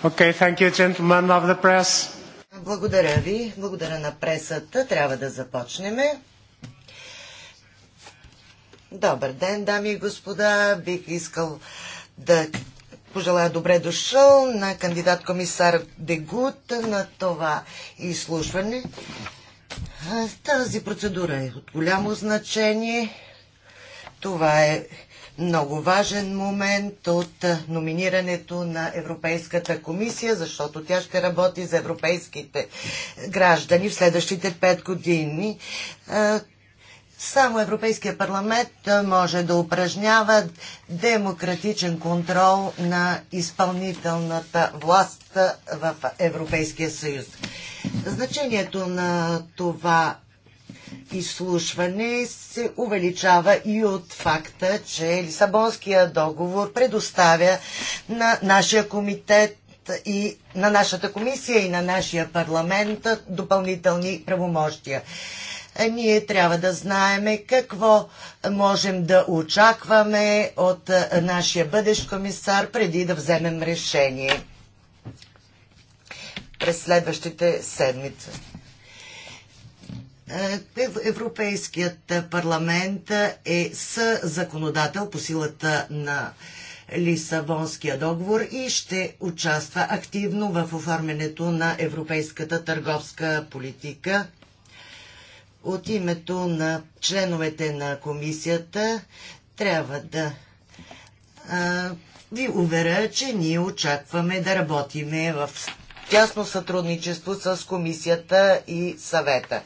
Okay, thank you, gentlemen of the press. Благодаря ви. Благодаря на пресата. Трябва да започнем. Добър ден, дами и господа. Бих искал да пожелая добре дошъл на кандидат комисар Дегут на това изслушване. Тази процедура е от голямо значение. Това е много важен момент от номинирането на Европейската комисия, защото тя ще работи за европейските граждани в следващите пет години. Само Европейския парламент може да упражнява демократичен контрол на изпълнителната власт в Европейския съюз. Значението на това изслушване се увеличава и от факта, че Лисабонския договор предоставя на нашия комитет и на нашата комисия и на нашия парламент допълнителни правомощия е, ние трябва да знаеме какво можем да очакваме от е, нашия бъдещ комисар преди да вземем решение през следващите седмици. Е, Европейският парламент е с законодател по силата на Лисабонския договор и ще участва активно в оформянето на европейската търговска политика. От името на членовете на комисията трябва да а, ви уверя, че ние очакваме да работиме в тясно сътрудничество с комисията и съвета.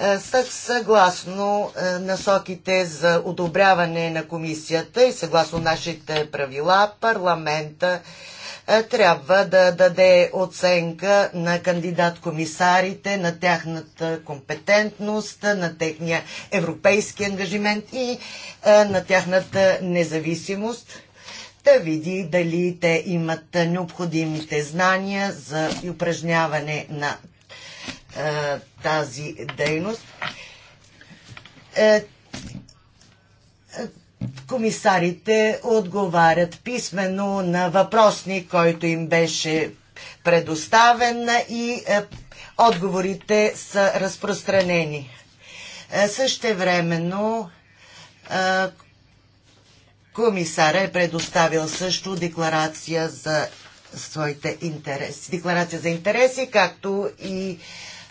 Е, съгласно е, насоките за одобряване на комисията и съгласно нашите правила, парламента е, трябва да даде оценка на кандидат-комисарите, на тяхната компетентност, на техния европейски ангажимент и на тяхната независимост да види дали те имат необходимите знания за упражняване на тази дейност. Е, комисарите отговарят писменно на въпросник, който им беше предоставен и е, отговорите са разпространени. Също времено е, е комисара е предоставил също декларация за своите интереси, декларация за интереси, както и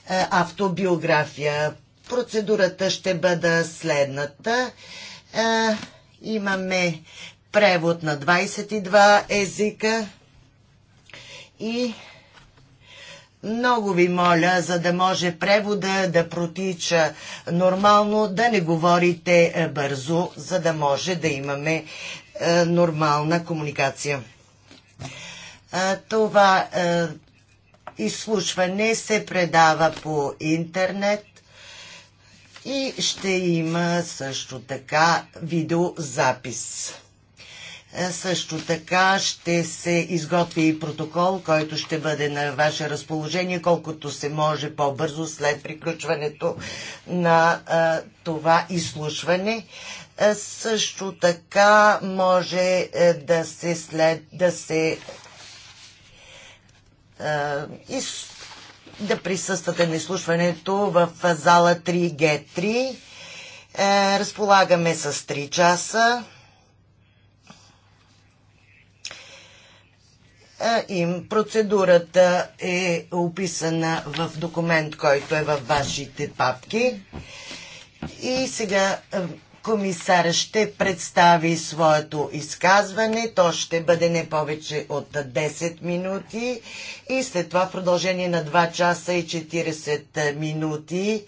е, автобиография. Процедурата ще бъде следната. Е, имаме превод на 22 езика и много ви моля, за да може превода да протича нормално, да не говорите е, бързо, за да може да имаме нормална комуникация. Това изслушване се предава по интернет и ще има също така видеозапис. Е, също така ще се изготви и протокол, който ще бъде на ваше разположение колкото се може по-бързо след приключването на а, е, това изслушване. Е, също така може да се след да се е, и да присъствате на изслушването в зала 3G3. Е, разполагаме с 3 часа. Е, им. Процедурата е описана в документ, който е във вашите папки. И сега комисара ще представи своето изказване. То ще бъде не повече от 10 минути и след това в продължение на 2 часа и 40 минути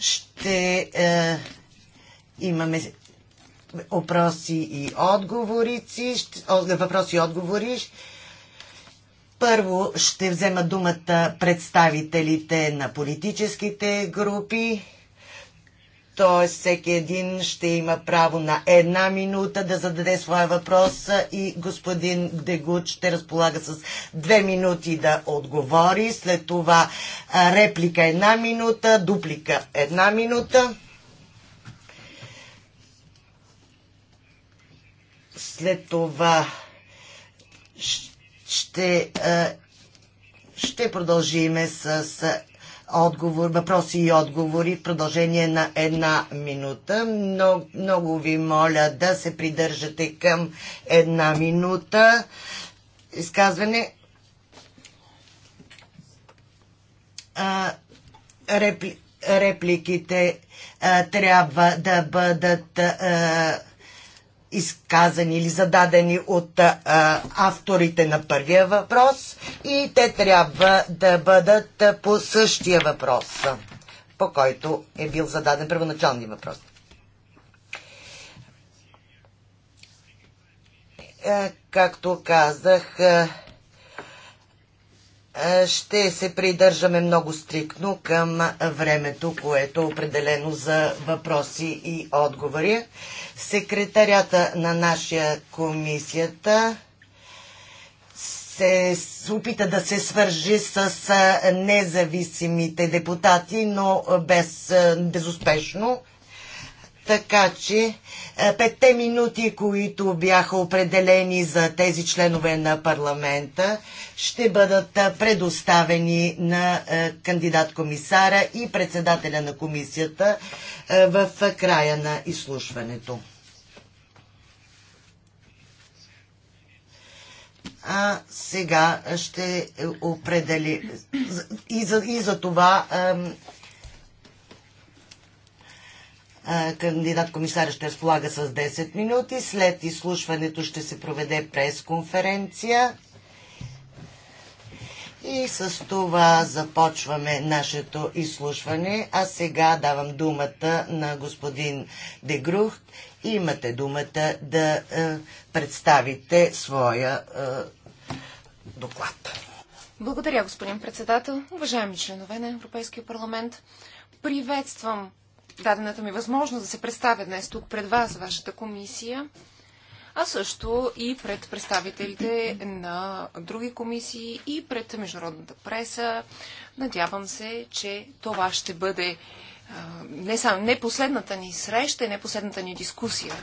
ще е, имаме въпроси и отговори. Въпроси и отговори. Първо ще взема думата представителите на политическите групи т.е. всеки един ще има право на една минута да зададе своя въпрос и господин Дегут ще разполага с две минути да отговори. След това реплика една минута, дуплика една минута. След това ще, ще продължиме с отговор, въпроси и отговори в продължение на една минута. Но, много ви моля да се придържате към една минута. Изказване. А, репли, репликите а, трябва да бъдат а, изказани или зададени от а, авторите на първия въпрос и те трябва да бъдат по същия въпрос, по който е бил зададен първоначалния въпрос. Е, както казах, е, ще се придържаме много стрикно към времето, което е определено за въпроси и отговори. Секретарята на нашия комисията се опита да се свържи с независимите депутати, но без, безуспешно. Така че е, петте минути, които бяха определени за тези членове на парламента, ще бъдат е, предоставени на е, кандидат-комисара и председателя на комисията в края на изслушването. а, сега ще определи. И за, и за това кандидат комисаря ще разполага с 10 минути. След изслушването ще се проведе пресконференция. И с това започваме нашето изслушване. А сега давам думата на господин Дегрухт. Имате думата да е, представите своя е, доклад. Благодаря, господин председател. Уважаеми членове на Европейския парламент, приветствам дадената ми възможност да се представя днес тук пред вас, вашата комисия, а също и пред представителите на други комисии и пред международната преса. Надявам се, че това ще бъде не, само, не последната ни среща и не последната ни дискусия.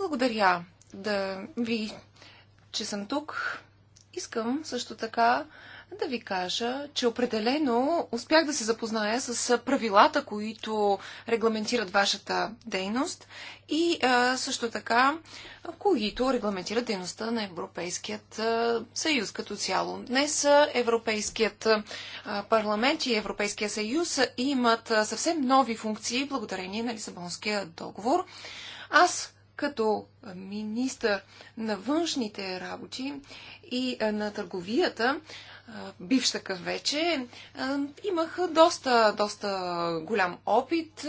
Благодаря да ви, че съм тук. Искам също така да ви кажа, че определено успях да се запозная с правилата, които регламентират вашата дейност и а, също така, които регламентират дейността на Европейският съюз като цяло. Днес Европейският парламент и Европейския съюз имат съвсем нови функции благодарение на Лисабонския договор. Аз като министър на външните работи и на търговията, бивш такъв вече, имах доста, доста голям опит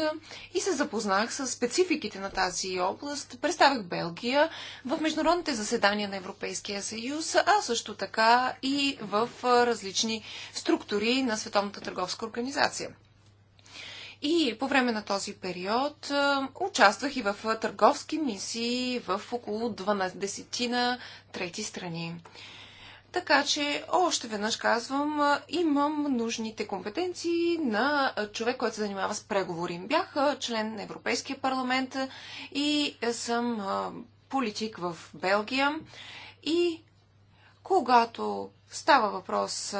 и се запознах с спецификите на тази област. Представях Белгия в международните заседания на Европейския съюз, а също така и в различни структури на Световната търговска организация. И по време на този период участвах и в търговски мисии в около 12 на трети страни. Така че, още веднъж казвам, имам нужните компетенции на човек, който се занимава с преговори. Бях член на Европейския парламент и съм политик в Белгия. И когато става въпрос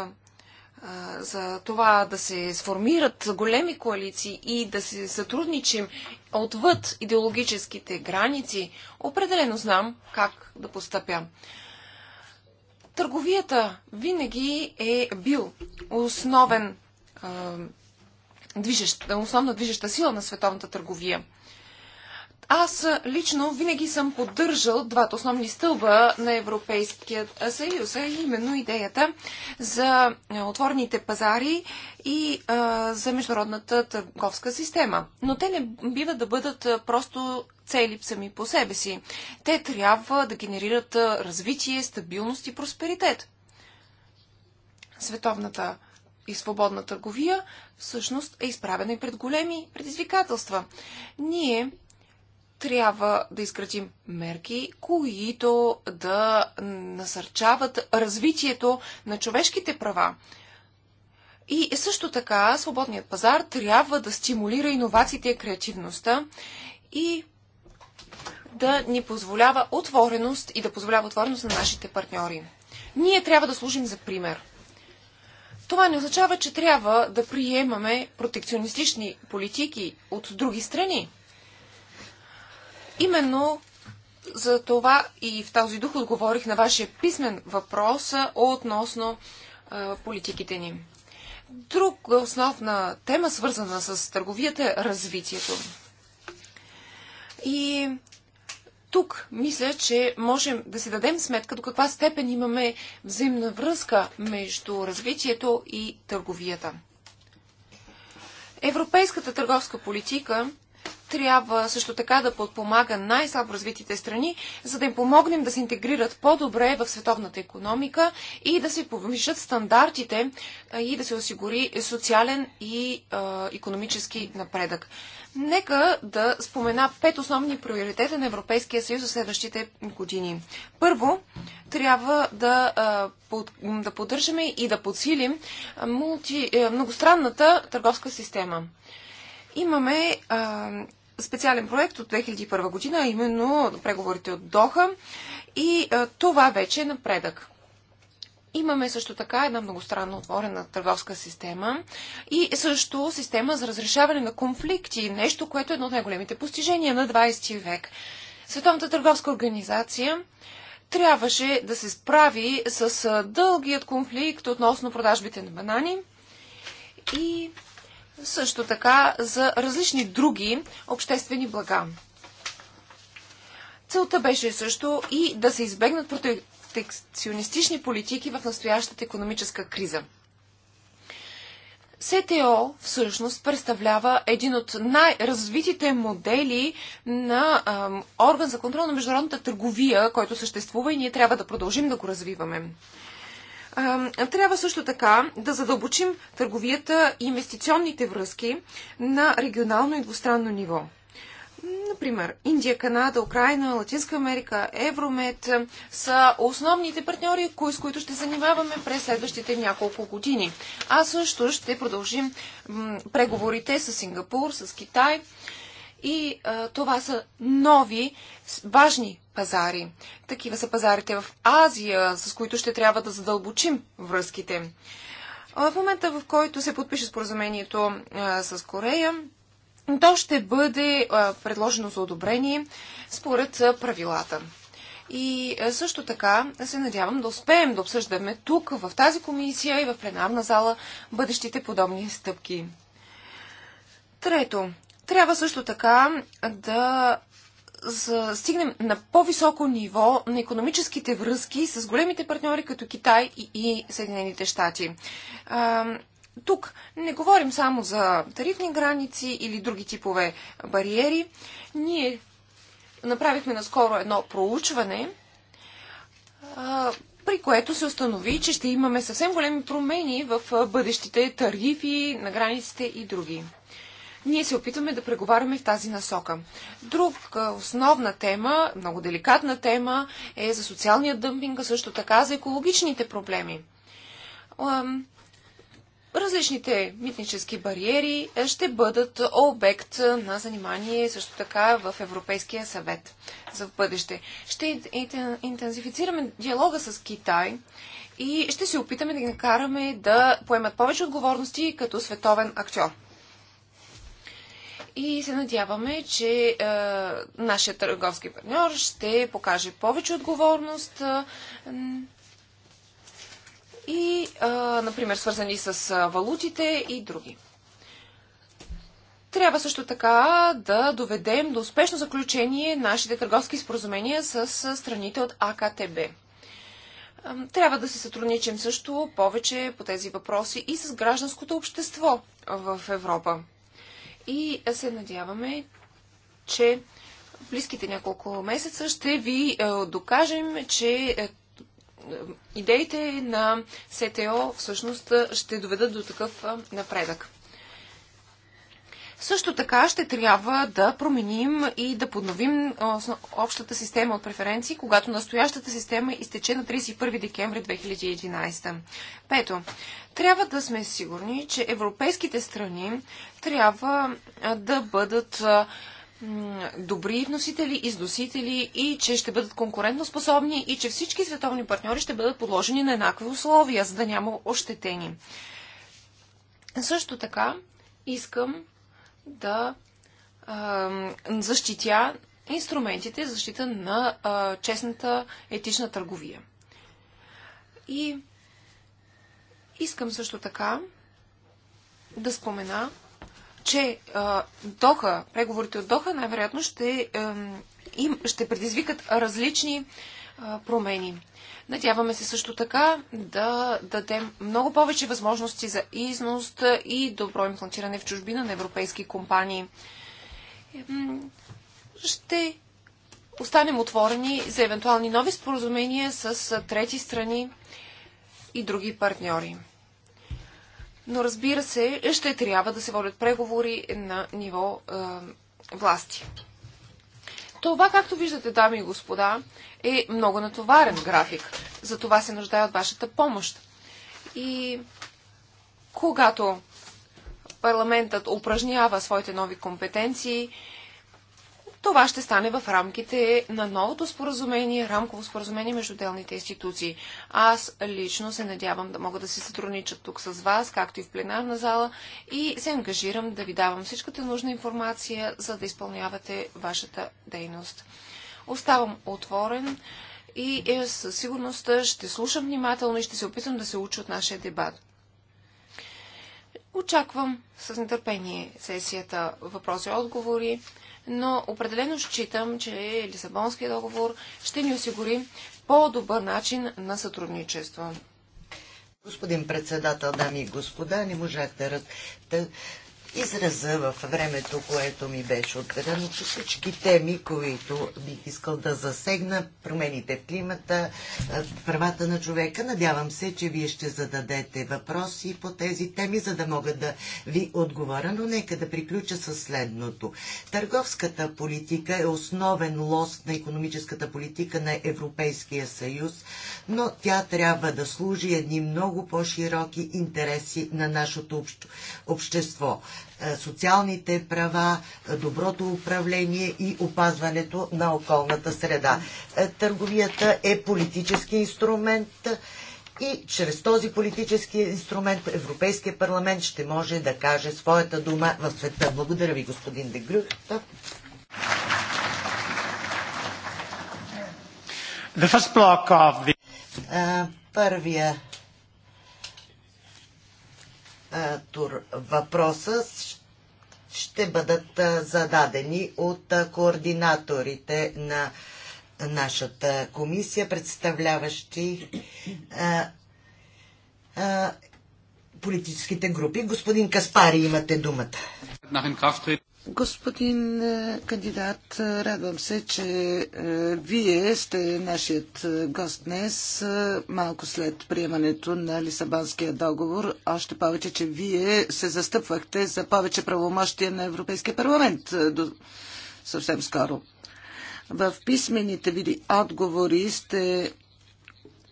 за това да се сформират големи коалиции и да се сътрудничим отвъд идеологическите граници, определено знам как да постъпя. Търговията винаги е бил основен, движещ, основна движеща сила на световната търговия. Аз лично винаги съм поддържал двата основни стълба на Европейския съюз, а именно идеята за отворените пазари и а, за международната търговска система. Но те не бива да бъдат просто цели сами по себе си. Те трябва да генерират развитие, стабилност и просперитет. Световната и свободна търговия всъщност е изправена и пред големи предизвикателства. Ние трябва да изкратим мерки, които да насърчават развитието на човешките права. И също така, свободният пазар трябва да стимулира иновациите и креативността и да ни позволява отвореност и да позволява отвореност на нашите партньори. Ние трябва да служим за пример. Това не означава, че трябва да приемаме протекционистични политики от други страни. Именно за това и в този дух отговорих на вашия писмен въпрос относно а, политиките ни. Друга основна тема, свързана с търговията, е развитието. И тук мисля, че можем да си дадем сметка до каква степен имаме взаимна връзка между развитието и търговията. Европейската търговска политика трябва също така да подпомага най-слабо развитите страни, за да им помогнем да се интегрират по-добре в световната економика и да се повишат стандартите и да се осигури социален и а, економически напредък. Нека да спомена пет основни приоритета на Европейския съюз за следващите години. Първо, трябва да, под, да поддържаме и да подсилим мулти, многостранната търговска система. Имаме а, специален проект от 2001 година, именно преговорите от Доха и а, това вече е напредък. Имаме също така една многостранно отворена търговска система и също система за разрешаване на конфликти, нещо, което е едно от най-големите постижения на 20 век. Световната търговска организация трябваше да се справи с дългият конфликт относно продажбите на банани и също така за различни други обществени блага. Целта беше също и да се избегнат протекционистични политики в настоящата економическа криза. СТО всъщност представлява един от най-развитите модели на а, орган за контрол на международната търговия, който съществува и ние трябва да продължим да го развиваме. Трябва също така да задълбочим търговията и инвестиционните връзки на регионално и двустранно ниво. Например, Индия, Канада, Украина, Латинска Америка, Евромед са основните партньори, с които ще занимаваме през следващите няколко години. А също ще продължим преговорите с Сингапур, с Китай. И а, това са нови важни пазари. Такива са пазарите в Азия, с които ще трябва да задълбочим връзките. В момента, в който се подпише споразумението с Корея, то ще бъде предложено за одобрение според правилата. И също така се надявам да успеем да обсъждаме тук, в тази комисия и в пленарна зала, бъдещите подобни стъпки. Трето, трябва също така да стигнем на по-високо ниво на економическите връзки с големите партньори като Китай и, и Съединените щати. Тук не говорим само за тарифни граници или други типове бариери. Ние направихме наскоро едно проучване, при което се установи, че ще имаме съвсем големи промени в бъдещите тарифи на границите и други ние се опитваме да преговаряме в тази насока. Друг основна тема, много деликатна тема е за социалния дъмпинг, а също така за екологичните проблеми. Различните митнически бариери ще бъдат обект на занимание също така в Европейския съвет за в бъдеще. Ще интензифицираме диалога с Китай и ще се опитаме да ги накараме да поемат повече отговорности като световен актьор и се надяваме, че а, е, нашия търговски партньор ще покаже повече отговорност а, е, и, а, е, например, свързани с валутите и други. Трябва също така да доведем до успешно заключение нашите търговски споразумения с страните от АКТБ. Трябва да се сътрудничим също повече по тези въпроси и с гражданското общество в Европа и се надяваме, че в близките няколко месеца ще ви е, докажем, че е, е, идеите на СТО всъщност ще доведат до такъв напредък. Също така ще трябва да променим и да подновим общата система от преференции, когато настоящата система изтече на 31 декември 2011. Пето, трябва да сме сигурни, че европейските страни трябва да бъдат добри вносители, износители и че ще бъдат конкурентоспособни и че всички световни партньори ще бъдат подложени на еднакви условия, за да няма ощетени. Също така искам да защитя инструментите, за защита на а, честната етична търговия. И искам също така да спомена, че а, Доха, преговорите от Доха най-вероятно ще, ще предизвикат различни а, промени. Надяваме се също така да дадем много повече възможности за износ и добро имплантиране в чужбина на европейски компании. Ще останем отворени за евентуални нови споразумения с трети страни и други партньори. Но разбира се, ще трябва да се водят преговори на ниво е, власти. Това, както виждате, дами и господа, е много натоварен график. За това се нуждае от вашата помощ. И когато парламентът упражнява своите нови компетенции, това ще стане в рамките на новото споразумение, рамково споразумение между отделните институции. Аз лично се надявам да мога да се сътруднича тук с вас, както и в пленарна зала, и се ангажирам да ви давам всичката нужна информация, за да изпълнявате вашата дейност. Оставам отворен и е, със сигурност ще слушам внимателно и ще се опитам да се уча от нашия дебат. Очаквам с нетърпение сесията въпроси и отговори но определено считам, че Лисабонския договор ще ни осигури по-добър начин на сътрудничество. Господин председател, дами и господа, не можахте да, да израза в времето, което ми беше отделено по всички теми, които бих искал да засегна. Промените в климата, правата на човека. Надявам се, че вие ще зададете въпроси по тези теми, за да мога да ви отговоря. Но нека да приключа с следното. Търговската политика е основен лост на економическата политика на Европейския съюз, но тя трябва да служи едни много по-широки интереси на нашето общество. Е, социалните права, доброто управление и опазването на околната среда. Е, търговията е политически инструмент и чрез този политически инструмент Европейския парламент ще може да каже своята дума в света. Благодаря ви, господин Дегрю. The... Е, първия тур въпроса ще бъдат зададени от координаторите на нашата комисия, представляващи политическите групи. Господин Каспари, имате думата. Господин е, кандидат, е, радвам се, че е, вие сте нашият гост днес, малко след приемането на Лисабонския договор. Още повече, че вие се застъпвахте за повече правомощия на Европейския парламент до съвсем скоро. В писмените ви отговори сте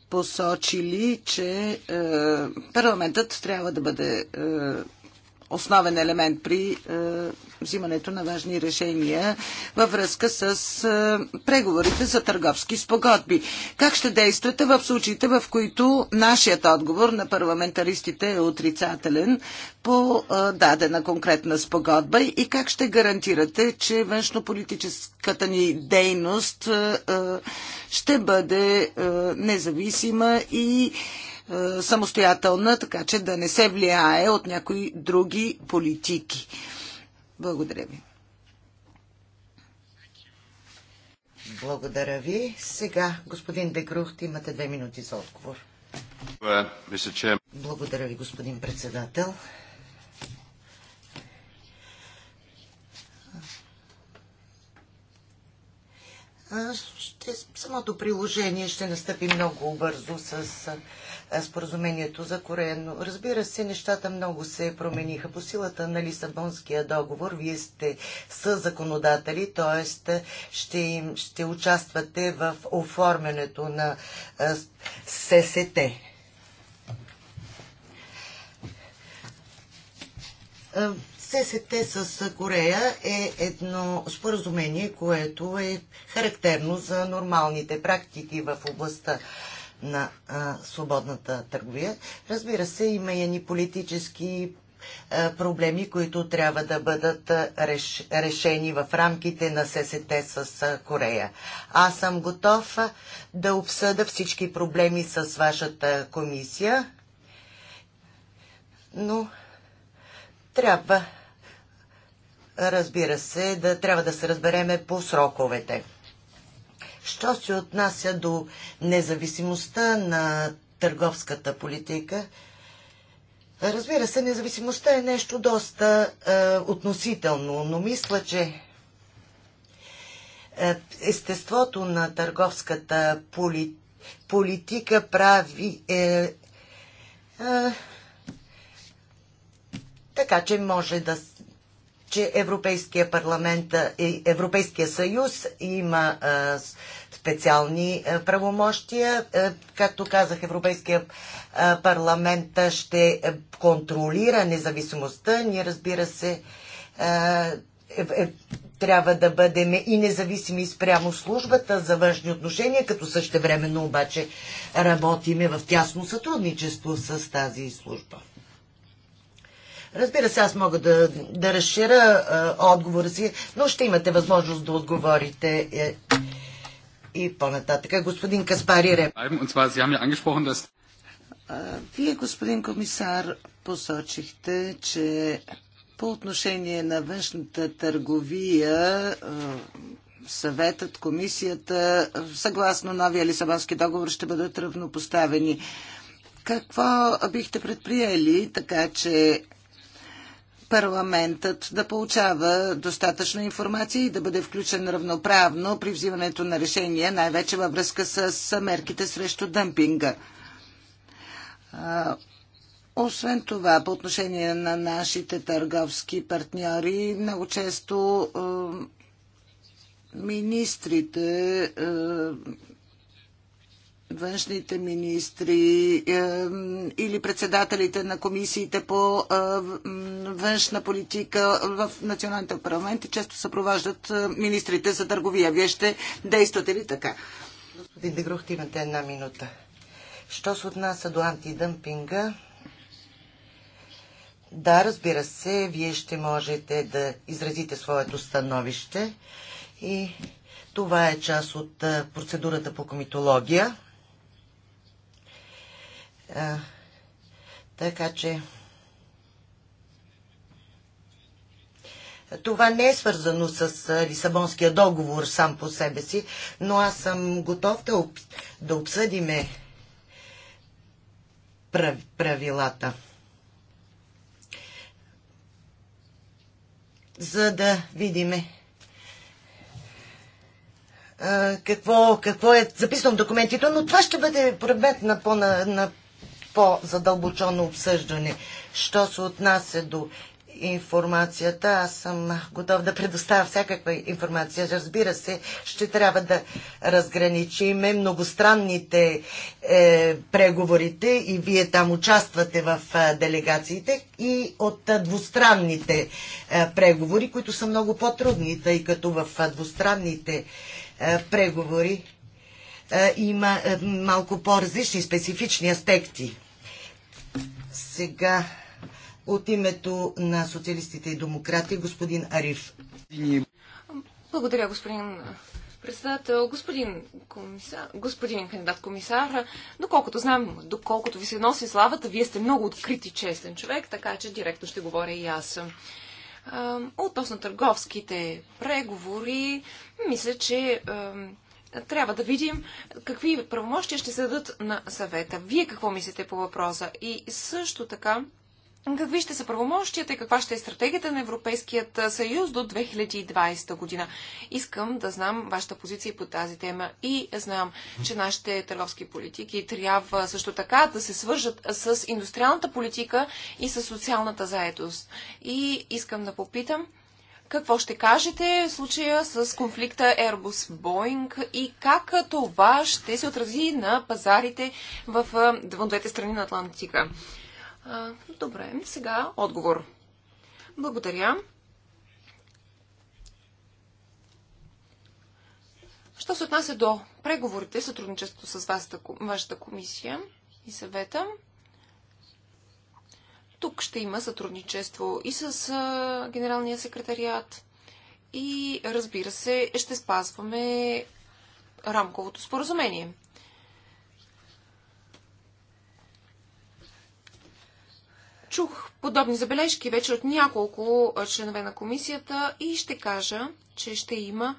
посочили, че е, парламентът трябва да бъде основен елемент при е, взимането на важни решения във връзка с е, преговорите за търговски спогодби. Как ще действате в случаите, в които нашият отговор на парламентаристите е отрицателен по е, дадена конкретна спогодба и как ще гарантирате, че външнополитическата ни дейност ще бъде независима и е, самостоятелна, така че да не се влияе от някои други политики. Благодаря ви. Благодаря ви. Сега, господин Дегрухт, имате две минути за отговор. Благодаря ви, господин председател. Ще, самото приложение ще настъпи много бързо с споразумението за Корея. Но разбира се, нещата много се промениха. По силата на Лисабонския договор, вие сте с законодатели, т.е. Ще, им, ще участвате в оформянето на ССТ. ССТ с Корея е едно споразумение, което е характерно за нормалните практики в областта на а, свободната търговия. Разбира се, има и ни политически а, проблеми, които трябва да бъдат реш, решени в рамките на ССТ с а, Корея. Аз съм готов а, да обсъда всички проблеми с вашата комисия, но трябва, разбира се, да трябва да се разбереме по сроковете. Що се отнася до независимостта на търговската политика, разбира се, независимостта е нещо доста е, относително, но мисля, че е, естеството на търговската поли, политика прави е, е, така, че може да че Европейския парламент и Европейския съюз има специални правомощия. Както казах, Европейския парламент ще контролира независимостта. Ние, разбира се, е, е, трябва да бъдем и независими спрямо службата за външни отношения, като същевременно обаче работиме в тясно сътрудничество с тази служба. Разбира се, аз мога да, да разширя е, отговора си, но ще имате възможност да отговорите е, и по-нататък. Господин Каспари Реп. Вие, господин комисар, посочихте, че по отношение на външната търговия съветът, комисията, съгласно новия Лисабонски договор, ще бъдат равнопоставени. Какво бихте предприели, така че парламентът да получава достатъчно информация и да бъде включен равноправно при взимането на решения, най-вече във връзка с мерките срещу дъмпинга. Освен това, по отношение на нашите търговски партньори, много често министрите външните министри или председателите на комисиите по е, външна политика в националните парламенти често съпровождат е, министрите за търговия. Вие ще действате ли така? Господин Дегрухт, имате една минута. Що се отнася до антидъмпинга, да, разбира се, вие ще можете да изразите своето становище и това е част от е, процедурата по комитология. А, така че Това не е свързано с Лисабонския договор сам по себе си, но аз съм готов да, об... да обсъдиме прав... правилата. За да видиме какво, какво е записано в документите, но това ще бъде предмет на, по, на, на по-задълбочено обсъждане. Що се отнася до информацията, аз съм готов да предоставя всякаква информация. Разбира се, ще трябва да разграничиме многостранните е, преговорите и вие там участвате в е, делегациите и от е, двустранните е, преговори, които са много по-трудни, тъй като в е, двустранните е, преговори е, има е, малко по-различни специфични аспекти. Сега от името на социалистите и демократи, господин Ариф. Благодаря, господин председател, господин комисар, господин кандидат комисар, доколкото знам, доколкото ви се носи славата, вие сте много открит и честен човек, така че директно ще говоря и аз. Относно търговските преговори, мисля, че трябва да видим какви правомощия ще се дадат на съвета. Вие какво мислите по въпроса? И също така, какви ще са правомощията и каква ще е стратегията на Европейският съюз до 2020 година? Искам да знам вашата позиция по тази тема и знам, че нашите търговски политики трябва също така да се свържат с индустриалната политика и с социалната заедост. И искам да попитам какво ще кажете в случая с конфликта Airbus-Boeing и как това ще се отрази на пазарите в, в двете страни на Атлантика? А, добре, сега отговор. Благодаря. Що се отнася до преговорите, сътрудничеството с вас, вашата комисия и съвета, тук ще има сътрудничество и с а, Генералния секретариат и разбира се, ще спазваме рамковото споразумение. Чух подобни забележки вече от няколко членове на комисията и ще кажа, че ще има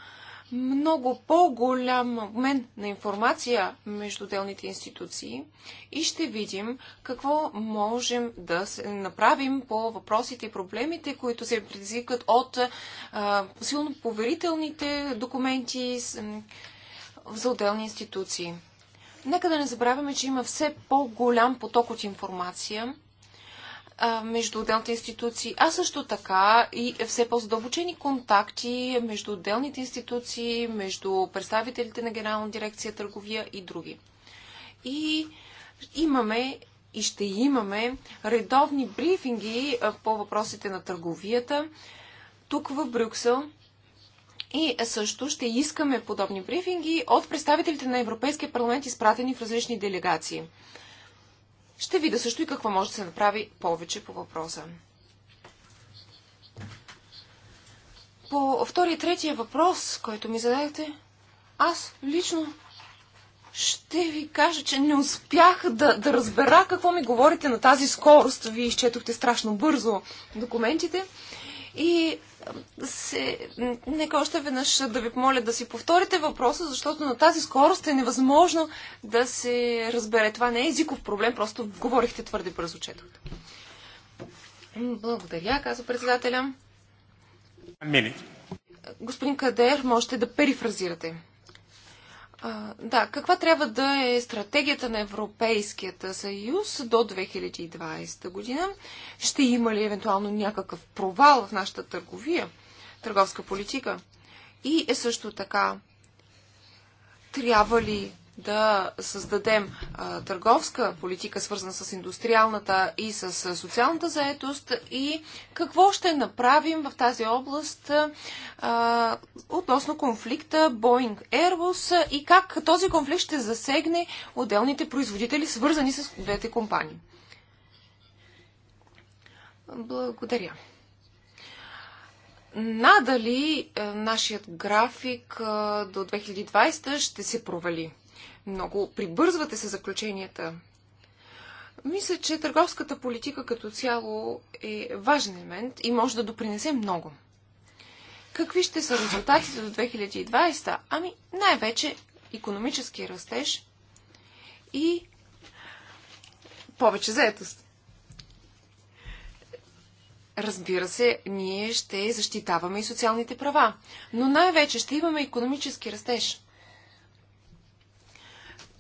много по-голям обмен на информация между отделните институции и ще видим какво можем да направим по въпросите и проблемите, които се предизвикат от а, силно поверителните документи за отделни институции. Нека да не забравяме, че има все по-голям поток от информация между отделните институции, а също така и все по-задълбочени контакти между отделните институции, между представителите на Генерална дирекция търговия и други. И имаме и ще имаме редовни брифинги по въпросите на търговията тук в Брюксел. И също ще искаме подобни брифинги от представителите на Европейския парламент, изпратени в различни делегации. Ще видя също и какво може да се направи повече по въпроса. По втория и третия въпрос, който ми зададете, аз лично ще ви кажа, че не успях да, да разбера какво ми говорите на тази скорост. Вие изчетохте страшно бързо документите. И се... Нека още веднъж да ви помоля да си повторите въпроса, защото на тази скорост е невъзможно да се разбере. Това не е езиков проблем, просто говорихте твърде бързо, четох. Благодаря, каза председателя. Мини. Господин Кадер, можете да перифразирате. А, да, каква трябва да е стратегията на Европейския съюз до 2020 година? Ще има ли евентуално някакъв провал в нашата търговия, търговска политика? И е също така, трябва ли да създадем а, търговска политика, свързана с индустриалната и с социалната заетост и какво ще направим в тази област а, относно конфликта Boeing Airbus и как този конфликт ще засегне отделните производители, свързани с двете компании. Благодаря. Надали нашият график до 2020 ще се провали. Много прибързвате с заключенията. Мисля, че търговската политика като цяло е важен елемент и може да допринесе много. Какви ще са резултатите до 2020? Ами най-вече економически растеж и повече заетост. Разбира се, ние ще защитаваме и социалните права, но най-вече ще имаме економически растеж.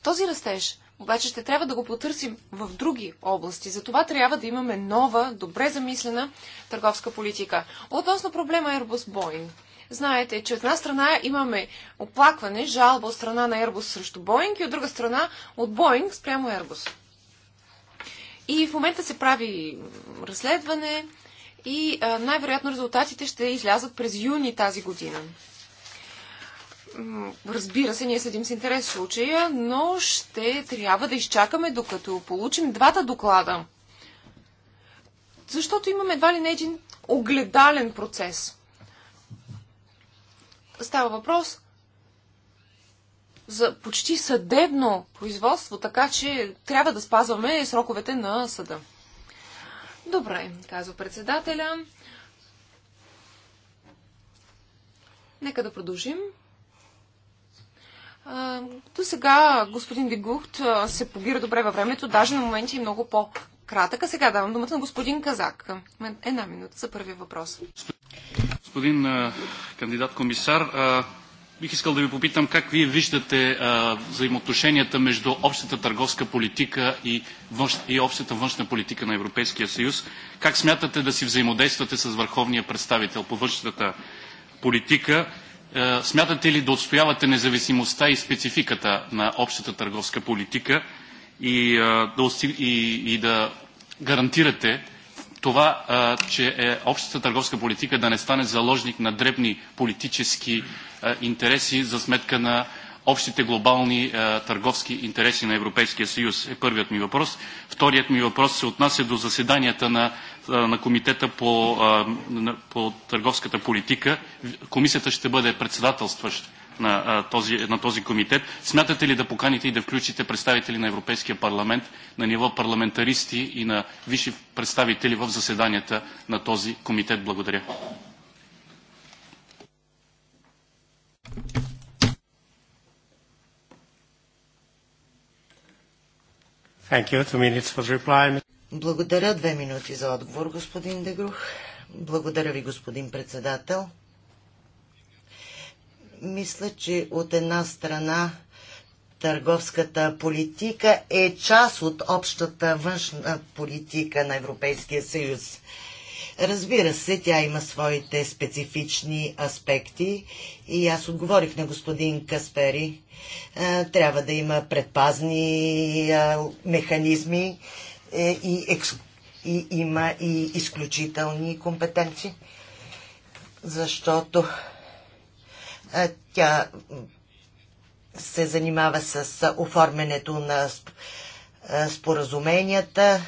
Този растеж обаче ще трябва да го потърсим в други области. Затова трябва да имаме нова, добре замислена търговска политика. Относно проблема Airbus Boeing. Знаете, че от една страна имаме оплакване, жалба от страна на Airbus срещу Boeing и от друга страна от Boeing спрямо Airbus. И в момента се прави разследване и най-вероятно резултатите ще излязат през юни тази година разбира се, ние следим с интерес случая, но ще трябва да изчакаме, докато получим двата доклада. Защото имаме едва ли не един огледален процес. Става въпрос за почти съдебно производство, така че трябва да спазваме сроковете на съда. Добре, казва председателя. Нека да продължим. До сега господин Дегухт се побира добре във времето, даже на моменти е много по-кратък. А сега давам думата на господин Казак. Една минута за първия въпрос. Господин кандидат комисар, бих искал да ви попитам как вие виждате взаимоотношенията между общата търговска политика и, външ... и общата външна политика на Европейския съюз. Как смятате да си взаимодействате с върховния представител по външната политика? Е, смятате ли да отстоявате независимостта и спецификата на общата търговска политика и, е, да, и, и да гарантирате това, е, че е общата търговска политика да не стане заложник на дребни политически интереси за сметка на общите глобални е, търговски интереси на Европейския съюз е първият ми въпрос. Вторият ми въпрос се отнася до заседанията на, е, на Комитета по, е, по търговската политика. Комисията ще бъде председателстващ на, този, на този комитет. Смятате ли да поканите и да включите представители на Европейския парламент на ниво парламентаристи и на висши представители в заседанията на този комитет? Благодаря. You, Благодаря. Две минути за отговор, господин Дегрух. Благодаря ви, господин председател. Мисля, че от една страна търговската политика е част от общата външна политика на Европейския съюз. Разбира се, тя има своите специфични аспекти и аз отговорих на господин Каспери. Е, трябва да има предпазни е, механизми е, и, екс... и има и изключителни компетенции, защото тя се занимава с оформянето на споразуменията,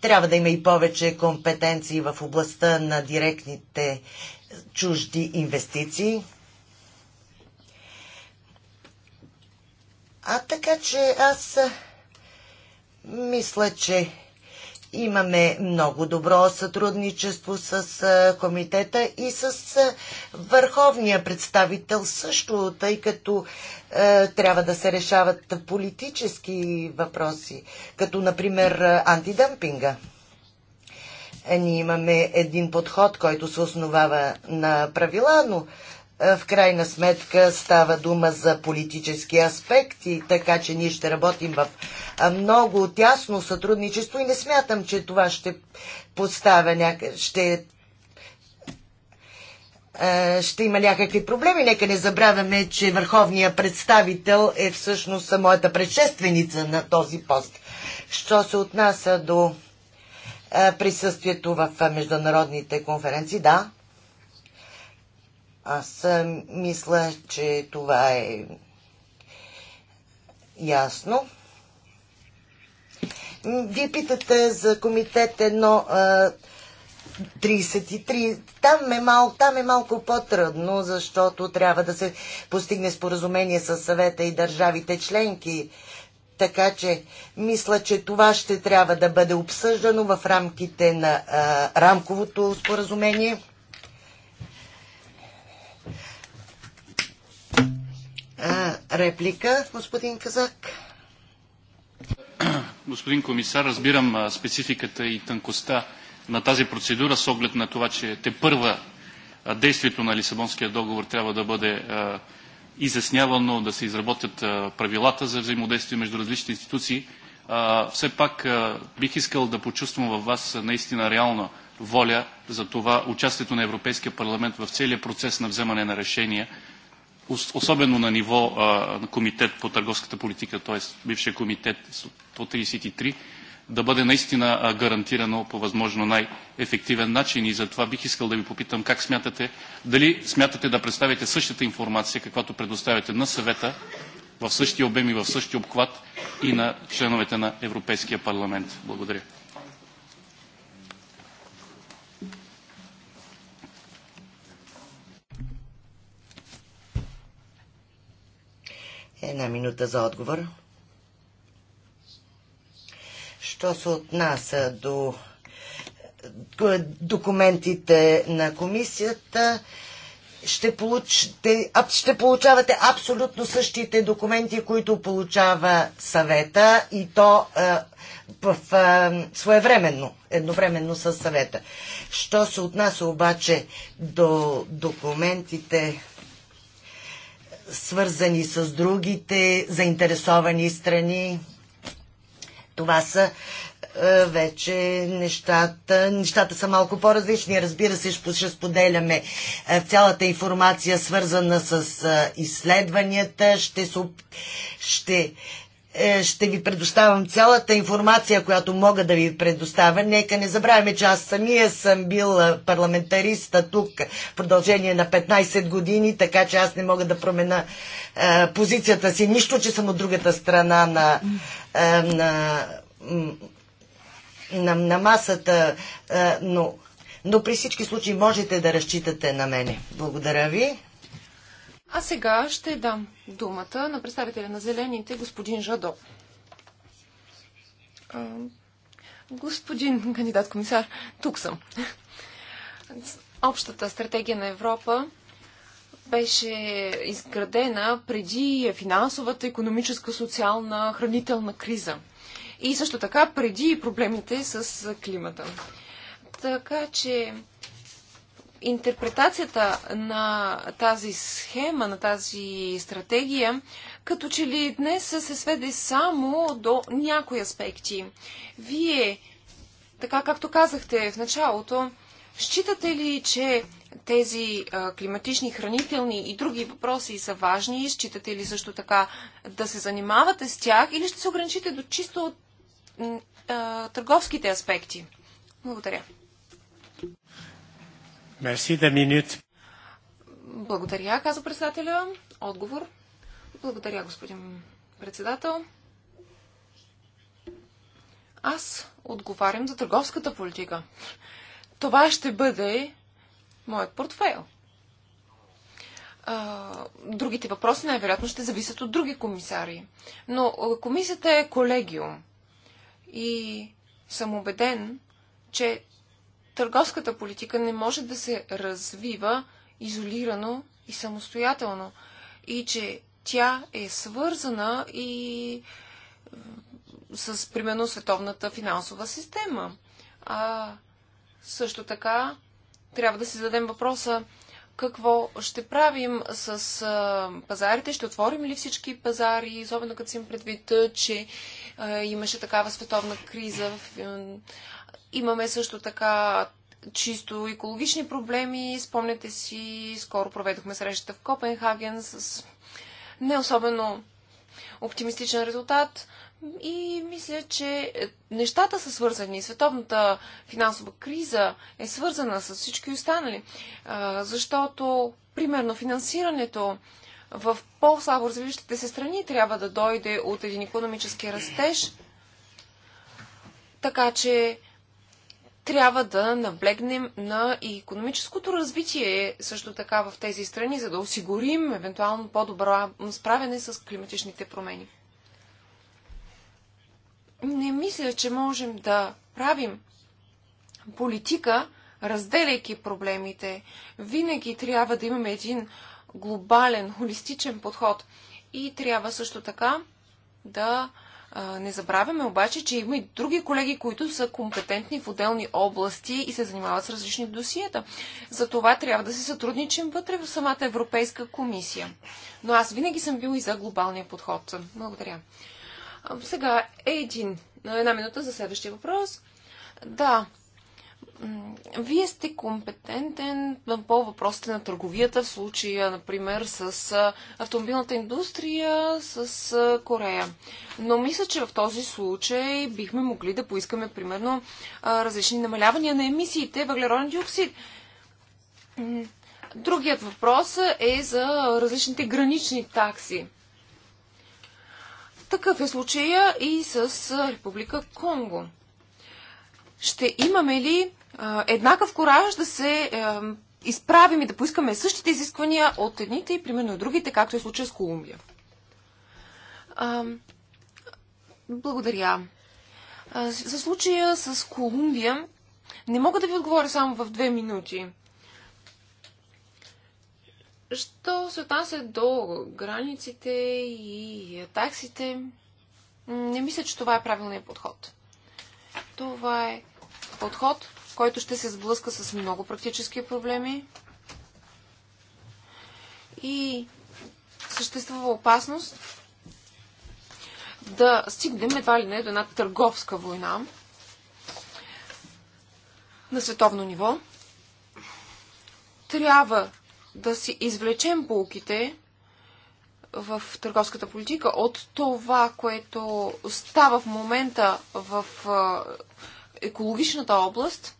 трябва да има и повече компетенции в областта на директните чужди инвестиции. А така че аз мисля, че Имаме много добро сътрудничество с комитета и с върховния представител също, тъй като е, трябва да се решават политически въпроси, като например антидъмпинга. Е, ние имаме един подход, който се основава на правила, но в крайна сметка става дума за политически аспекти, така че ние ще работим в много тясно сътрудничество и не смятам, че това ще поставя няк... ще е, ще има някакви проблеми. Нека не забравяме, че върховният представител е всъщност моята предшественица на този пост. Що се отнася до е, присъствието в международните конференции, да, аз мисля, че това е ясно. Вие питате за комитет 1.33. Там е, мал, там е малко по-трудно, защото трябва да се постигне споразумение с съвета и държавите членки. Така че мисля, че това ще трябва да бъде обсъждано в рамките на а, рамковото споразумение. реплика, господин Казак. Господин комисар, разбирам спецификата и тънкостта на тази процедура с оглед на това, че те първа действието на Лисабонския договор трябва да бъде изяснявано, да се изработят правилата за взаимодействие между различни институции. все пак бих искал да почувствам във вас наистина реална воля за това участието на Европейския парламент в целия процес на вземане на решения, особено на ниво на комитет по търговската политика, т.е. бившия комитет по 33, да бъде наистина гарантирано по възможно най-ефективен начин. И затова бих искал да ви попитам как смятате, дали смятате да представите същата информация, каквато предоставяте на съвета, в същия обем и в същия обхват и на членовете на Европейския парламент. Благодаря. Една минута за отговор. Що се отнася до е, документите на комисията, ще, получите, ще получавате абсолютно същите документи, които получава съвета и то а, е, в, а, е, своевременно, едновременно с съвета. Що се отнася обаче до документите свързани с другите заинтересовани страни. Това са е, вече нещата, нещата са малко по-различни. Разбира се, ще споделяме е, цялата информация, свързана с е, изследванията. Ще, ще е, ще ви предоставям цялата информация, която мога да ви предоставя. Нека не забравяме, че аз самия съм бил е, парламентариста тук в продължение на 15 години, така че аз не мога да промена е, позицията си. Нищо, че съм от другата страна на, е, на, на, на масата, е, но, но при всички случаи можете да разчитате на мене. Благодаря ви. А сега ще дам думата на представителя на Зелените, господин Жадо. Господин кандидат-комисар, тук съм. Общата стратегия на Европа беше изградена преди финансовата, економическа, социална, хранителна криза. И също така преди проблемите с климата. Така че интерпретацията на тази схема, на тази стратегия, като че ли днес се сведе само до някои аспекти. Вие, така както казахте в началото, считате ли, че тези а, климатични, хранителни и други въпроси са важни? Считате ли също така да се занимавате с тях или ще се ограничите до чисто а, търговските аспекти? Благодаря. Мерси, да минут. Благодаря, каза председателя. Отговор. Благодаря, господин председател. Аз отговарям за търговската политика. Това ще бъде моят портфейл. А, другите въпроси най-вероятно ще зависят от други комисари. Но комисията е колегиум. И съм убеден, че търговската политика не може да се развива изолирано и самостоятелно. И че тя е свързана и с, примерно, световната финансова система. А също така трябва да си зададем въпроса какво ще правим с а, пазарите, ще отворим ли всички пазари, особено като си им предвид, че а, имаше такава световна криза в, Имаме също така чисто екологични проблеми. Спомняте си, скоро проведохме срещата в Копенхаген с не особено оптимистичен резултат. И мисля, че нещата са свързани. Световната финансова криза е свързана с всички останали. Защото, примерно, финансирането в по-слабо развиващите се страни трябва да дойде от един економически растеж, така че трябва да наблегнем на и економическото развитие също така в тези страни, за да осигурим евентуално по-добро справяне с климатичните промени. Не мисля, че можем да правим политика, разделяйки проблемите. Винаги трябва да имаме един глобален, холистичен подход и трябва също така да не забравяме обаче, че има и други колеги, които са компетентни в отделни области и се занимават с различни досиета. За това трябва да се сътрудничим вътре в самата Европейска комисия. Но аз винаги съм бил и за глобалния подход. Благодаря. Сега е един. Една минута за следващия въпрос. Да, вие сте компетентен по въпросите на търговията, в случая, например, с автомобилната индустрия, с Корея. Но мисля, че в този случай бихме могли да поискаме, примерно, различни намалявания на емисиите въглероден диоксид. Другият въпрос е за различните гранични такси. Такъв е случая и с Република Конго. Ще имаме ли еднакъв кораж да се е, изправим и да поискаме същите изисквания от едните и примерно от другите, както е случая с Колумбия. благодаря. за случая с Колумбия не мога да ви отговоря само в две минути. Що се отнася до границите и таксите, не мисля, че това е правилният подход. Това е подход, който ще се сблъска с много практически проблеми и съществува опасност да стигнем едва ли не до една търговска война на световно ниво. Трябва да си извлечем полките в търговската политика от това, което става в момента в екологичната област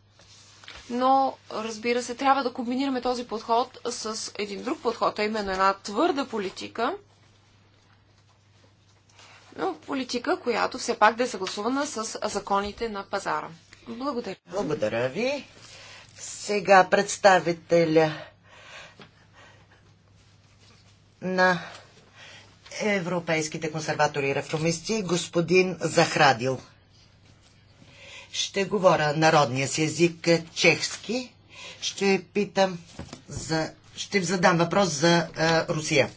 но разбира се, трябва да комбинираме този подход с един друг подход, а именно една твърда политика, но политика, която все пак да е съгласувана с законите на пазара. Благодаря. Благодаря ви. Сега представителя на европейските консерватори и реформисти, господин Захрадил. Ще говоря народния си език е, чехски. Ще питам за... Ще задам въпрос за а, е, Русия.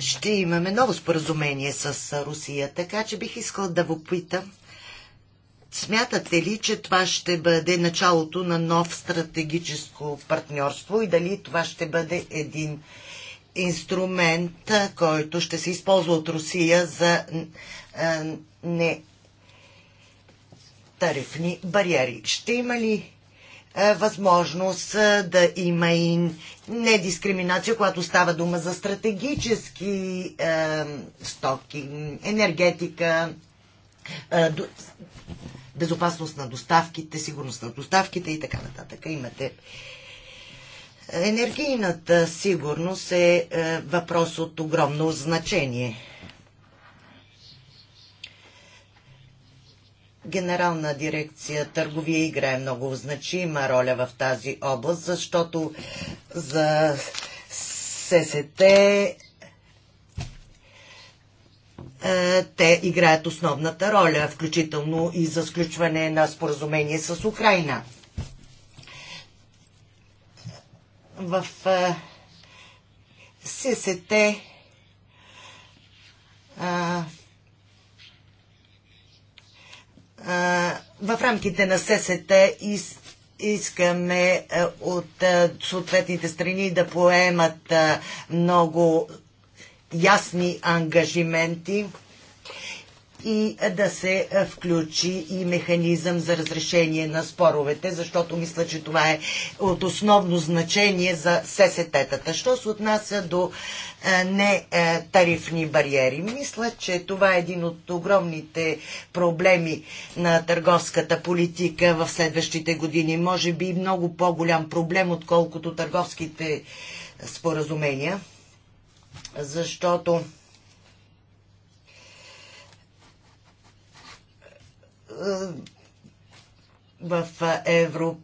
Ще имаме ново споразумение с е, Русия, така че бих искал да го питам. Смятате ли, че това ще бъде началото на нов стратегическо партньорство и дали това ще бъде един инструмент, който ще се използва от Русия за не тарифни бариери. Ще има ли е, възможност е, да има и недискриминация, когато става дума за стратегически е, стоки, енергетика, е, до, безопасност на доставките, сигурност на доставките и така нататък. Имате. Енергийната сигурност е, е въпрос от огромно значение. Генерална дирекция търговия играе много значима роля в тази област, защото за ССТ е, те играят основната роля, включително и за сключване на споразумение с Украина. В е, ССТ е, в рамките на ССТ из, искаме от съответните страни да поемат много ясни ангажименти и да се е, включи и механизъм за разрешение на споровете, защото мисля, че това е от основно значение за ССТ-тата. Що се отнася до е, не е, тарифни бариери. Мисля, че това е един от огромните проблеми на търговската политика в следващите години. Може би много по-голям проблем, отколкото търговските споразумения, защото Е, в, Евро,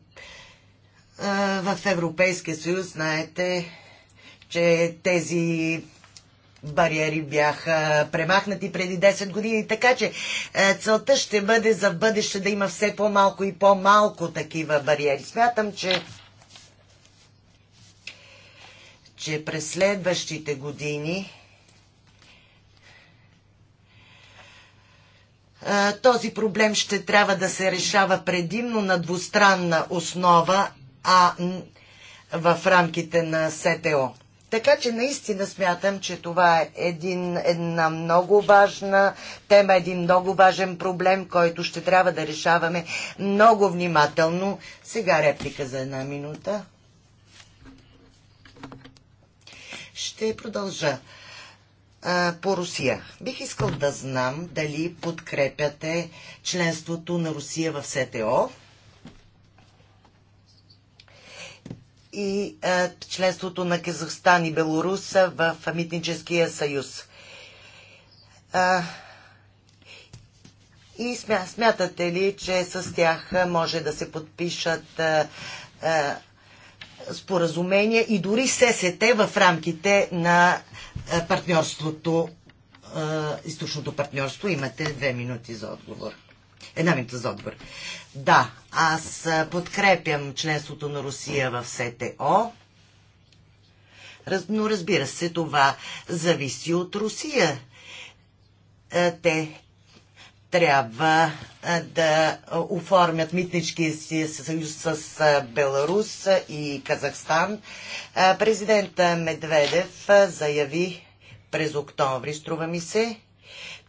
е, в Европейския съюз, знаете, че тези бариери бяха премахнати преди 10 години, така че е, целта ще бъде за бъдеще да има все по-малко и по-малко такива бариери. Смятам, че че през следващите години Е, този проблем ще трябва да се решава предимно на двустранна основа, а в рамките на СТО. Така че наистина смятам, че това е един, една много важна тема, един много важен проблем, който ще трябва да решаваме много внимателно. Сега реплика за една минута. Ще продължа по Русия. Бих искал да знам дали подкрепяте членството на Русия в СТО и а, членството на Казахстан и Белоруса в Митническия съюз. А, и смятате ли, че с тях може да се подпишат а, а, споразумения и дори ССТ в рамките на е, партньорството, е, източното партньорство. Имате две минути за отговор. Една минута за отговор. Да, аз е, подкрепям членството на Русия в СТО, но разбира се, това зависи от Русия. Те трябва да оформят митнички си съюз с Беларус и Казахстан. Президента Медведев заяви през октомври, струва ми се,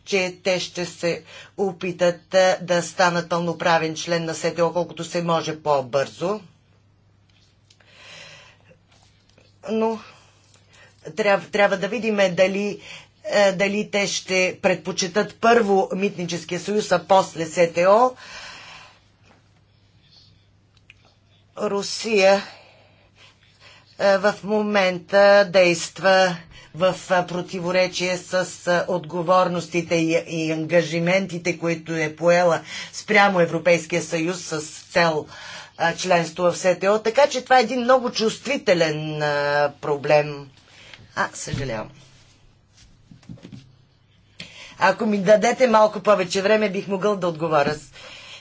че те ще се опитат да станат пълноправен член на СТО колкото се може по-бързо. Но трябва, трябва да видим дали е, дали те ще предпочитат първо Митническия съюз, а после СТО. Русия е, в момента действа в е, противоречие с отговорностите и ангажиментите, които е поела спрямо Европейския съюз с цел членство в СТО. Така че това е един много чувствителен проблем. А, съжалявам. Ако ми дадете малко повече време, бих могъл да отговоря.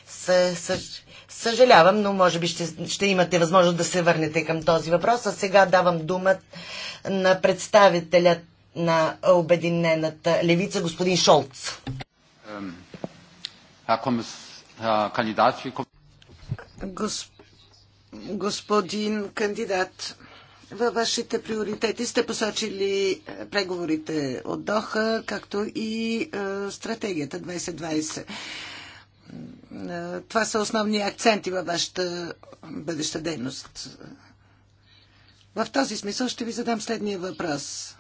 С, с, съжалявам, но може би ще, ще имате възможност да се върнете към този въпрос. А сега давам думат на представителят на Обединената левица, господин Шолц. Е, господин кандидат, във вашите приоритети сте посочили е, преговорите от Доха, както и е, стратегията 2020. Е, това са основни акценти във вашата бъдеща дейност. В този смисъл ще ви задам следния въпрос.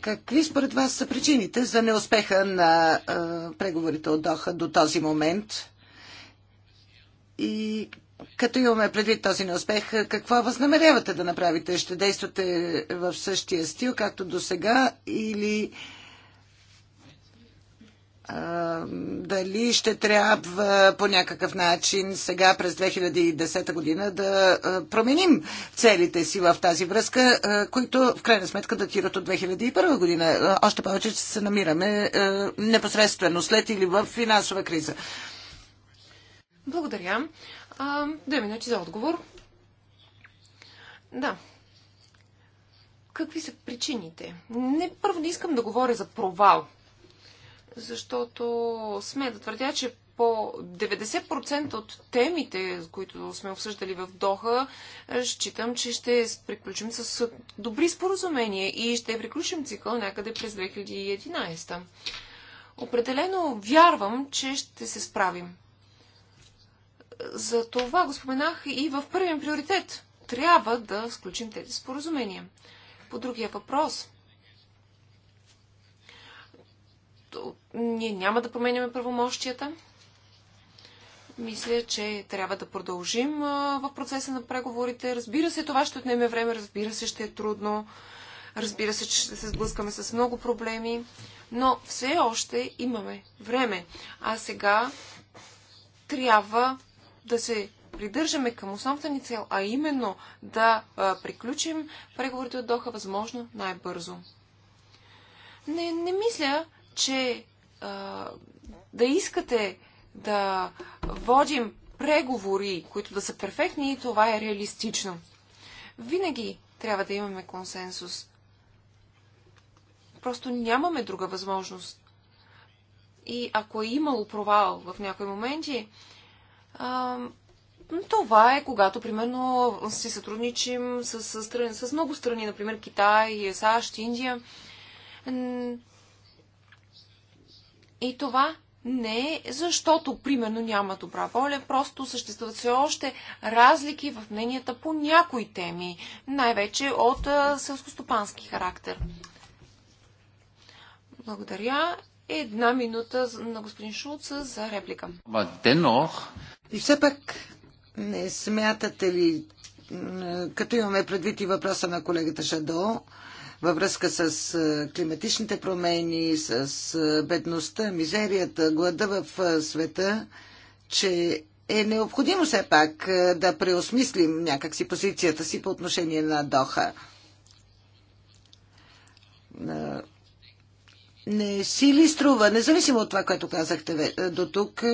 Какви според вас са причините за неуспеха на преговорите от Доха до този момент? И като имаме предвид този неуспех, какво възнамерявате да направите? Ще действате в същия стил, както до сега, или а, дали ще трябва по някакъв начин сега през 2010 година да променим целите си в тази връзка, които в крайна сметка датират от 2001 година. Още повече, че се намираме непосредствено след или в финансова криза. Благодаря. А, две минути за отговор. Да. Какви са причините? Не, първо не искам да говоря за провал, защото сме да твърдя, че по 90% от темите, които сме обсъждали в Доха, считам, че ще приключим с добри споразумения и ще приключим цикъл някъде през 2011. Определено вярвам, че ще се справим. За това го споменах и в първия приоритет. Трябва да сключим тези споразумения. По другия въпрос. Ние няма да променяме правомощията. Мисля, че трябва да продължим в процеса на преговорите. Разбира се, това ще отнеме време, разбира се, ще е трудно. Разбира се, че ще се сблъскаме с много проблеми, но все още имаме време. А сега трябва да се придържаме към основната ни цел, а именно да приключим преговорите от Доха възможно най-бързо. Не, не мисля, че а, да искате да водим преговори, които да са перфектни, това е реалистично. Винаги трябва да имаме консенсус. Просто нямаме друга възможност. И ако е имало провал в някои моменти, това е когато, примерно, си сътрудничим с, с, страни, с много страни, например Китай, САЩ, Индия. И това не е защото, примерно, няма добра воля, просто съществуват все още разлики в мненията по някои теми, най-вече от селскостопански характер. Благодаря. Една минута на господин Шулц за реплика. И все пак не смятате ли, като имаме предвид и въпроса на колегата Шадо, във връзка с климатичните промени, с бедността, мизерията, глада в света, че е необходимо все пак да преосмислим някакси позицията си по отношение на Доха. Не си ли струва, независимо от това, което казахте до тук,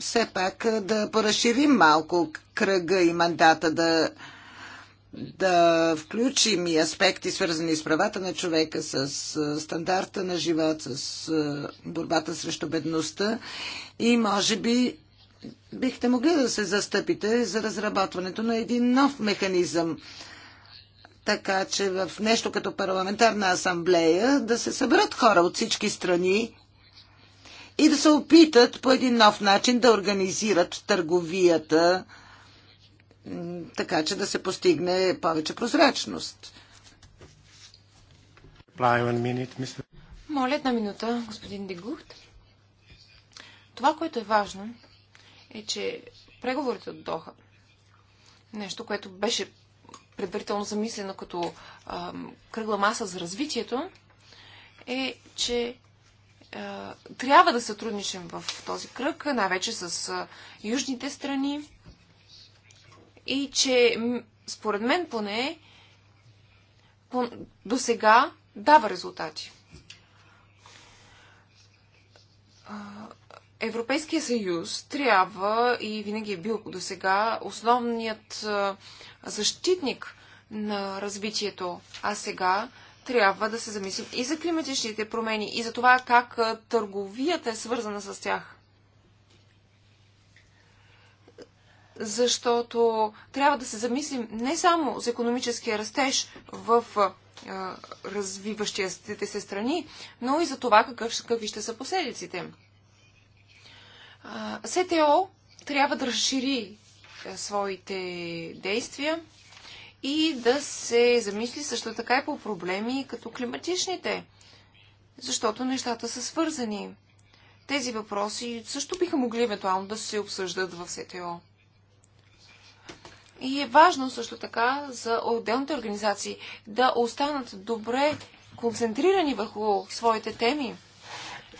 все пак да поразширим малко кръга и мандата, да, да включим и аспекти, свързани с правата на човека, с стандарта на живот, с борбата срещу бедността и може би бихте могли да се застъпите за разработването на един нов механизъм. Така че в нещо като парламентарна асамблея да се съберат хора от всички страни, и да се опитат по един нов начин да организират търговията, така че да се постигне повече прозрачност. Моля една минута, господин Дегухт. Това, което е важно, е, че преговорите от Доха, нещо, което беше предварително замислено като а, кръгла маса за развитието, е, че е, трябва да сътрудничим в този кръг, най-вече с е, южните страни. И че, според мен поне, до сега дава резултати. Е, Европейския съюз трябва и винаги е бил до сега основният защитник на развитието, а сега трябва да се замислим и за климатичните промени, и за това как търговията е свързана с тях. Защото трябва да се замислим не само за економическия растеж в а, развиващите се страни, но и за това какъв, какви ще са последиците. А, СТО трябва да разшири а, своите действия и да се замисли също така и по проблеми като климатичните, защото нещата са свързани. Тези въпроси също биха могли евентуално да се обсъждат в СТО. И е важно също така за отделните организации да останат добре концентрирани върху своите теми.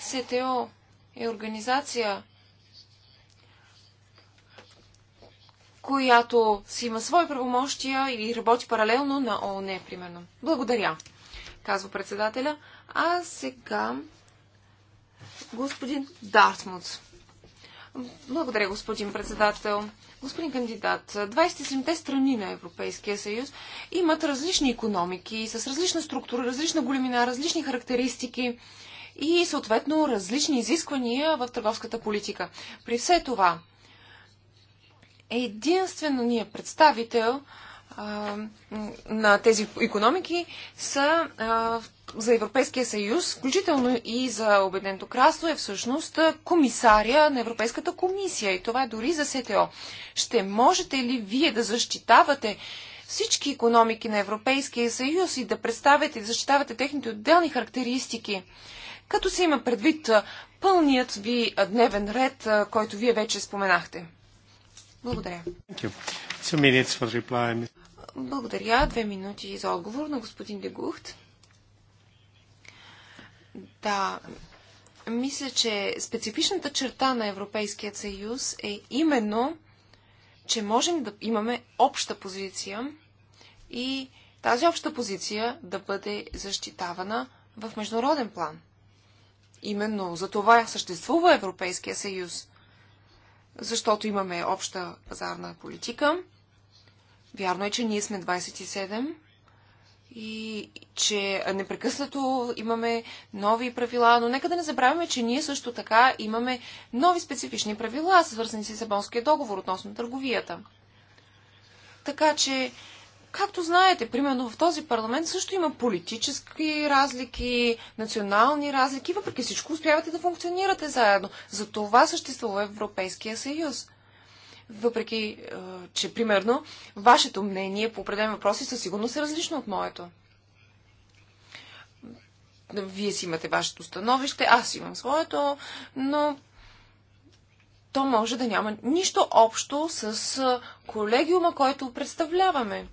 СТО е организация, която си има свои правомощия и работи паралелно на ООН, примерно. Благодаря, казва председателя. А сега господин Дартмут. Благодаря, господин председател. Господин кандидат, 27-те страни на Европейския съюз имат различни економики, с различна структура, различна големина, различни характеристики и съответно различни изисквания в търговската политика. При все това, е единственият представител а, на тези економики са а, за Европейския съюз, включително и за Обеденто красно, е всъщност комисаря на Европейската комисия и това е дори за СТО. Ще можете ли вие да защитавате всички економики на Европейския съюз и да представяте и защитавате техните отделни характеристики? Като се има предвид пълният ви дневен ред, който вие вече споменахте. Благодаря. Благодаря. Две минути за отговор на господин Дегухт. Да, мисля, че специфичната черта на Европейският съюз е именно, че можем да имаме обща позиция и тази обща позиция да бъде защитавана в международен план. Именно за това съществува Европейския съюз защото имаме обща пазарна политика. Вярно е, че ние сме 27 и че непрекъснато имаме нови правила, но нека да не забравяме, че ние също така имаме нови специфични правила, свързани с Лисабонския договор относно търговията. Така че Както знаете, примерно в този парламент също има политически разлики, национални разлики, въпреки всичко успявате да функционирате заедно. За това съществува Европейския съюз. Въпреки, е, че примерно вашето мнение по определен въпроси със сигурност е различно от моето. Вие си имате вашето становище, аз имам своето, но то може да няма нищо общо с е, колегиума, който представляваме.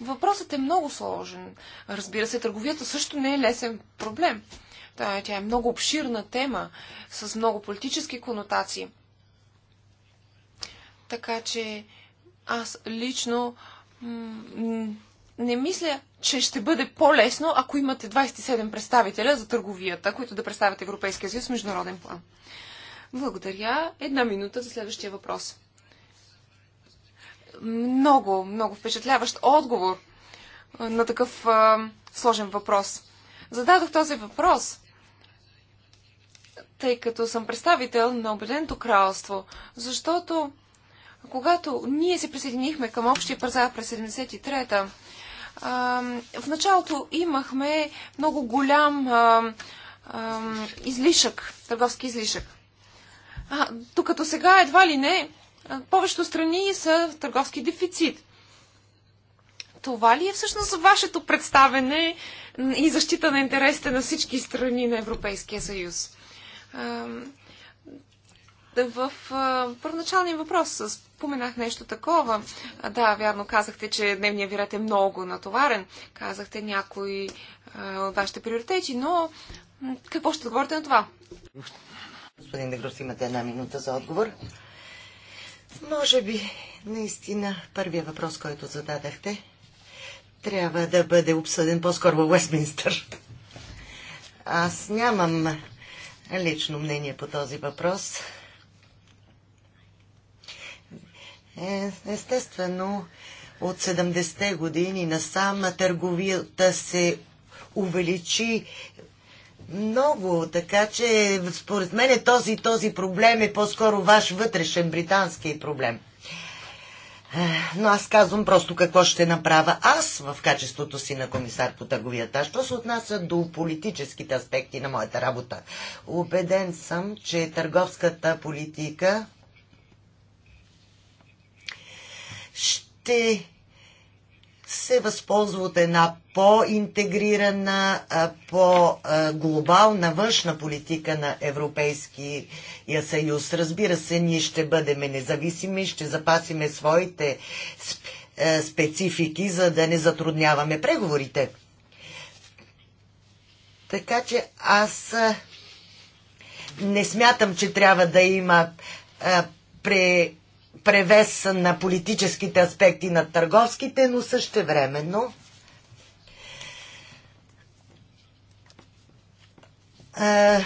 Въпросът е много сложен. Разбира се, търговията също не е лесен проблем. тя е много обширна тема, с много политически конотации. Така че аз лично не мисля, че ще бъде по-лесно, ако имате 27 представителя за търговията, които да представят Европейския съюз в международен план. Благодаря. Една минута за следващия въпрос много, много впечатляващ отговор на такъв а, сложен въпрос. Зададох този въпрос, тъй като съм представител на Обеденото кралство, защото когато ние се присъединихме към общия пазар през 73-та, в началото имахме много голям а, а, излишък, търговски излишък. А, докато сега едва ли не повечето страни са в търговски дефицит. Това ли е всъщност вашето представене и защита на интересите на всички страни на Европейския съюз? В първоначалния въпрос споменах нещо такова. Да, вярно, казахте, че дневният ви ред е много натоварен. Казахте някои от вашите приоритети, но какво ще отговорите на това? Господин Дегров, имате една минута за отговор. Може би, наистина, първия въпрос, който зададахте, трябва да бъде обсъден по-скоро във Уестминстър. Аз нямам лично мнение по този въпрос. Е, естествено, от 70-те години насам търговията се увеличи много, така че според мен е този, този проблем е по-скоро ваш вътрешен британски проблем. Е, но аз казвам просто какво ще направя аз в качеството си на комисар по търговията. Що се отнася до политическите аспекти на моята работа? Убеден съм, че търговската политика ще се възползва от една по-интегрирана, по-глобална външна политика на Европейския съюз. Разбира се, ние ще бъдем независими, ще запасиме своите специфики, за да не затрудняваме преговорите. Така че аз не смятам, че трябва да има пре превес на политическите аспекти на търговските, но същевременно е,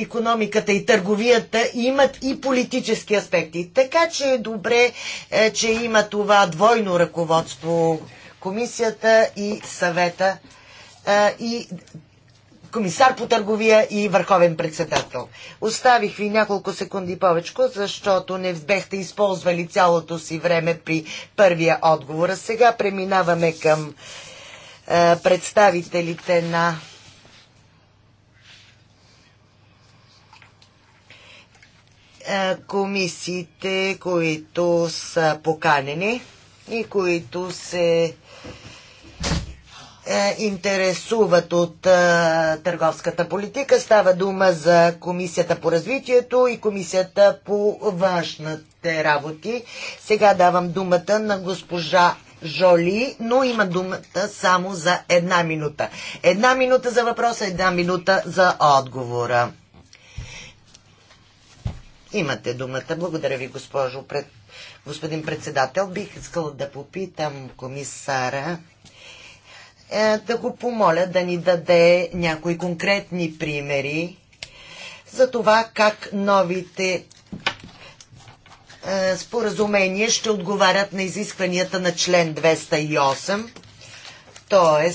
економиката и търговията имат и политически аспекти. Така че е добре, е, че има това двойно ръководство комисията и съвета. Е, и комисар по търговия и върховен председател. Оставих ви няколко секунди повече, защото не бехте използвали цялото си време при първия отговор. А сега преминаваме към е, представителите на е, комисиите, които са поканени и които се е, интересуват от е, търговската политика. Става дума за Комисията по развитието и Комисията по външните работи. Сега давам думата на госпожа Жоли, но има думата само за една минута. Една минута за въпроса, една минута за отговора. Имате думата. Благодаря ви, госпожо пред... господин председател. Бих искала да попитам комисара е, да го помоля да ни даде някои конкретни примери за това как новите е, споразумения ще отговарят на изискванията на член 208, т.е.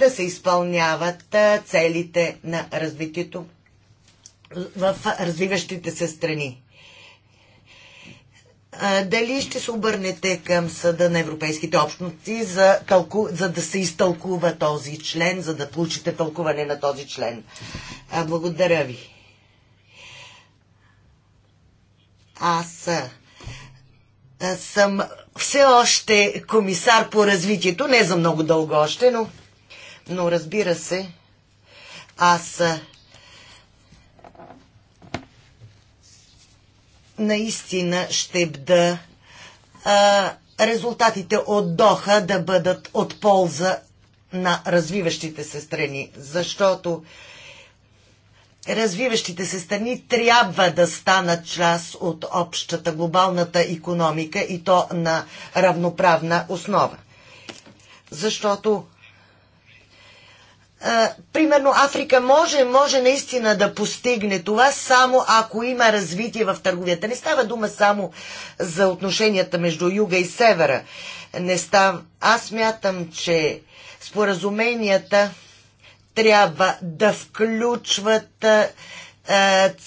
да се изпълняват е, целите на развитието в развиващите се страни дали ще се обърнете към съда на европейските общности за, тълку, за да се изтълкува този член, за да получите тълкуване на този член? А, благодаря ви. Аз а, съм все още комисар по развитието, не за много дълго още, но, но разбира се, аз а, наистина ще бда а, резултатите от Доха да бъдат от полза на развиващите се страни, защото развиващите се страни трябва да станат част от общата глобалната економика и то на равноправна основа. Защото примерно Африка може, може наистина да постигне това само ако има развитие в търговията. Не става дума само за отношенията между юга и севера. Не става. Аз мятам, че споразуменията трябва да включват а,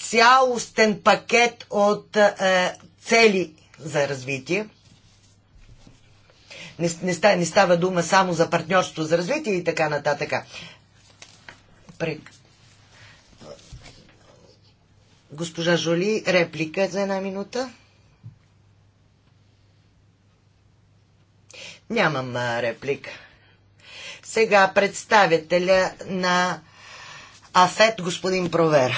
цялостен пакет от а, цели за развитие. Не, не, става, не става дума само за партньорство за развитие и така нататък прек... Госпожа Жоли, реплика за една минута. Нямам реплика. Сега представителя на АФЕТ, господин Провера.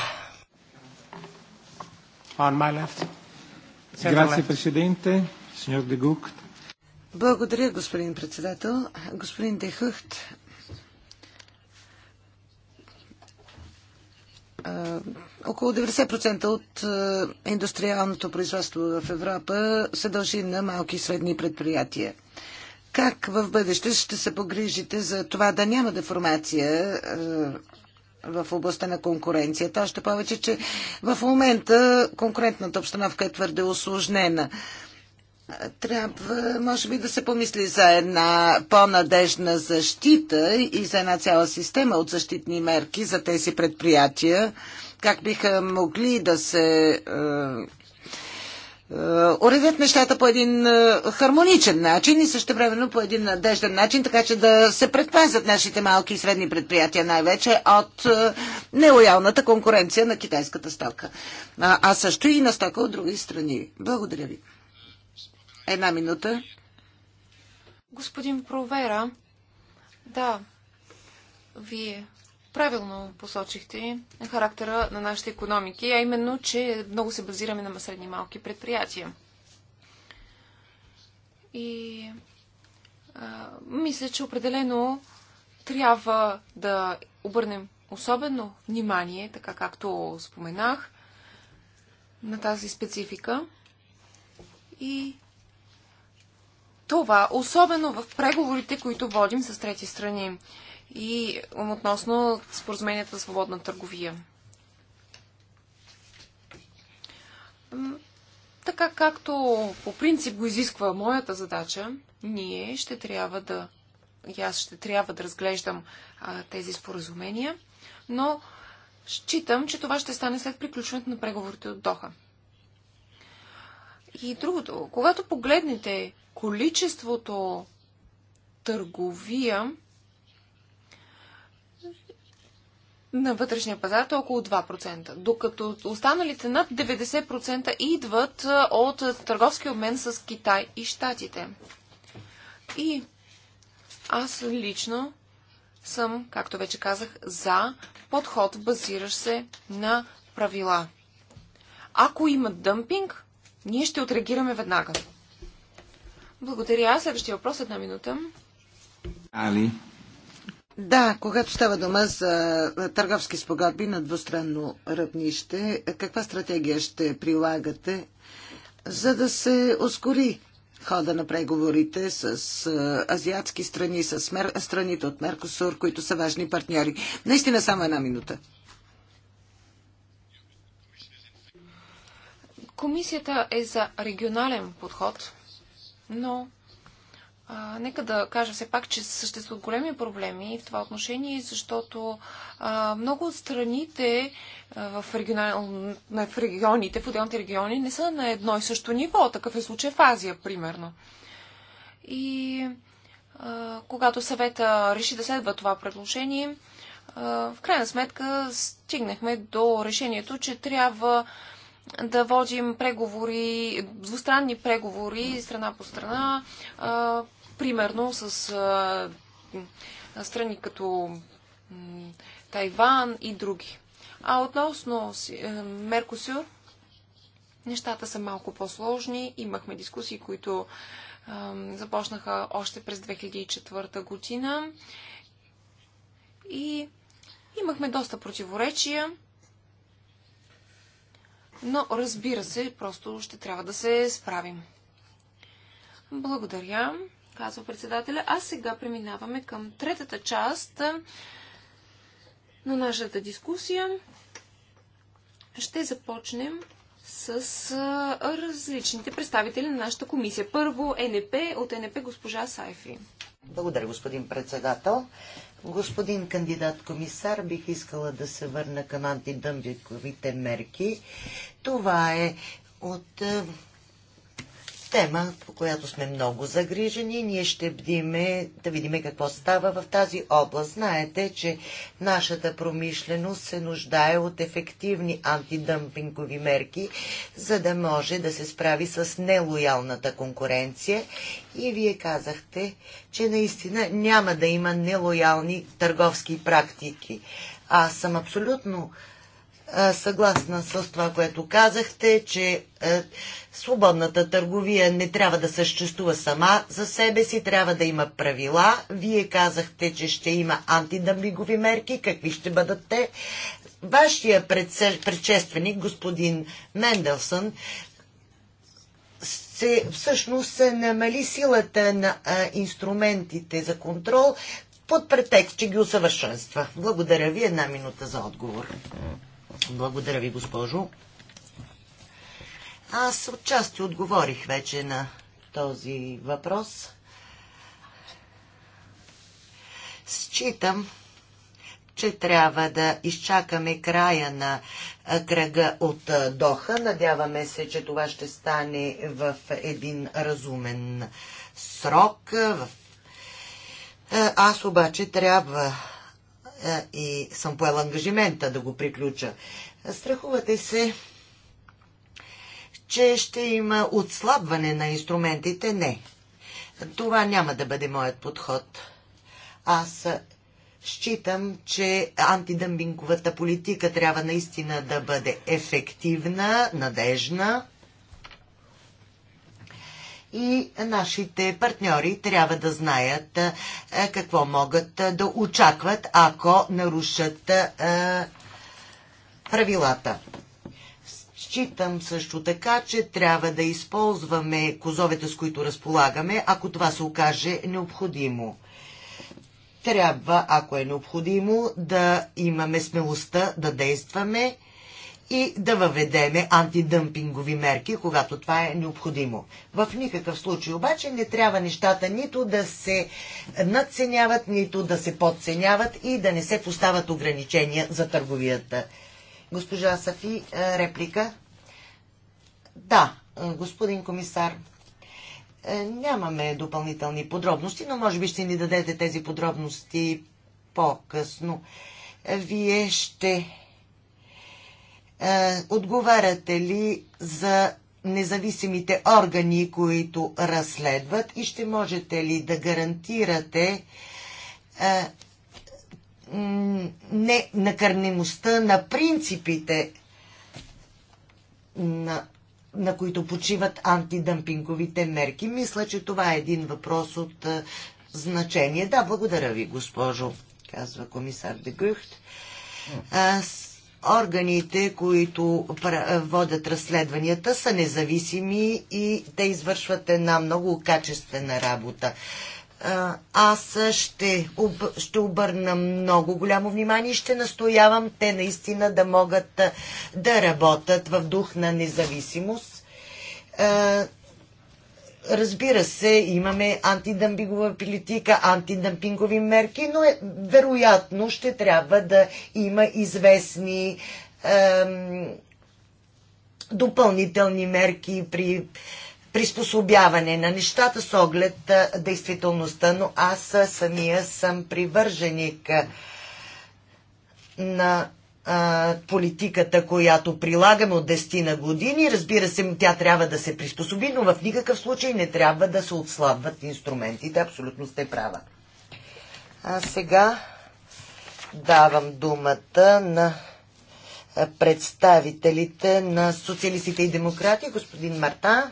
Благодаря, господин председател. Господин Дехъхт, Около 90% от индустриалното производство в Европа се дължи на малки и средни предприятия. Как в бъдеще ще се погрижите за това да няма деформация в областта на конкуренцията? Още повече, че в момента конкурентната обстановка е твърде осложнена. Трябва, може би, да се помисли за една по-надежна защита и за една цяла система от защитни мерки за тези предприятия. Как биха могли да се е, е, уредят нещата по един е, хармоничен начин и също времено по един надежден начин, така че да се предпазят нашите малки и средни предприятия най-вече от нелоялната конкуренция на китайската стока, а също и на стока от други страни. Благодаря ви. Една минута. Господин Провера, да, вие правилно посочихте характера на нашите економики, а именно, че много се базираме на средни малки предприятия. И а, мисля, че определено трябва да обърнем особено внимание, така както споменах, на тази специфика. И това, особено в преговорите, които водим с трети страни и относно споразуменията за свободна търговия. Така както по принцип го изисква моята задача, ние ще трябва да и аз ще трябва да разглеждам а, тези споразумения, но считам, че това ще стане след приключването на преговорите от Доха. И другото, когато погледнете количеството търговия на вътрешния пазар, то е около 2%, докато останалите над 90% идват от търговски обмен с Китай и Штатите. И аз лично съм, както вече казах, за подход, базиращ се на правила. Ако има дъмпинг, ние ще отреагираме веднага. Благодаря. Следващия въпрос една минута. Али. Да, когато става дума за търговски спогодби на двустранно равнище, каква стратегия ще прилагате, за да се ускори хода на преговорите с азиатски страни, с страните от Меркосур, които са важни партньори? Наистина само една минута. Комисията е за регионален подход, но а, нека да кажа все пак, че съществуват големи проблеми в това отношение, защото а, много от страните а, в, регионал, в регионите, в отделните региони не са на едно и също ниво. Такъв е случай в Азия, примерно. И а, когато съвета реши да следва това предложение, а, в крайна сметка стигнахме до решението, че трябва да водим преговори, двустранни преговори страна по страна, примерно с страни като Тайван и други. А относно е, Меркосюр, нещата са малко по-сложни. Имахме дискусии, които започнаха още през 2004 година. И имахме доста противоречия но разбира се, просто ще трябва да се справим. Благодаря, казва председателя. А сега преминаваме към третата част на нашата дискусия. Ще започнем с различните представители на нашата комисия. Първо НП, от НП госпожа Сайфи. Благодаря, господин председател. Господин кандидат комисар, бих искала да се върна към антидъмбиковите мерки. Това е от е, тема, по която сме много загрижени. Ние ще бдиме да видим какво става в тази област. Знаете, че нашата промишленост се нуждае от ефективни антидъмпингови мерки, за да може да се справи с нелоялната конкуренция. И вие казахте, че наистина няма да има нелоялни търговски практики. Аз съм абсолютно съгласна с това, което казахте, че е, свободната търговия не трябва да съществува сама за себе си, трябва да има правила. Вие казахте, че ще има антидъмбигови мерки. Какви ще бъдат те? Вашия предшественик, господин Менделсън, се, всъщност се намали силата на а, инструментите за контрол под претекст, че ги усъвършенства. Благодаря ви. Една минута за отговор. Благодаря ви, госпожо. Аз отчасти отговорих вече на този въпрос. Считам, че трябва да изчакаме края на кръга от Доха. Надяваме се, че това ще стане в един разумен срок. Аз обаче трябва е, и съм поел ангажимента да го приключа. Страхувате се, че ще има отслабване на инструментите? Не. Това няма да бъде моят подход. Аз считам, че антидъмбинговата политика трябва наистина да бъде ефективна, надежна и нашите партньори трябва да знаят е, какво могат е, да очакват, ако нарушат е, правилата. Считам също така, че трябва да използваме козовете, с които разполагаме, ако това се окаже необходимо. Трябва, ако е необходимо, да имаме смелостта да действаме и да въведеме антидъмпингови мерки, когато това е необходимо. В никакъв случай обаче не трябва нещата нито да се надценяват, нито да се подценяват и да не се поставят ограничения за търговията. Госпожа Сафи, е, реплика? Да, е, господин комисар, е, нямаме допълнителни подробности, но може би ще ни дадете тези подробности по-късно. Вие ще е, отговаряте ли за независимите органи, които разследват и ще можете ли да гарантирате е, не накърнимостта на принципите, на, на които почиват антидъмпинговите мерки. Мисля, че това е един въпрос от а, е, значение. Да, благодаря ви, госпожо, казва комисар Дегюхт органите, които е, водят разследванията, са независими и те извършват една много качествена работа. Аз ще, об, ще обърна много голямо внимание и ще настоявам те наистина да могат е, да работят в дух на независимост е, Разбира се, имаме антидъмпингова политика, антидъмпингови мерки, но е, вероятно ще трябва да има известни ем, допълнителни мерки при приспособяване на нещата с оглед а, действителността, но аз самия съм привърженик на политиката, която прилагаме от 10 на години. Разбира се, тя трябва да се приспособи, но в никакъв случай не трябва да се отслабват инструментите. Абсолютно сте права. А сега давам думата на представителите на социалистите и демократи, господин Марта.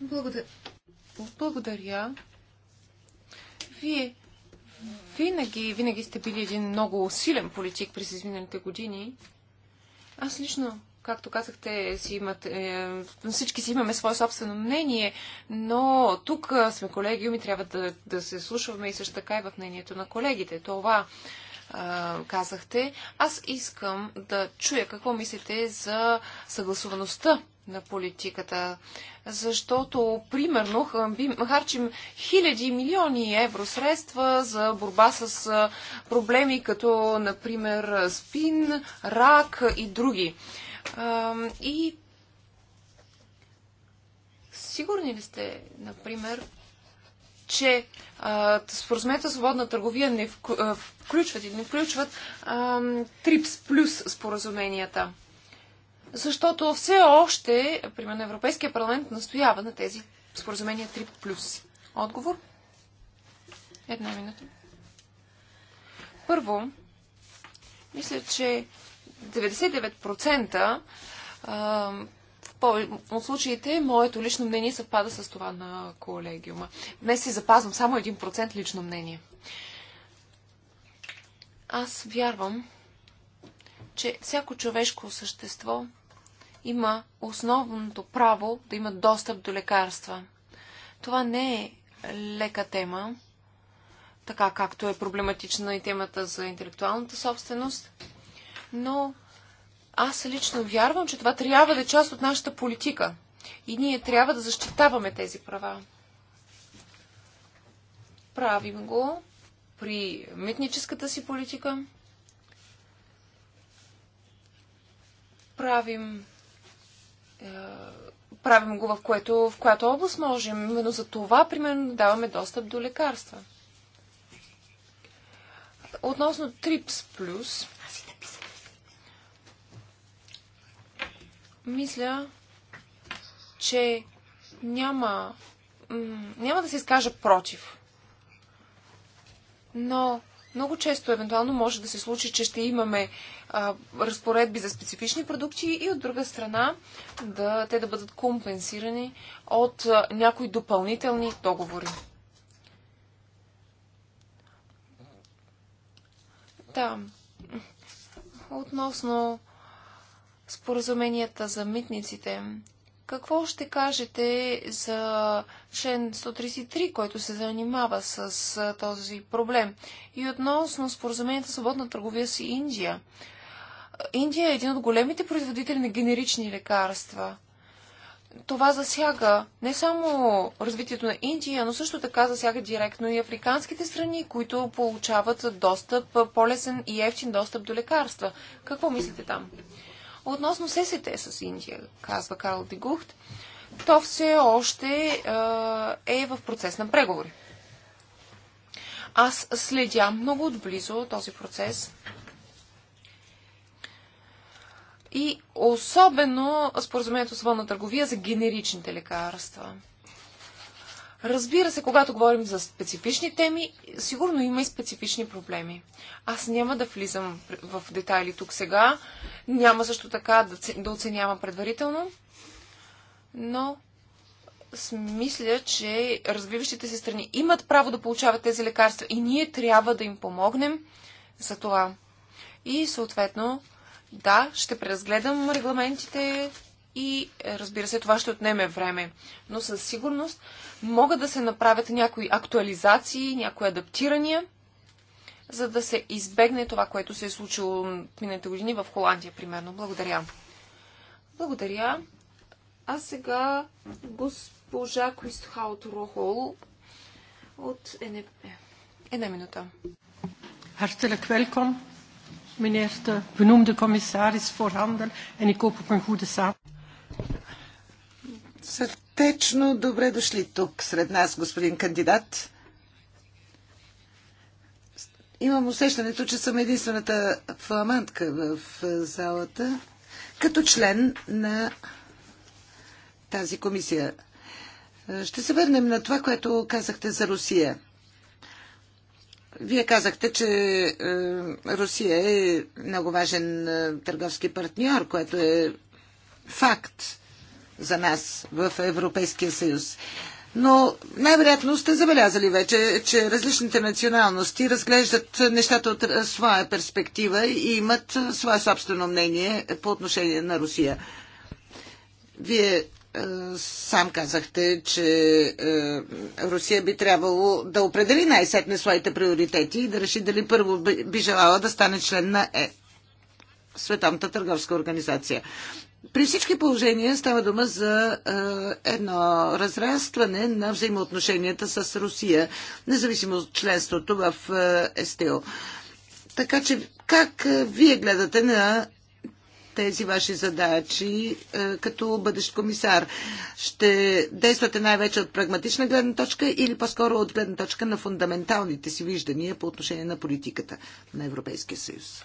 Благодаря. Благодаря. Вие винаги, винаги сте били един много силен политик през изминалите години. Аз лично, както казахте, си имате, всички си имаме свое собствено мнение, но тук сме колегиуми, трябва да, да се слушаме и също така и в мнението на колегите. Това казахте. Аз искам да чуя какво мислите за съгласуваността на политиката. Защото, примерно, харчим хиляди и милиони евро средства за борба с проблеми като, например, спин, рак и други. И сигурни ли сте, например, че споразумението за свободна търговия не включват и не включват а, ТРИПС плюс споразуменията? защото все още, примерно, Европейския парламент настоява на тези споразумения 3+. Отговор? Една минута. Първо, мисля, че 99% от случаите моето лично мнение съвпада с това на колегиума. Днес си запазвам само 1% лично мнение. Аз вярвам, че всяко човешко същество има основното право да имат достъп до лекарства. Това не е лека тема, така както е проблематична и темата за интелектуалната собственост, но аз лично вярвам, че това трябва да е част от нашата политика и ние трябва да защитаваме тези права. Правим го при митническата си политика. Правим е, правим го в, което, в която област можем. Именно за това, примерно, даваме достъп до лекарства. Относно ТРИПС Плюс, мисля, че няма, няма да се изкажа против. Но много често, евентуално, може да се случи, че ще имаме разпоредби за специфични продукти и от друга страна да, те да бъдат компенсирани от а, някои допълнителни договори. Да. Относно споразуменията за митниците, какво ще кажете за член 133, който се занимава с този проблем? И относно за свободна търговия с Индия, Индия е един от големите производители на генерични лекарства. Това засяга не само развитието на Индия, но също така засяга директно и африканските страни, които получават достъп, по-лесен и ефтин достъп до лекарства. Какво мислите там? Относно ССТ с Индия, казва Карл Дегухт, то все още е в процес на преговори. Аз следя много отблизо този процес и особено споразумението с свободна търговия за генеричните лекарства. Разбира се, когато говорим за специфични теми, сигурно има и специфични проблеми. Аз няма да влизам в детайли тук сега, няма също така да оценявам предварително, но мисля, че развиващите се страни имат право да получават тези лекарства и ние трябва да им помогнем за това. И съответно да, ще преразгледам регламентите и разбира се, това ще отнеме време. Но със сигурност могат да се направят някои актуализации, някои адаптирания, за да се избегне това, което се е случило миналите години в Холандия, примерно. Благодаря. Благодаря. А сега госпожа Кристхаут Рохол от НП. Е. Една минута. Hartelijk welkom meneer de benoemde commissaris voor handel en ik hoop op een goede samenwerking. Сърдечно добре дошли тук сред нас, господин кандидат. Имам усещането, че съм единствената фламандка в е, залата, като член на тази комисия. Е, ще се върнем на това, което казахте за Русия. Вие казахте, че е, Русия е много важен е, търговски партньор, което е факт за нас в Европейския съюз. Но най-вероятно сте забелязали вече, че различните националности разглеждат нещата от е, своя перспектива и имат свое собствено мнение по отношение на Русия. Вие е, сам казахте, че е, Русия би трябвало да определи най-сетне своите приоритети и да реши дали първо би желала да стане член на Е. Световната търговска организация. При всички положения става дума за е, едно разрастване на взаимоотношенията с Русия, независимо от членството в е, СТО. Така че как е, вие гледате на тези ваши задачи е, като бъдещ комисар? Ще действате най-вече от прагматична гледна точка или по-скоро от гледна точка на фундаменталните си виждания по отношение на политиката на Европейския съюз?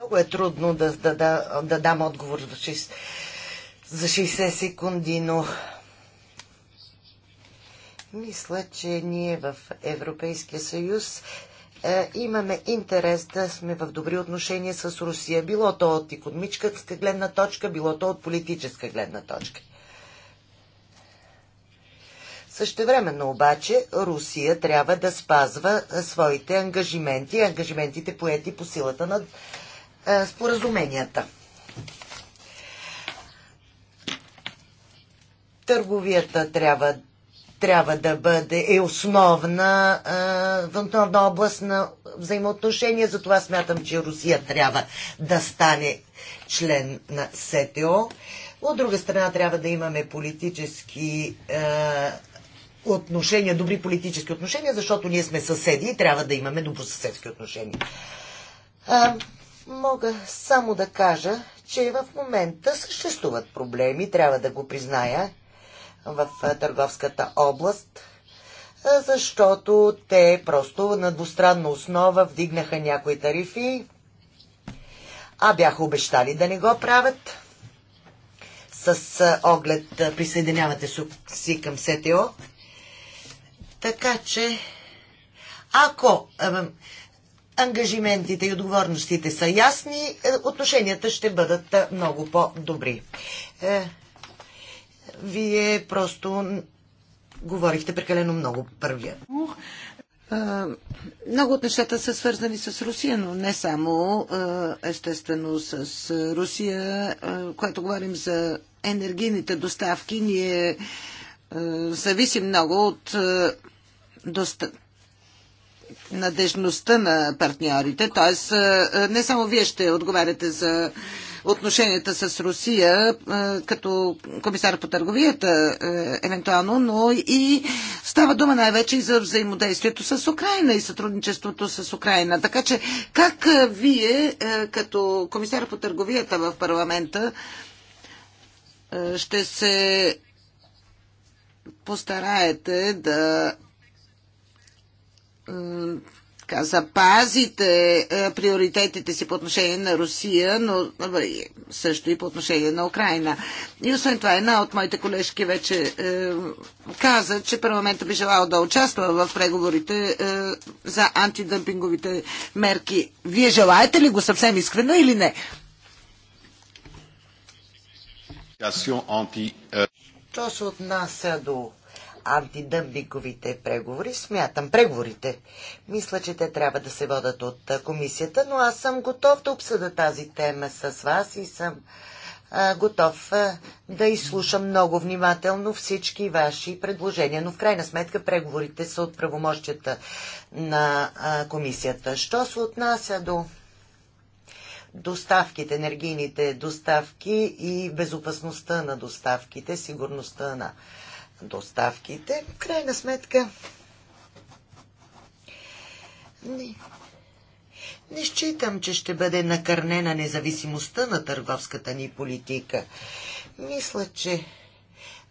Много е трудно да, да, да, да дам отговор за 60, за 60 секунди, но мисля, че ние в Европейския съюз е, имаме интерес да сме в добри отношения с Русия, било то от економическа гледна точка, било то от политическа гледна точка. Същевременно обаче Русия трябва да спазва своите ангажименти, ангажиментите поети по силата на е, споразуменията. Търговията трябва трябва да бъде, е основна, а, основна област на взаимоотношения. Затова смятам, че Русия трябва да стане член на СТО. От друга страна трябва да имаме политически а, отношения, добри политически отношения, защото ние сме съседи и трябва да имаме добросъседски отношения. А, мога само да кажа, че в момента съществуват проблеми, трябва да го призная в търговската област, защото те просто на двустранна основа вдигнаха някои тарифи, а бяха обещали да не го правят с оглед присъединявате си към СТО. Така че, ако ангажиментите и отговорностите са ясни, е, отношенията ще бъдат много по-добри. Е, вие просто говорихте прекалено много първия. Много от нещата са свързани с Русия, но не само, естествено, с Русия. Когато говорим за енергийните доставки, ние зависим много от доста... надежността на партньорите. Тоест, не само вие ще отговаряте за отношенията с Русия е, като комисар по търговията, е, евентуално, но и става дума най-вече и за взаимодействието с Украина и сътрудничеството с Украина. Така че как е, вие като комисар по търговията в парламента ще се постараете да така, запазите а, е, приоритетите си по отношение на Русия, но е, също и по отношение на Украина. И освен това, една от моите колежки вече е, каза, че парламента би желал да участва в преговорите е, за антидъмпинговите мерки. Вие желаете ли го съвсем искрено или не? Е, Що се отнася до антидъмбиковите преговори. Смятам, преговорите. Мисля, че те трябва да се водат от комисията, но аз съм готов да обсъда тази тема с вас и съм а, готов а, да изслушам много внимателно всички ваши предложения. Но в крайна сметка преговорите са от правомощията на а, комисията. Що се отнася до доставките, енергийните доставки и безопасността на доставките, сигурността на доставките. В крайна сметка, не, не считам, че ще бъде накърнена независимостта на търговската ни политика. Мисля, че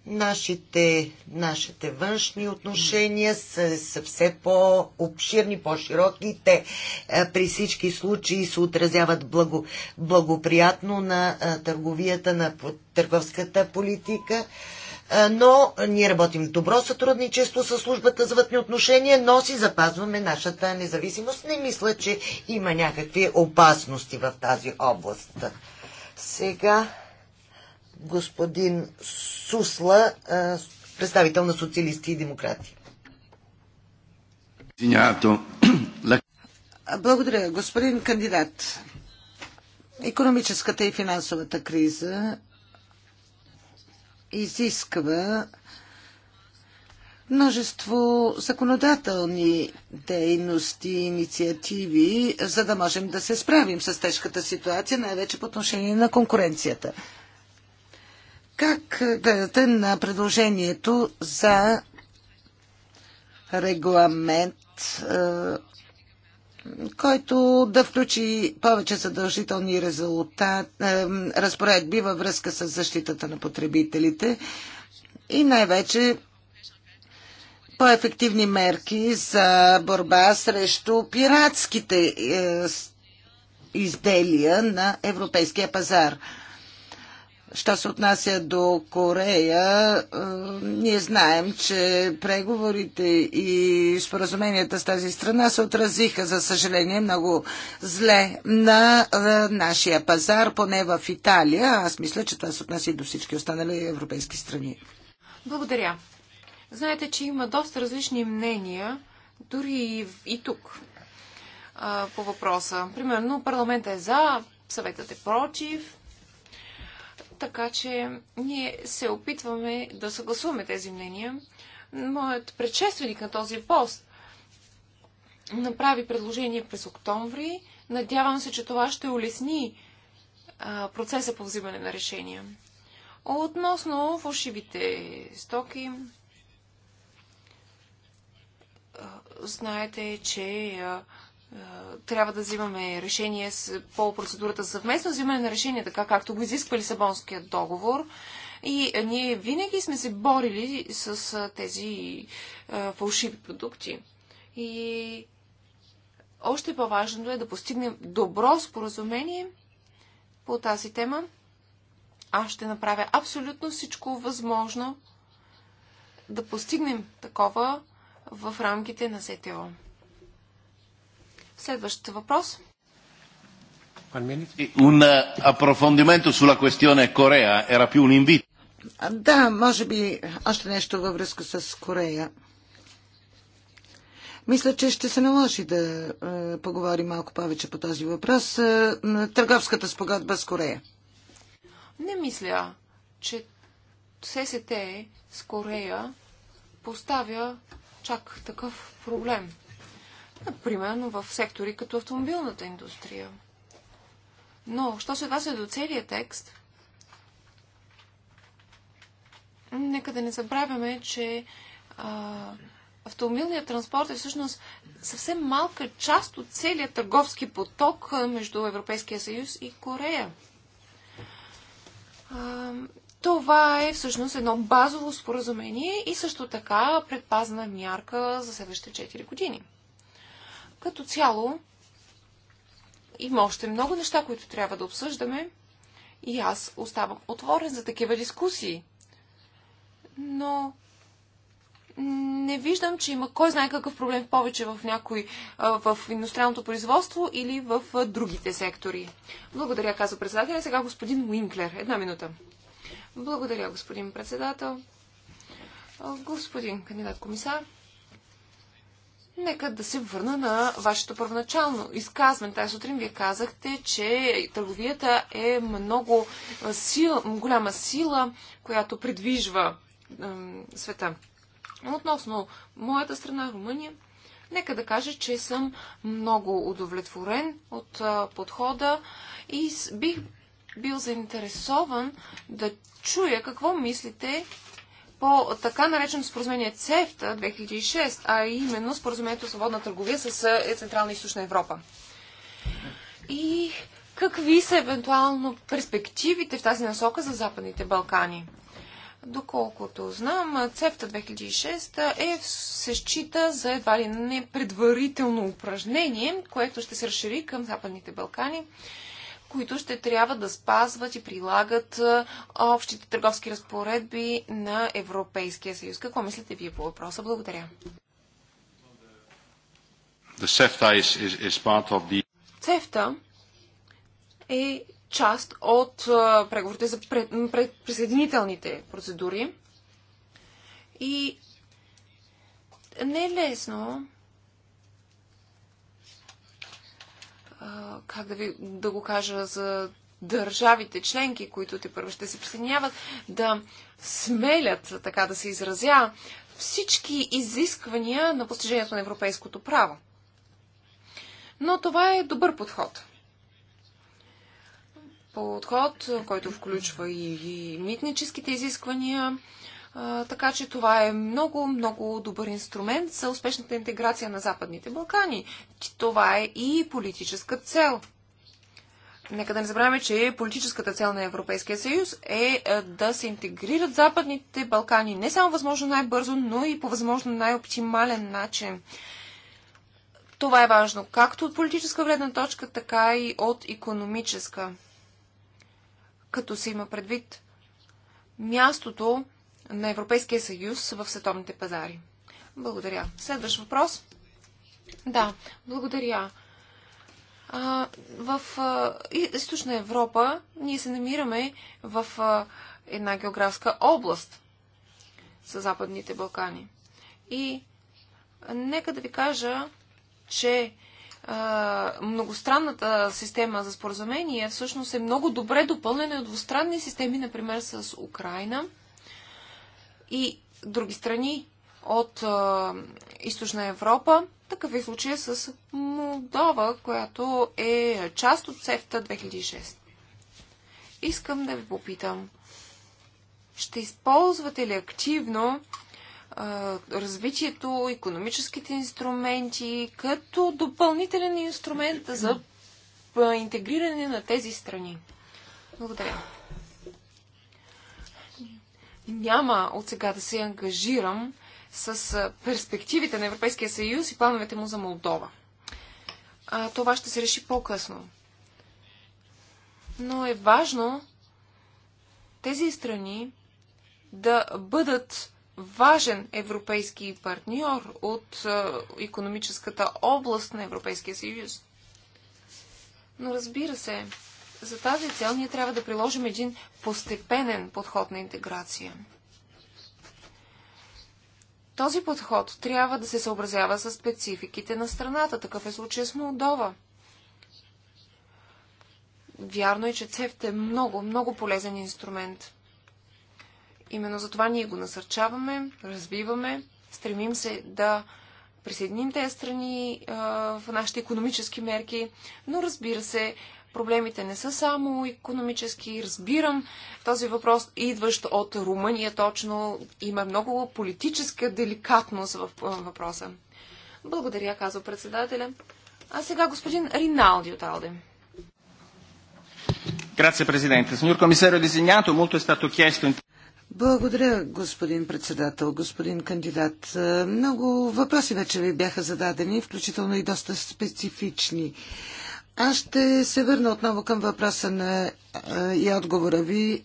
нашите, нашите външни отношения са, са все по-обширни, по-широки. Те е, при всички случаи се отразяват благо, благоприятно на е, търговията, на търговската политика но ние работим в добро сътрудничество с службата за вътни отношения, но си запазваме нашата независимост. Не мисля, че има някакви опасности в тази област. Сега господин Сусла, представител на социалисти и демократи. Благодаря, господин кандидат. Економическата и финансовата криза изисква множество законодателни дейности и инициативи, за да можем да се справим с тежката ситуация, най-вече по отношение на конкуренцията. Как гледате на предложението за регламент е, който да включи повече задължителни резултат, е, разпоредби във връзка с защитата на потребителите и най-вече по-ефективни мерки за борба срещу пиратските е, изделия на европейския пазар. Що се отнася до Корея, е, ние знаем, че преговорите и споразуменията с тази страна се отразиха, за съжаление, много зле на е, нашия пазар, поне в Италия. Аз мисля, че това се отнася и до всички останали европейски страни. Благодаря. Знаете, че има доста различни мнения, дори и тук, е, по въпроса. Примерно, парламентът е за, съветът е против, така че ние се опитваме да съгласуваме тези мнения. Моят предшественик на този пост направи предложение през октомври. Надявам се, че това ще улесни процеса по взимане на решения. Относно фалшивите стоки, знаете, че а, трябва да взимаме решение по процедурата съвместно взимане на решение, така както го изисква Лисабонският договор. И е, ние винаги сме се борили с е, тези е, фалшиви продукти. И още по-важното е да постигнем добро споразумение по тази тема. Аз ще направя абсолютно всичко възможно да постигнем такова в рамките на СТО. Следващата въпрос. Un approfondimento sulla questione Corea era più un invito. Да, може би още нещо във връзка с Корея. Мисля, че ще се наложи да е, поговорим малко повече по този въпрос. Е, търговската спогодба с Корея. Не мисля, че ССТ с Корея поставя чак такъв проблем примерно в сектори като автомобилната индустрия. Но, що се отнася до целия текст, нека да не забравяме, че а, автомобилният транспорт е всъщност съвсем малка част от целият търговски поток между Европейския съюз и Корея. А, това е всъщност едно базово споразумение и също така предпазна мярка за следващите 4 години. Като цяло, има още много неща, които трябва да обсъждаме и аз оставам отворен за такива дискусии. Но не виждам, че има кой знае какъв проблем повече в някой в индустриалното производство или в другите сектори. Благодаря, казва председателя. Сега господин Уинклер. Една минута. Благодаря, господин председател. Господин кандидат комисар. Нека да се върна на вашето първоначално изказване. Тази сутрин вие казахте, че търговията е много сила, голяма сила, която придвижва е, света. Относно моята страна, Румъния, нека да кажа, че съм много удовлетворен от подхода и бих бил заинтересован да чуя какво мислите по така нареченото споразумение ЦЕФТА 2006, а именно споразумението свободна търговия с е, Централна и Източна Европа. И какви са евентуално перспективите в тази насока за Западните Балкани? Доколкото знам, ЦЕФТА 2006 е, се счита за едва ли не предварително упражнение, което ще се разшири към Западните Балкани които ще трябва да спазват и прилагат общите търговски разпоредби на Европейския съюз. Какво мислите вие по въпроса? Благодаря. Цефта е част от преговорите за присъединителните процедури. И не е лесно как да, ви, да го кажа, за държавите членки, които те първо ще се присъединяват, да смелят, така да се изразя, всички изисквания на постижението на европейското право. Но това е добър подход. Подход, който включва и, и митническите изисквания, така че това е много, много добър инструмент за успешната интеграция на Западните Балкани. Това е и политическа цел. Нека да не забравяме, че политическата цел на Европейския съюз е, е да се интегрират Западните Балкани не само възможно най-бързо, но и по възможно най-оптимален начин. Това е важно както от политическа гледна точка, така и от економическа. Като се има предвид мястото на Европейския съюз в световните пазари. Благодаря. Следващ въпрос. Да, благодаря. А, в а, източна Европа ние се намираме в а, една географска област с Западните Балкани. И нека да ви кажа, че многостранната система за споразумение всъщност е много добре допълнена от двустранни системи, например с Украина – и други страни от а, източна Европа. Такъв е случая с Молдова, която е част от СЕФТА 2006. Искам да ви попитам, ще използвате ли активно а, развитието, економическите инструменти като допълнителен инструмент за интегриране на тези страни? Благодаря няма от сега да се ангажирам с перспективите на Европейския съюз и плановете му за Молдова. А, това ще се реши по-късно. Но е важно тези страни да бъдат важен европейски партньор от економическата област на Европейския съюз. Но разбира се, за тази цел ние трябва да приложим един постепенен подход на интеграция. Този подход трябва да се съобразява с спецификите на страната. Такъв е случая с Молдова. Вярно е, че ЦЕФТ е много, много полезен инструмент. Именно за това ние го насърчаваме, развиваме, стремим се да присъединим тези страни а, в нашите економически мерки, но разбира се, Проблемите не са само економически. Разбирам този въпрос, идващ от Румъния точно. Има много политическа деликатност в въпроса. Благодаря, казва председателя. А сега господин Риналди от Алде. Grazie Presidente. Signor Commissario designato, molto Благодаря, господин председател, господин кандидат. Много въпроси вече ви бяха зададени, включително и доста специфични. Аз ще се върна отново към въпроса на и отговора ви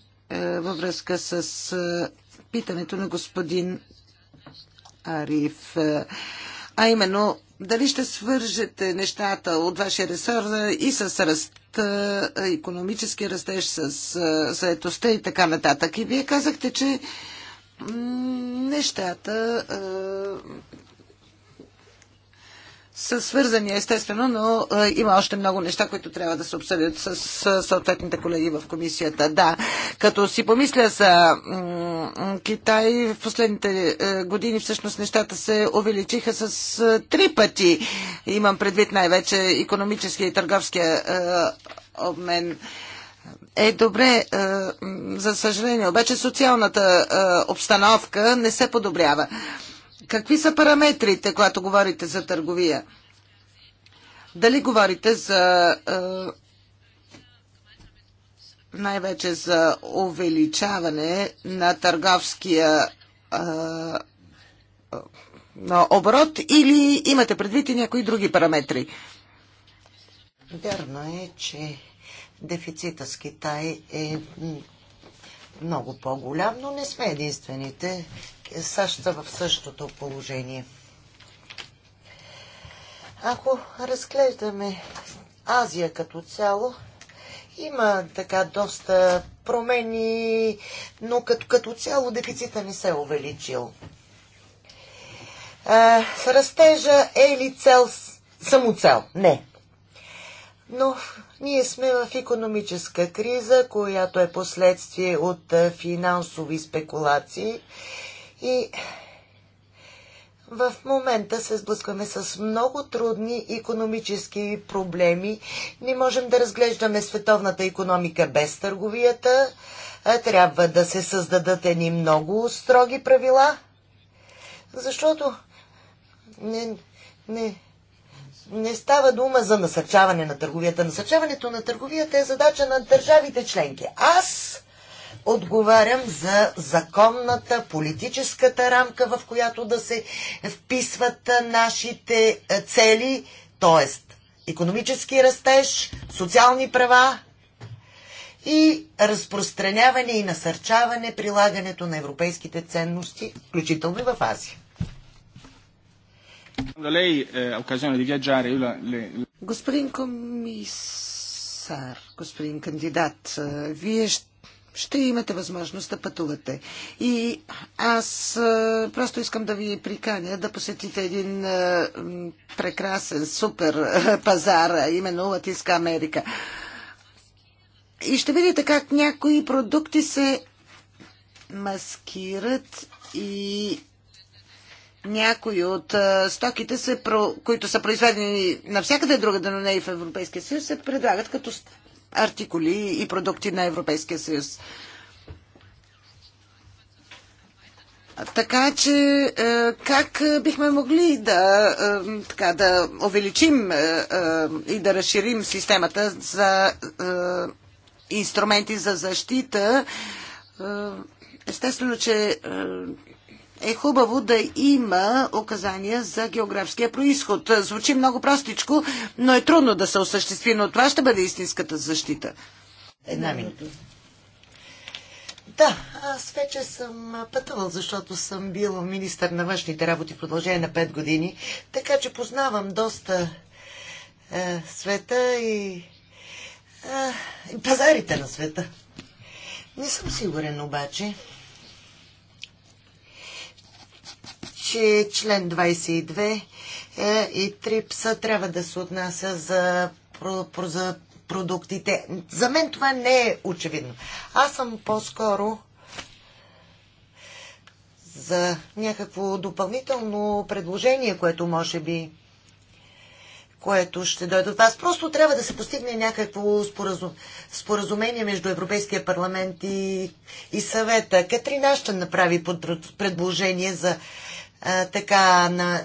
във връзка с питането на господин Ариф. А именно, дали ще свържете нещата от вашия ресор и с ръст, економически растеж, с заетостта и така нататък. И вие казахте, че нещата са свързани естествено, но има още много неща, които трябва да се обсъдят с съответните колеги в комисията. Да, като си помисля за Китай, в последните е, години всъщност нещата се увеличиха с е, три пъти. Имам предвид най-вече економическия и търговския е, обмен. Е, добре, за съжаление, обаче социалната обстановка не се подобрява. Какви са параметрите, когато говорите за търговия? Дали говорите за е, най-вече за увеличаване на търговския е, на оборот или имате предвид и някои други параметри? Вярно е, че дефицита с Китай е много по-голям, но не сме единствените. САЩ са в същото положение. Ако разглеждаме Азия като цяло, има така доста промени, но като, като цяло дефицита не се е увеличил. растежа е ли цел, само цел? Не. Но ние сме в економическа криза, която е последствие от финансови спекулации и в момента се сблъскваме с много трудни економически проблеми. Не можем да разглеждаме световната економика без търговията. Трябва да се създадат едни много строги правила, защото не, не, не става дума за насърчаване на търговията. Насърчаването на търговията е задача на държавите членки. Аз отговарям за законната политическата рамка, в която да се вписват нашите цели, т.е. економически растеж, социални права и разпространяване и насърчаване прилагането на европейските ценности, включително и в Азия. Eh, господин комисар, господин кандидат, е, вие ще имате възможност да пътувате. И аз е, просто искам да ви приканя да посетите един е, прекрасен, супер пазар, именно Латинска Америка. И ще видите как някои продукти се маскират и някои от стоките, се, които са произведени навсякъде другаде, но не и в Европейския съюз, се предлагат като артикули и продукти на Европейския съюз. Така че как бихме могли да, така, да увеличим и да разширим системата за инструменти за защита? Естествено, че е хубаво да има указания за географския происход. Звучи много простичко, но е трудно да се осъществи, но това ще бъде истинската защита. Една минута. Да, аз вече съм пътувал, защото съм бил министър на външните работи в продължение на 5 години, така че познавам доста е, света и, е, и пазарите на света. Не съм сигурен обаче, че член 22 е, и трипса трябва да се отнася за, про, про, за продуктите. За мен това не е очевидно. Аз съм по-скоро за някакво допълнително предложение, което може би което ще дойде от вас. Просто трябва да се постигне някакво споразум... споразумение между Европейския парламент и, и съвета. Катрин ще направи под... предложение за а, така на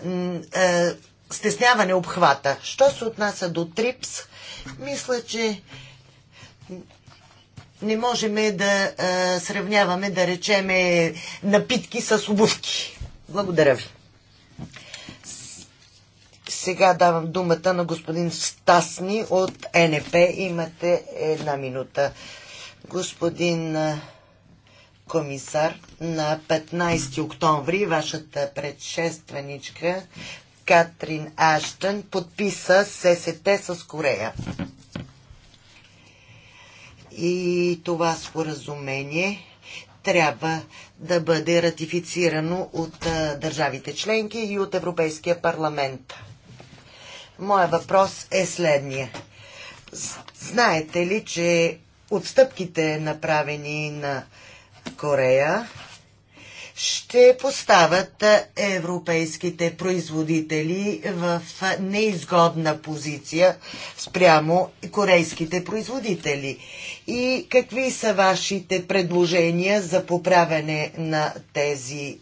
а, стесняване обхвата. Що се отнася до ТРИПС, мисля, че не можем да а, сравняваме, да речеме, напитки с обувки. Благодаря ви. Сега давам думата на господин Стасни от НП. Имате една минута. Господин комисар на 15 октомври. Вашата предшественичка Катрин Аштън подписа ССТ с Корея. И това споразумение трябва да бъде ратифицирано от държавите членки и от Европейския парламент. Моя въпрос е следния. Знаете ли, че отстъпките направени на Корея ще поставят европейските производители в неизгодна позиция спрямо корейските производители. И какви са вашите предложения за поправяне на тези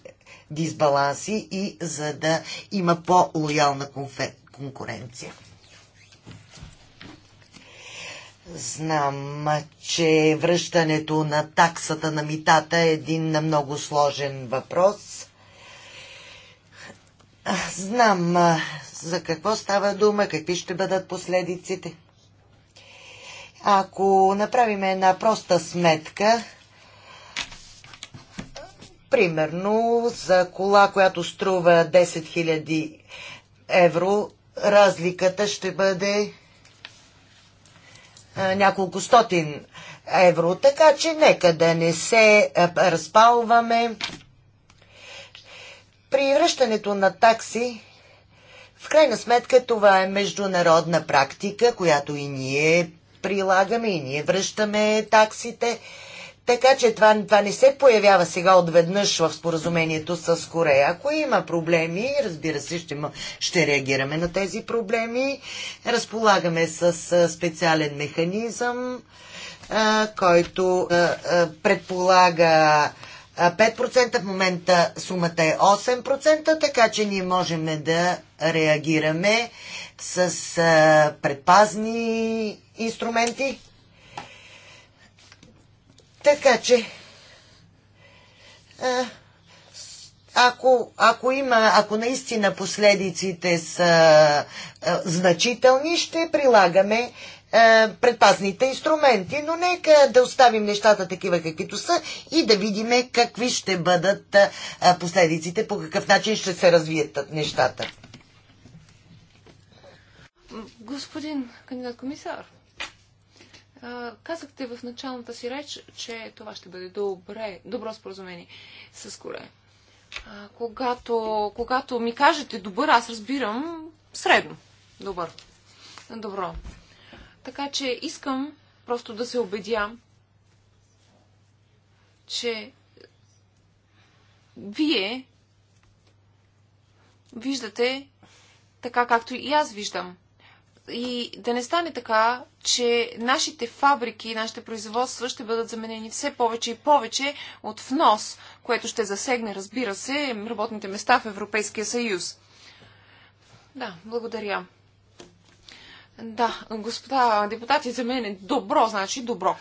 дисбаланси и за да има по-лоялна конкуренция? Знам, че връщането на таксата на митата е един на много сложен въпрос. Знам за какво става дума, какви ще бъдат последиците. Ако направим една проста сметка, примерно за кола, която струва 10 000 евро, разликата ще бъде няколко стотин евро. Така че нека да не се разпалваме. При връщането на такси, в крайна сметка това е международна практика, която и ние прилагаме и ние връщаме таксите така че това, това не се появява сега отведнъж в споразумението с Корея. Ако има проблеми, разбира се, ще, ще реагираме на тези проблеми. Разполагаме с специален механизъм, който предполага 5%, в момента сумата е 8%, така че ние можем да реагираме с предпазни инструменти. Така че, ако, ако, има, ако наистина последиците са значителни, ще прилагаме предпазните инструменти, но нека да оставим нещата такива каквито са и да видим какви ще бъдат последиците, по какъв начин ще се развият нещата. Господин кандидат комисар, Казахте в началната си реч, че това ще бъде добре, добро споразумение с Корея. Когато, когато ми кажете добър, аз разбирам средно. Добър. Добро. Така че искам просто да се убедя, че вие виждате така, както и аз виждам и да не стане така, че нашите фабрики, нашите производства ще бъдат заменени все повече и повече от внос, което ще засегне, разбира се, работните места в Европейския съюз. Да, благодаря. Да, господа депутати, за мен е добро, значи добро.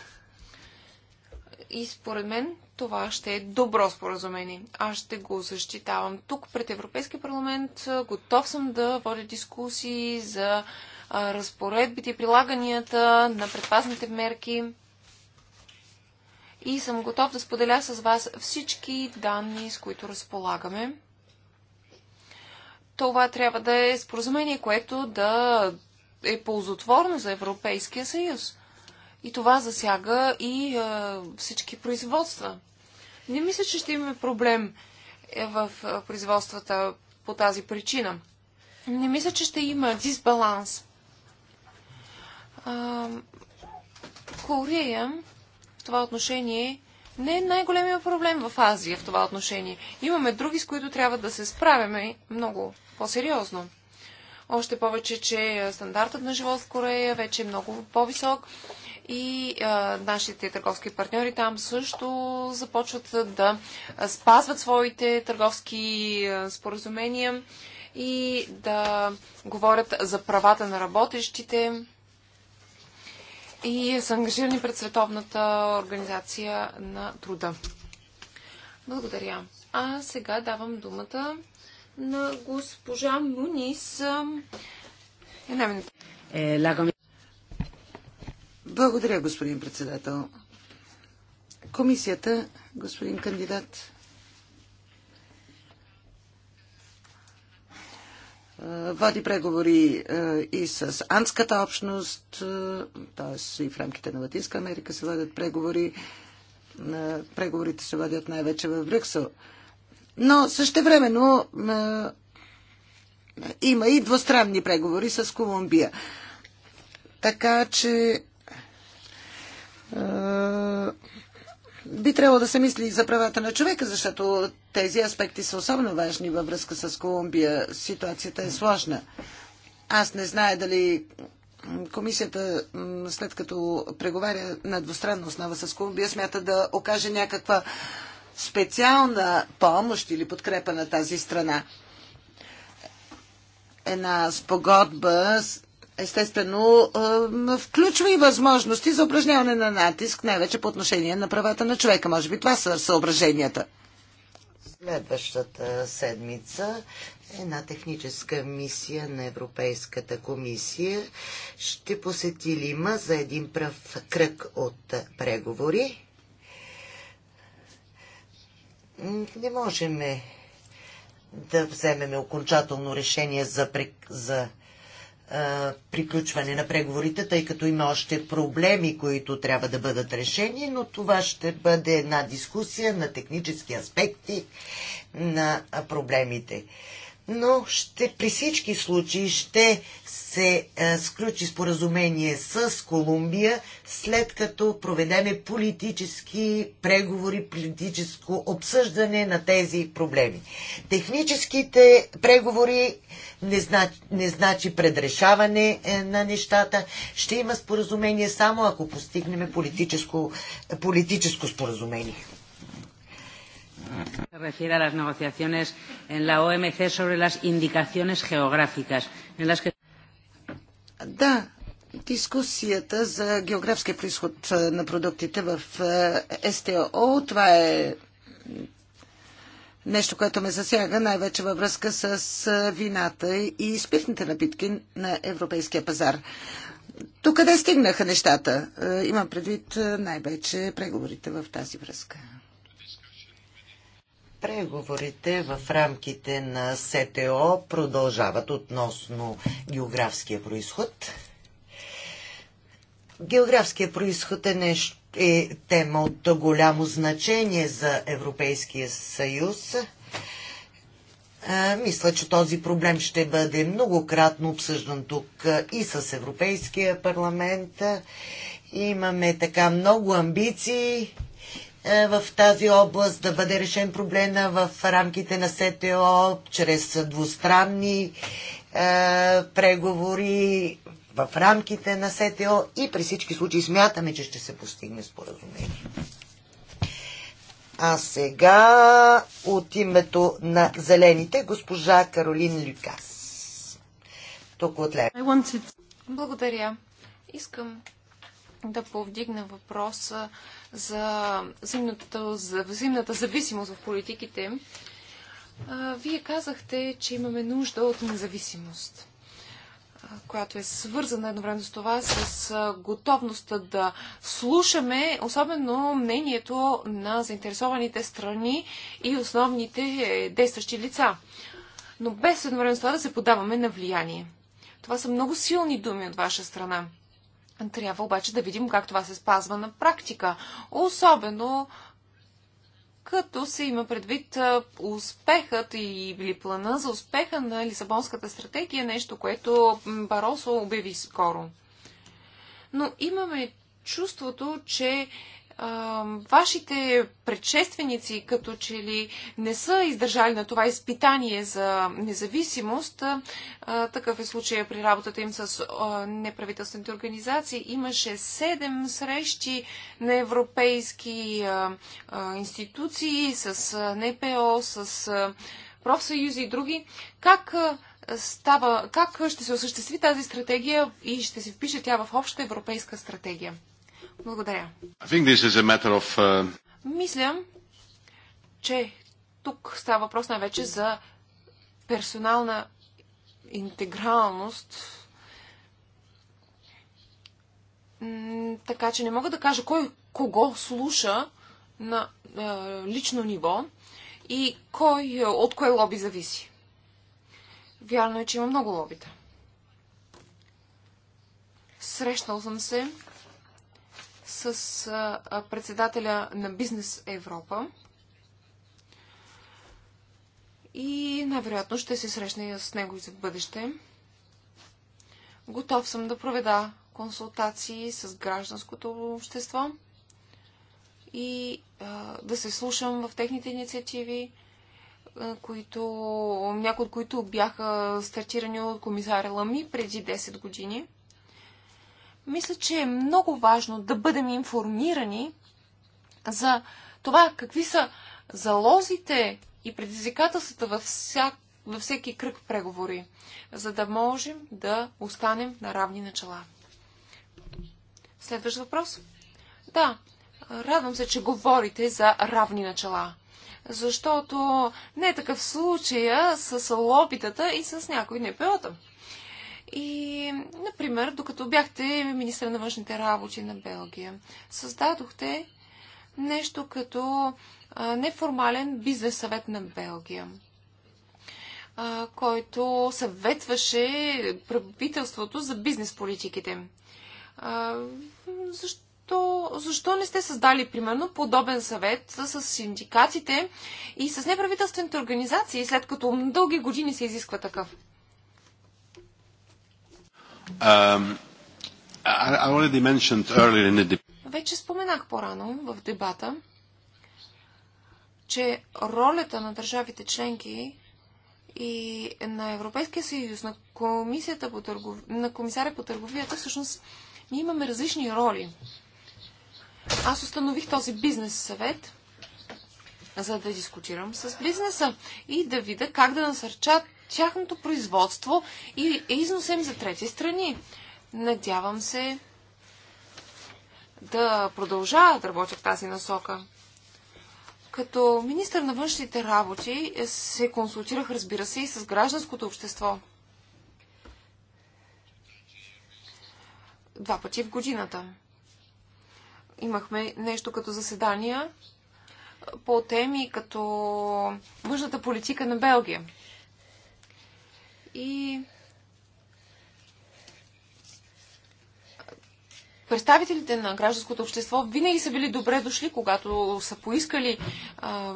И според мен това ще е добро споразумение. Аз ще го защитавам тук пред Европейския парламент. Готов съм да водя дискусии за разпоредбите и прилаганията на предпазните мерки. И съм готов да споделя с вас всички данни, с които разполагаме. Това трябва да е споразумение, което да е ползотворно за Европейския съюз. И това засяга и е, всички производства. Не мисля, че ще имаме проблем е, в производствата по тази причина. Не мисля, че ще има дисбаланс а, Корея в това отношение не е най-големия проблем в Азия в това отношение. Имаме други, с които трябва да се справяме много по-сериозно. Още повече, че стандартът на живот в Корея вече е много по-висок и а, нашите търговски партньори там също започват да спазват своите търговски споразумения и да говорят за правата на работещите и са ангажирани пред Световната организация на труда. Благодаря. А сега давам думата на госпожа Мунис. Една минута. Е, Благодаря, господин председател. Комисията, господин кандидат, Е, води преговори е, и с Андската общност, т.е. и в рамките на Латинска Америка се водят преговори. Е, преговорите се водят най-вече в Брюксел. Но същевременно има и двустранни преговори с Колумбия. Така че би трябвало да се мисли и за правата на човека, защото тези аспекти са особено важни във връзка с Колумбия. Ситуацията е сложна. Аз не зная дали комисията, след като преговаря на двустранна основа с Колумбия, смята да окаже някаква специална помощ или подкрепа на тази страна. Една спогодба естествено включва и възможности за упражняване на натиск, най-вече по отношение на правата на човека. Може би това са съображенията. Следващата седмица е една техническа мисия на Европейската комисия ще посети Лима за един пръв кръг от преговори. Не можем да вземем окончателно решение за, за приключване на преговорите, тъй като има още проблеми, които трябва да бъдат решени, но това ще бъде една дискусия на технически аспекти на проблемите. Но ще, при всички случаи ще се е, сключи споразумение с Колумбия, след като проведеме политически преговори, политическо обсъждане на тези проблеми. Техническите преговори не, знач, не значи предрешаване е, на нещата. Ще има споразумение само ако постигнем политическо, политическо споразумение se refiere a las negociaciones en la OMC sobre las indicaciones geográficas, en las que да, дискусията за географския происход на продуктите в СТО, това е нещо, което ме засяга най-вече във връзка с вината и спиртните напитки на европейския пазар. До къде стигнаха нещата? Имам предвид най-вече преговорите в тази връзка. Преговорите в рамките на СТО продължават относно географския происход. Географския происход е, нещо, е тема от голямо значение за Европейския съюз. А, мисля, че този проблем ще бъде многократно обсъждан тук и с Европейския парламент. Имаме така много амбиции е, в тази област, да бъде решен проблема в рамките на СТО, чрез двустранни е, преговори в рамките на СТО и при всички случаи смятаме, че ще се постигне споразумение. А сега от името на зелените госпожа Каролин Люкас. Тук от Лев. Благодаря. Искам да повдигна въпроса за взаимната, за взаимната зависимост в политиките. А, вие казахте, че имаме нужда от независимост, а, която е свързана едновременно с това с а, готовността да слушаме, особено мнението на заинтересованите страни и основните е, действащи лица. Но без едновременно с това да се подаваме на влияние. Това са много силни думи от ваша страна. Трябва обаче да видим как това се спазва на практика. Особено като се има предвид успехът или плана за успеха на Лисабонската стратегия, нещо, което Баросо обяви скоро. Но имаме чувството, че вашите предшественици като че ли не са издържали на това изпитание за независимост. А, такъв е случая при работата им с а, неправителствените организации. Имаше седем срещи на европейски а, а, институции с а, НПО, с а, профсъюзи и други. Как става, как ще се осъществи тази стратегия и ще се впише тя в обща европейска стратегия? Благодаря. Of, uh... Мисля, че тук става въпрос най-вече за персонална интегралност. така че не мога да кажа кой кого слуша на е, лично ниво и кой, е, от кое лоби зависи. Вярно е, че има много лобита. Срещал съм се с председателя на Бизнес Европа. И най-вероятно ще се срещна с него и за бъдеще. Готов съм да проведа консултации с гражданското общество и а, да се слушам в техните инициативи, а, които, някои от които бяха стартирани от комисаря Лами преди 10 години мисля, че е много важно да бъдем информирани за това какви са залозите и предизвикателствата във, всяк, във всеки кръг преговори, за да можем да останем на равни начала. Следващ въпрос? Да, радвам се, че говорите за равни начала. Защото не е такъв случая с лобитата и с някои непеота. И, например, докато бяхте министър на външните работи на Белгия, създадохте нещо като а, неформален бизнес съвет на Белгия, а, който съветваше правителството за бизнес политиките. А, защо, защо не сте създали, примерно, подобен съвет с синдикатите и с неправителствените организации, след като дълги години се изисква такъв? Um, I earlier in the Вече споменах по-рано в дебата, че ролята на държавите членки и на Европейския съюз, на, комисията по търгов... на комисаря по търговията, всъщност ние имаме различни роли. Аз установих този бизнес съвет, за да дискутирам с бизнеса и да видя как да насърчат тяхното производство и е износем за трети страни. Надявам се да продължават да работят в тази насока. Като министър на външните работи се консултирах, разбира се, и с гражданското общество. Два пъти в годината. Имахме нещо като заседания по теми като външната политика на Белгия и представителите на гражданското общество винаги са били добре дошли, когато са поискали а,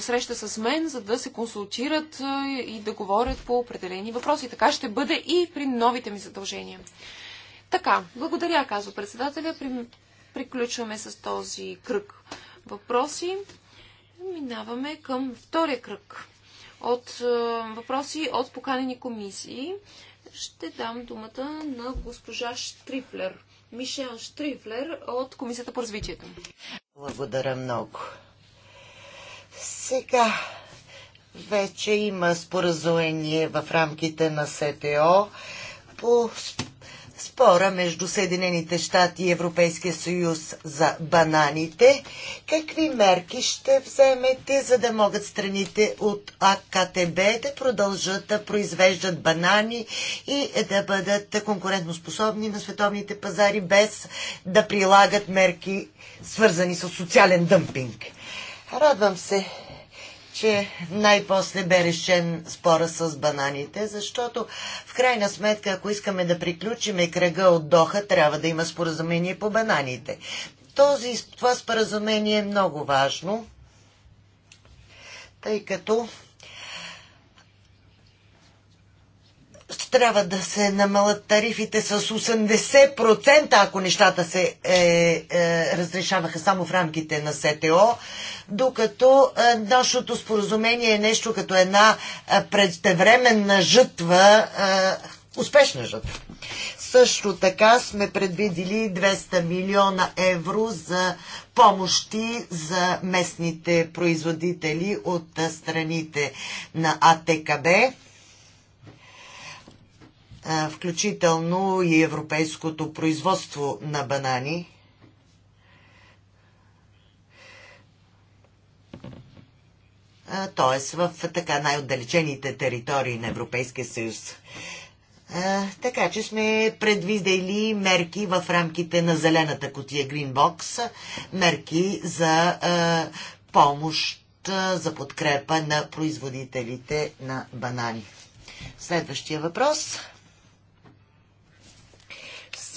среща с мен, за да се консултират а, и да говорят по определени въпроси. Така ще бъде и при новите ми задължения. Така, благодаря, казва председателя. При... Приключваме с този кръг въпроси. Минаваме към втория кръг от е, въпроси от поканени комисии. Ще дам думата на госпожа Штрифлер. Мишел Штрифлер от Комисията по развитието. Благодаря много. Сега вече има споразумение в рамките на СТО по спора между Съединените щати и Европейския съюз за бананите. Какви мерки ще вземете, за да могат страните от АКТБ да продължат да произвеждат банани и да бъдат конкурентоспособни на световните пазари, без да прилагат мерки свързани с социален дъмпинг? Радвам се, че най-после бе решен спора с бананите, защото в крайна сметка, ако искаме да приключиме кръга от Доха, трябва да има споразумение по бананите. Този, това споразумение е много важно, тъй като трябва да се намалят тарифите с 80%, ако нещата се е, е, разрешаваха само в рамките на СТО, докато е, нашето споразумение е нещо като една е, преждевременна жътва, е, успешна жътва. Също така сме предвидили 200 милиона евро за помощи за местните производители от е, страните на АТКБ включително и европейското производство на банани. т.е. в така най-отдалечените територии на Европейския съюз. Така че сме предвидели мерки в рамките на зелената котия Green Box, мерки за помощ за подкрепа на производителите на банани. Следващия въпрос.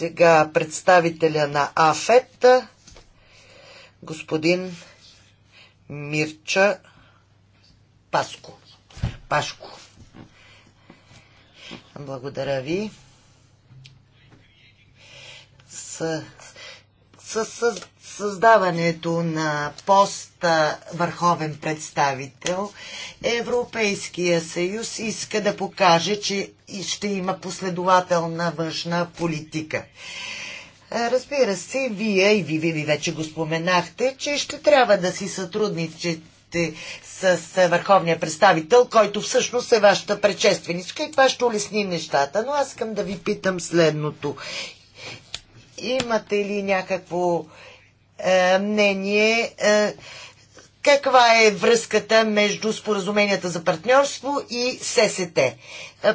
Сега представителя на АФЕТ, господин Мирча Паско. Пашко. Благодаря ви. С, с, с създаването на поста върховен представител, Европейския съюз иска да покаже, че ще има последователна външна политика. Разбира се, вие и ви ви вече го споменахте, че ще трябва да си сътрудничите с върховния представител, който всъщност е вашата предшественичка и това ще улесни нещата. Но аз искам да ви питам следното. Имате ли някакво е, мнение е, каква е връзката между споразуменията за партньорство и ССТ. Е,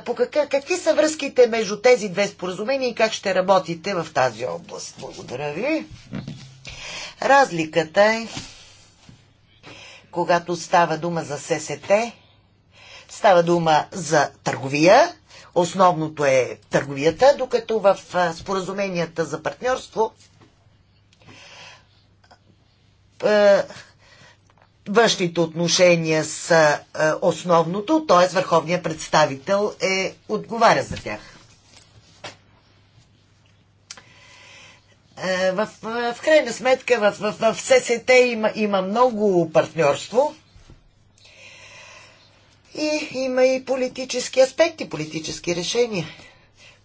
по какъв, какви са връзките между тези две споразумения и как ще работите в тази област? Благодаря ви. Разликата е, когато става дума за ССТ, става дума за търговия, основното е търговията, докато в споразуменията за партньорство е, външните отношения са е, основното, т.е. върховният представител е, отговаря за тях. Е, в, в, в крайна сметка в, в, в ССТ има, има много партньорство и има и политически аспекти, политически решения.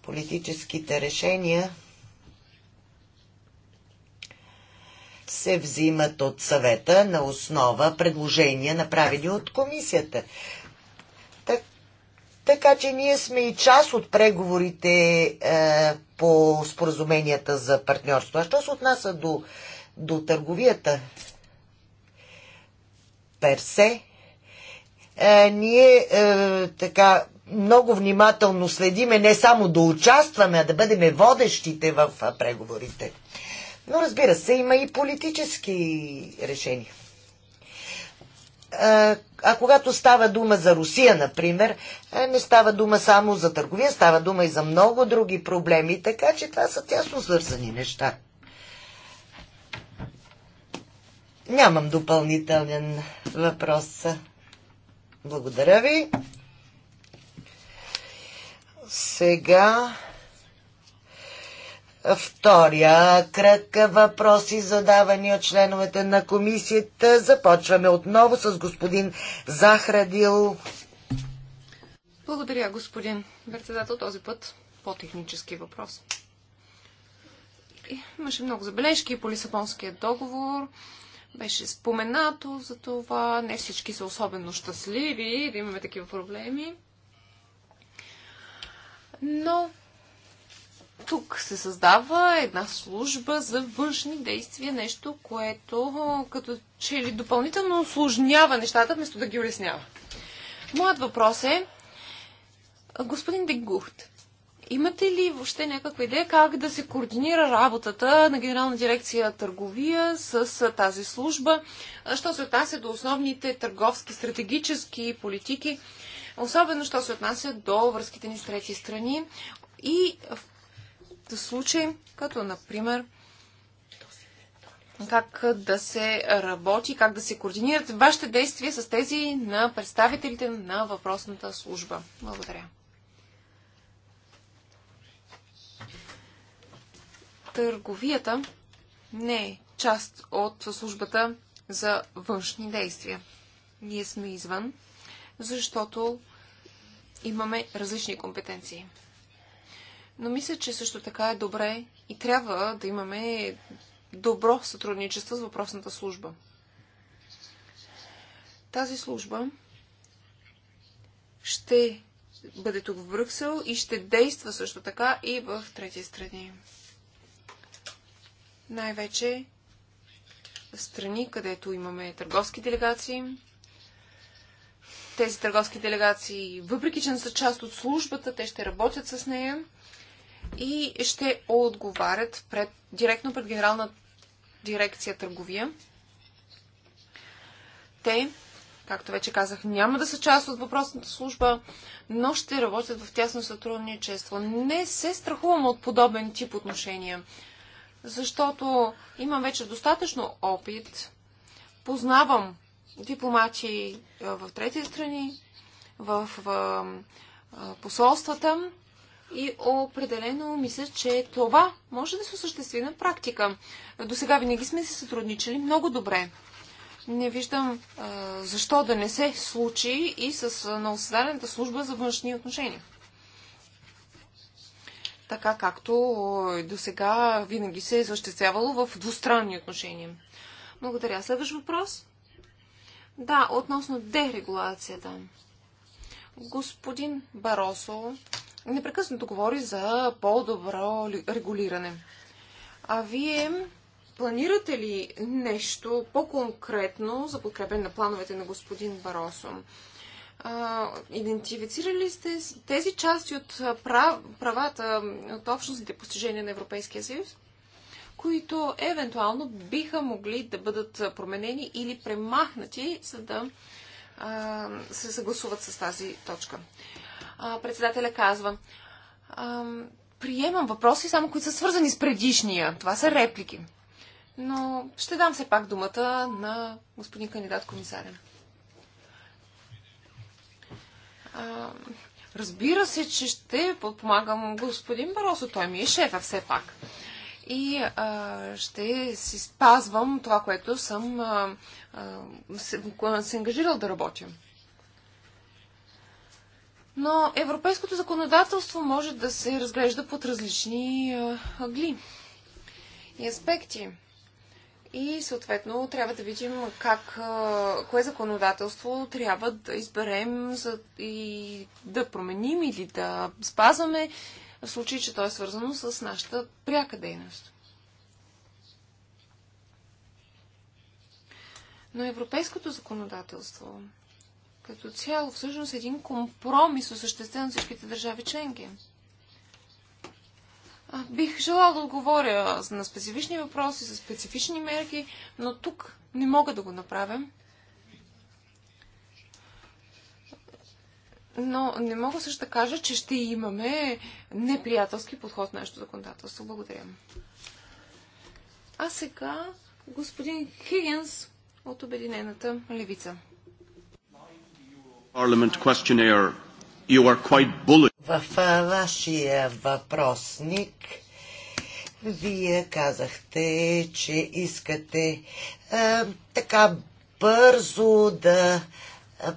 Политическите решения се взимат от съвета на основа предложения, направени от комисията. Так, така че ние сме и част от преговорите е, по споразуменията за партньорство. А що се отнася до, до търговията? Персе, е, ние е, така много внимателно следиме не само да участваме, а да бъдем водещите в преговорите. Но разбира се, има и политически решения. А когато става дума за Русия, например, не става дума само за търговия, става дума и за много други проблеми, така че това са тясно свързани неща. Нямам допълнителен въпрос. Благодаря ви. Сега Втория кръг въпроси, задавани от членовете на комисията. Започваме отново с господин Захрадил. Благодаря, господин председател. Този път по-технически въпрос. Имаше много забележки по Лисабонския договор. Беше споменато за това. Не всички са особено щастливи да имаме такива проблеми. Но тук се създава една служба за външни действия, нещо, което като че ли допълнително осложнява нещата, вместо да ги улеснява. Моят въпрос е, господин Дегухт, имате ли въобще някаква идея как да се координира работата на Генерална дирекция търговия с тази служба, що се отнася до основните търговски, стратегически политики, особено що се отнася до връзките ни с трети страни и в случаи, като например как да се работи, как да се координират вашите действия с тези на представителите на въпросната служба. Благодаря. Търговията не е част от службата за външни действия. Ние сме извън, защото имаме различни компетенции. Но мисля, че също така е добре и трябва да имаме добро сътрудничество с въпросната служба. Тази служба ще бъде тук в Брюксел и ще действа също така и в трети страни. Най-вече страни, където имаме търговски делегации. Тези търговски делегации, въпреки че не са част от службата, те ще работят с нея и ще отговарят пред, директно пред Генерална дирекция търговия. Те, както вече казах, няма да са част от въпросната служба, но ще работят в тясно сътрудничество. Не се страхувам от подобен тип отношения, защото имам вече достатъчно опит, познавам дипломати в трети страни, в, в, в посолствата и определено мисля, че това може да се осъществи на практика. До сега винаги сме се сътрудничали много добре. Не виждам а, защо да не се случи и с новосъздадената служба за външни отношения. Така както до сега винаги се е съществявало в двустранни отношения. Благодаря. Следващ въпрос? Да, относно дерегулацията. Господин Баросо непрекъснато говори за по-добро регулиране. А вие планирате ли нещо по-конкретно за подкрепен на плановете на господин Баросо? идентифицирали сте тези части от правата, от общностните постижения на Европейския съюз, които евентуално биха могли да бъдат променени или премахнати, за да а, се съгласуват с тази точка председателя казва. Приемам въпроси, само които са свързани с предишния. Това са реплики. Но ще дам все пак думата на господин кандидат комисаря. Разбира се, че ще подпомагам господин Баросо. Той ми е шефа все пак. И а, ще си спазвам това, което съм а, а, се, се ангажирал да работя. Но европейското законодателство може да се разглежда под различни агли и аспекти. И съответно трябва да видим как, кое законодателство трябва да изберем за, и да променим или да спазваме в случай, че то е свързано с нашата пряка дейност. Но европейското законодателство като цяло всъщност един компромис, осъществен от всичките държави членки. Бих желала да отговоря на специфични въпроси, за специфични мерки, но тук не мога да го направя. Но не мога също да кажа, че ще имаме неприятелски подход на нашето законодателство. Благодаря. А сега господин Хигенс от Обединената левица. В вашия въпросник вие казахте, че искате така бързо да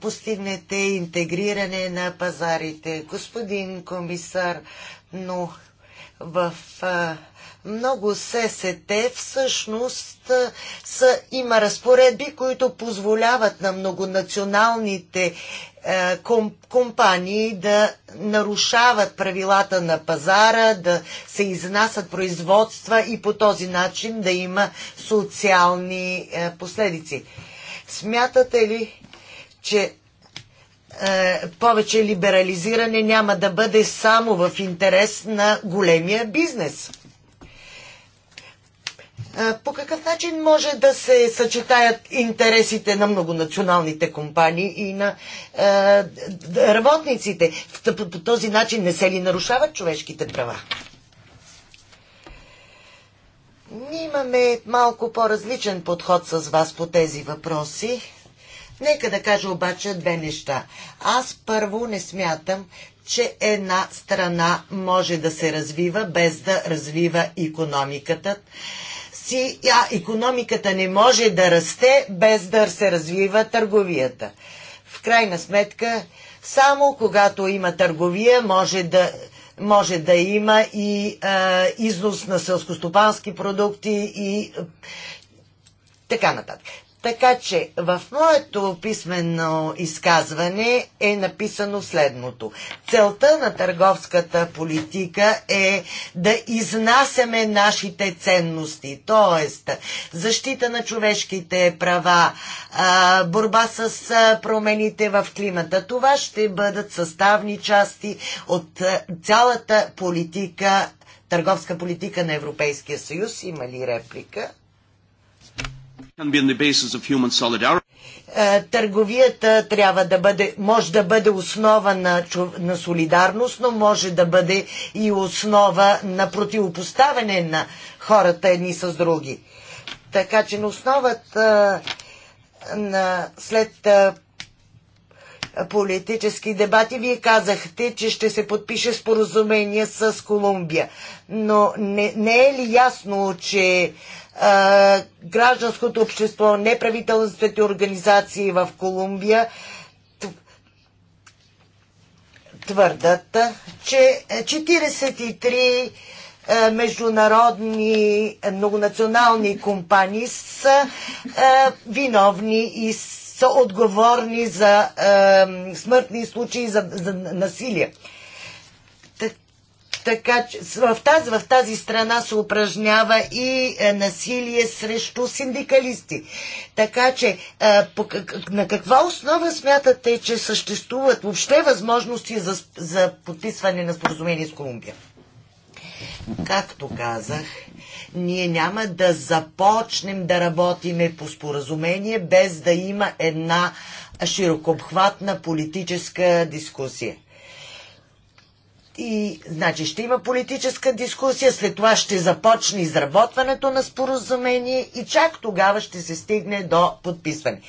постигнете интегриране на пазарите. Господин комисар, но в много ССТ всъщност са, има разпоредби, които позволяват на многонационалните е, ком, компании да нарушават правилата на пазара, да се изнасят производства и по този начин да има социални е, последици. Смятате ли, че е, повече либерализиране няма да бъде само в интерес на големия бизнес. По какъв начин може да се съчетаят интересите на многонационалните компании и на работниците? По, този начин не се ли нарушават човешките права? Ние имаме малко по-различен подход с вас по тези въпроси. Нека да кажа обаче две неща. Аз първо не смятам, че една страна може да се развива без да развива економиката си, а економиката не може да расте без да се развива търговията. В крайна сметка, само когато има търговия, може да, може да има и а, износ на селскостопански продукти и а, така нататък. Така че в моето писменно изказване е написано следното. Целта на търговската политика е да изнасяме нашите ценности, т.е. защита на човешките права, борба с промените в климата. Това ще бъдат съставни части от цялата политика, търговска политика на Европейския съюз. Има ли реплика? Е, търговията трябва да бъде, може да бъде основа на, на солидарност, но може да бъде и основа на противопоставяне на хората едни с други. Така че на основата е, на след е, политически дебати. Вие казахте, че ще се подпише споразумение с Колумбия. Но не, не е ли ясно, че а, гражданското общество, неправителствените организации в Колумбия твърдат, че 43 международни многонационални компании са виновни и са отговорни за е, смъртни случаи, за, за насилие. така че в тази, в тази страна се упражнява и е, насилие срещу синдикалисти. Така че е, по, на каква основа смятате, че съществуват въобще възможности за, за подписване на споразумение с Колумбия? Както казах, ние няма да започнем да работиме по споразумение без да има една широкообхватна политическа дискусия. И, значи, ще има политическа дискусия, след това ще започне изработването на споразумение и чак тогава ще се стигне до подписване.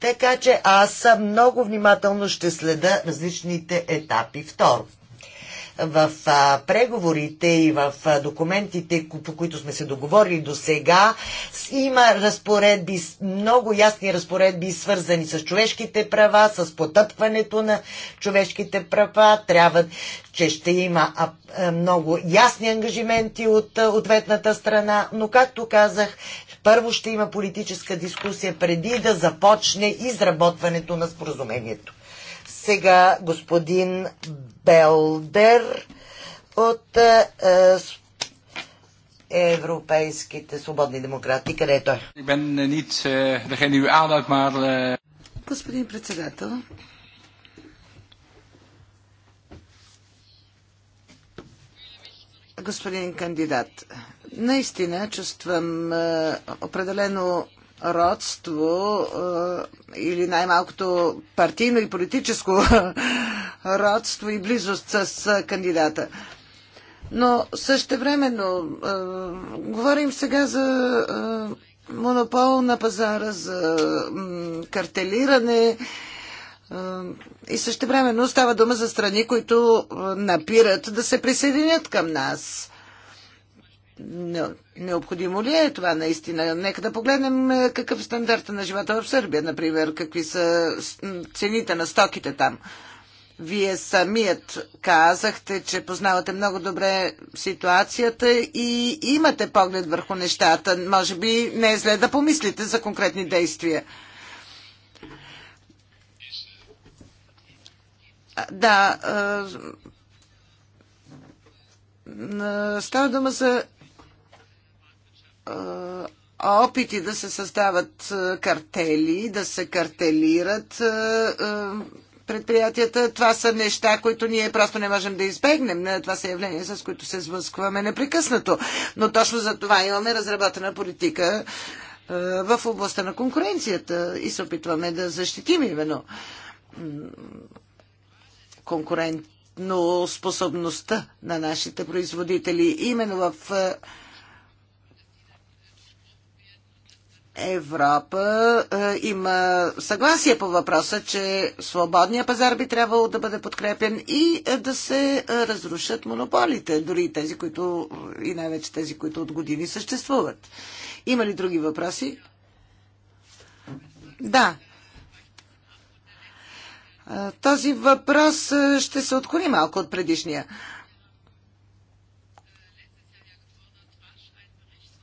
Така че аз много внимателно ще следа различните етапи. Второ, в а, преговорите и в а, документите, по които сме се договорили до сега, има разпоредби, много ясни разпоредби, свързани с човешките права, с потъпването на човешките права. Трябва, че ще има а, а, много ясни ангажименти от а, ответната страна, но както казах, първо ще има политическа дискусия преди да започне изработването на споразумението. Сега господин Белдер от е, е, Европейските свободни демократи. Къде е той? Господин председател, господин кандидат, наистина чувствам е, определено родство е, или най-малкото партийно и политическо родство и близост с кандидата. Но също времено е, говорим сега за е, монопол на пазара, за картелиране и и времено става дума за страни, които напират да се присъединят към нас. Необходимо ли е това наистина? Нека да погледнем е, какъв е стандарта на живота в Сърбия, например, какви са цените на стоките там. Вие самият казахте, че познавате много добре ситуацията и имате поглед върху нещата. Може би не е зле да помислите за конкретни действия. Да, е, е, става дума за опити да се създават картели, да се картелират предприятията. Това са неща, които ние просто не можем да избегнем. Това са явления, с които се сблъскваме непрекъснато. Но точно за това имаме разработена политика в областта на конкуренцията и се опитваме да защитим именно конкурентно способността на нашите производители. Именно в Европа е, има съгласие по въпроса, че свободния пазар би трябвало да бъде подкрепен и е, да се е, разрушат монополите, дори и тези, които и най-вече тези, които от години съществуват. Има ли други въпроси? Да. Е, този въпрос е, ще се отклони малко от предишния.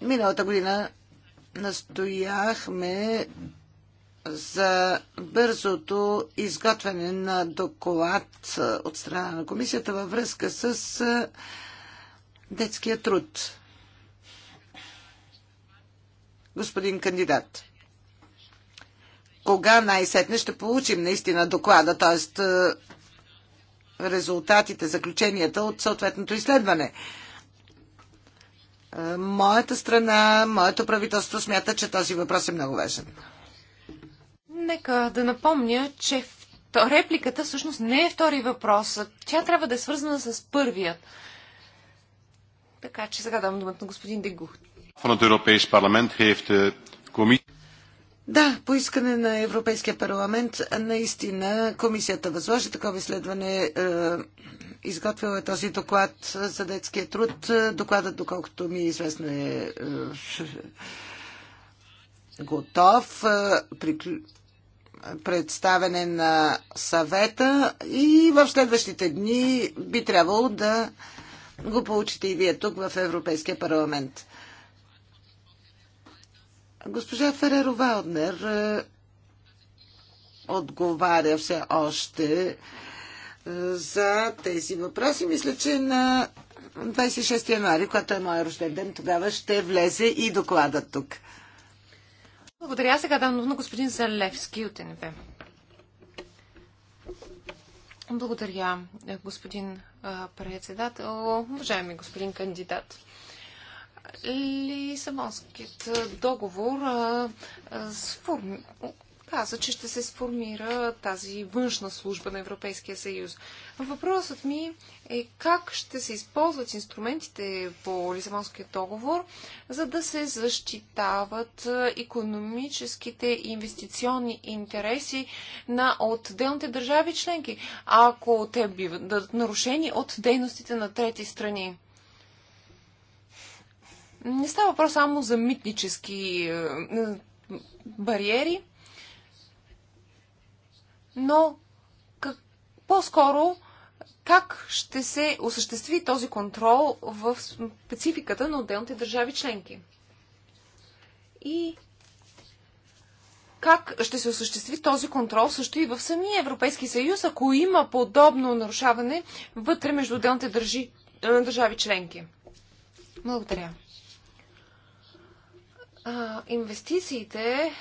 Миналата година настояхме за бързото изготвяне на доклад от страна на комисията във връзка с детския труд. Господин кандидат, кога най-сетне ще получим наистина доклада, т.е. резултатите, заключенията от съответното изследване? моята страна, моето правителство смята, че този въпрос е много важен. Нека да напомня, че репликата всъщност не е втори въпрос. Тя трябва да е свързана с първият. Така че сега давам думата на господин Дегухт. Да, по искане на Европейския парламент наистина комисията възложи такова изследване е, изготвила е този доклад за детския труд. Докладът, доколкото ми е известно, е, е готов, е, представене на съвета и в следващите дни би трябвало да го получите и вие тук в Европейския парламент. Госпожа Фереро Валднер отговаря все още за тези въпроси. Мисля, че на 26 януари, когато е моят рожден ден, тогава ще влезе и доклада тук. Благодаря. Сега дам на господин Залевски от НП. Благодаря, господин председател. Уважаеми господин кандидат, Лисабонският договор каза, че ще се сформира тази външна служба на Европейския съюз. Въпросът ми е как ще се използват инструментите по Лисабонския договор, за да се защитават економическите и инвестиционни интереси на отделните държави членки, ако те биват нарушени от дейностите на трети страни. Не става въпрос само за митнически бариери, но по-скоро как ще се осъществи този контрол в спецификата на отделните държави членки? И как ще се осъществи този контрол също и в самия Европейски съюз, ако има подобно нарушаване вътре между отделните държи, държави членки? Благодаря. А, инвестициите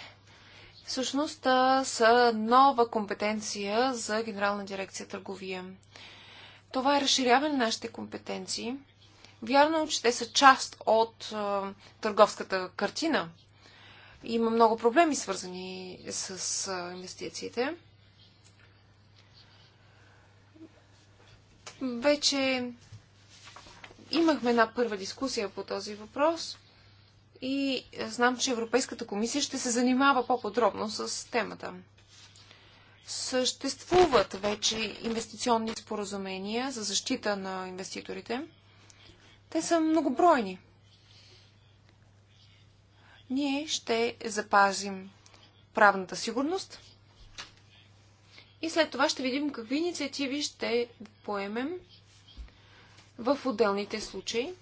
всъщност са нова компетенция за Генерална дирекция търговия. Това е разширяване на нашите компетенции. Вярно, че те са част от търговската картина. Има много проблеми, свързани с инвестициите. Вече имахме една първа дискусия по този въпрос и знам, че Европейската комисия ще се занимава по-подробно с темата. Съществуват вече инвестиционни споразумения за защита на инвеститорите. Те са многобройни. Ние ще запазим правната сигурност и след това ще видим какви инициативи ще поемем в отделните случаи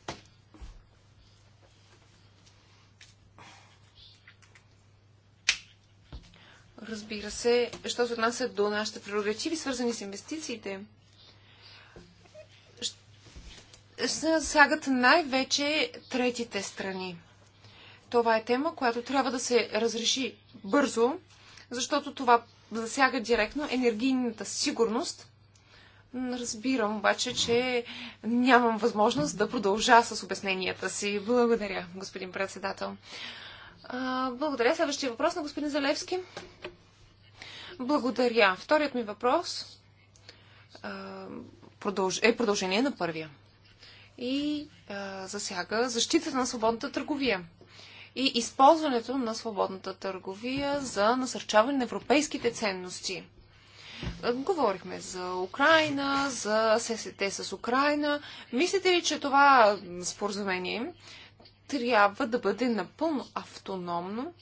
разбира се, що се отнася до нашите прерогативи, свързани с инвестициите, засягат най-вече третите страни. Това е тема, която трябва да се разреши бързо, защото това засяга директно енергийната сигурност. Разбирам обаче, че нямам възможност да продължа с обясненията си. Благодаря, господин председател. А, благодаря. Следващия въпрос на господин Залевски. Благодаря. Вторият ми въпрос а, продълж... е продължение на първия. И а, засяга защитата на свободната търговия и използването на свободната търговия за насърчаване на европейските ценности. Говорихме за Украина, за ССТ с Украина. Мислите ли, че това споразумение трябва да бъде напълно автономно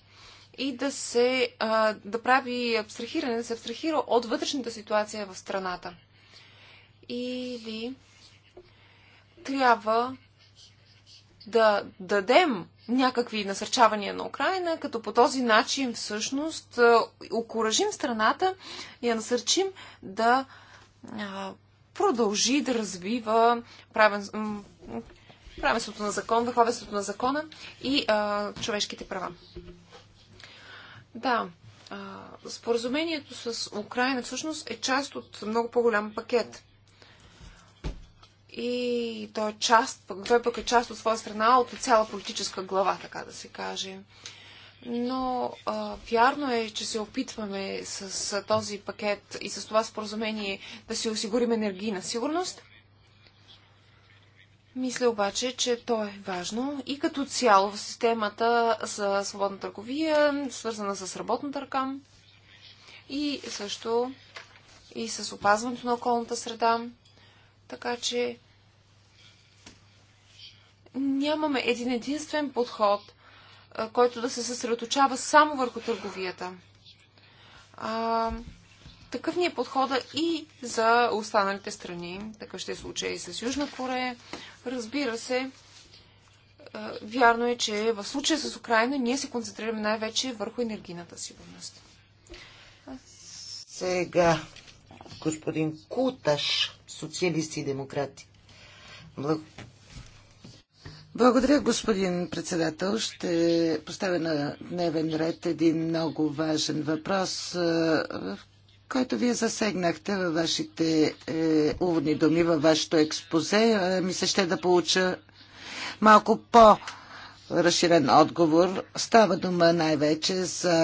и да се да прави абстрахиране, да се абстрахира от вътрешната ситуация в страната. Или трябва да дадем някакви насърчавания на Украина, като по този начин всъщност окоръжим страната и я насърчим да продължи да развива правен, правенството на закон, върховенството на закона и а, човешките права. Да, а, споразумението с Украина всъщност е част от много по-голям пакет. И той, е част, той пък е част от своя страна, от цяла политическа глава, така да се каже. Но а, вярно е, че се опитваме с, с този пакет и с това споразумение да си осигурим енергийна сигурност – мисля обаче, че то е важно и като цяло в системата за свободна търговия, свързана с работната ръка и също и с опазването на околната среда. Така че нямаме един единствен подход, който да се съсредоточава само върху търговията. А, такъв ни е подхода и за останалите страни. Такъв ще е случай и с Южна Корея. Разбира се, е, вярно е, че в случая с Украина ние се концентрираме най-вече върху енергийната сигурност. Сега, господин Куташ, социалисти и демократи. Благ... Благодаря, господин председател. Ще поставя на дневен ред един много важен въпрос, В е, който вие засегнахте във вашите е, уводни думи, във вашето експозе. Е, ми се ще да получа малко по- разширен отговор. Става дума най-вече за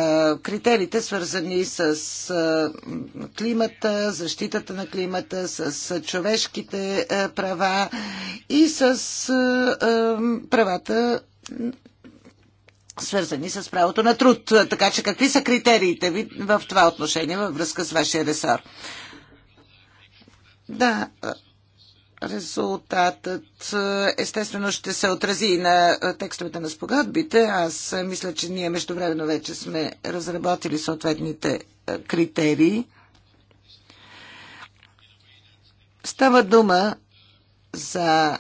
критериите, свързани с е, климата, защитата на климата, с човешките е, права и с е, правата свързани с правото на труд. Така че какви са критериите ви в това отношение във връзка с вашия ресор? Да, резултатът естествено ще се отрази и на текстовете на спогадбите. Аз мисля, че ние междувременно вече сме разработили съответните е, критерии. Става дума за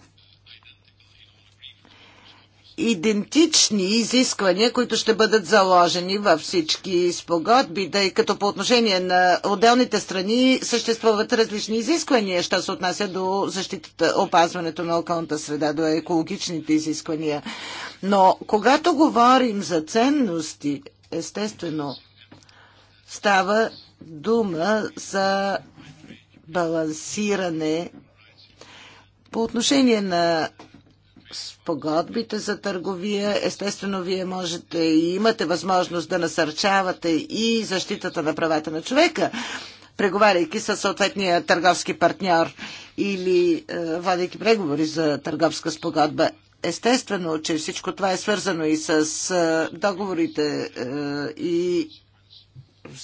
идентични изисквания, които ще бъдат заложени във всички спогодби, тъй като по отношение на отделните страни съществуват различни изисквания, що се отнася до защитата, опазването на околната среда, до екологичните изисквания. Но когато говорим за ценности, естествено, става дума за балансиране по отношение на спогодбите за търговия. Естествено, вие можете и имате възможност да насърчавате и защитата на правата на човека, преговаряйки с съответния търговски партньор или е, водейки преговори за търговска спогодба. Естествено, че всичко това е свързано и с е, договорите е, и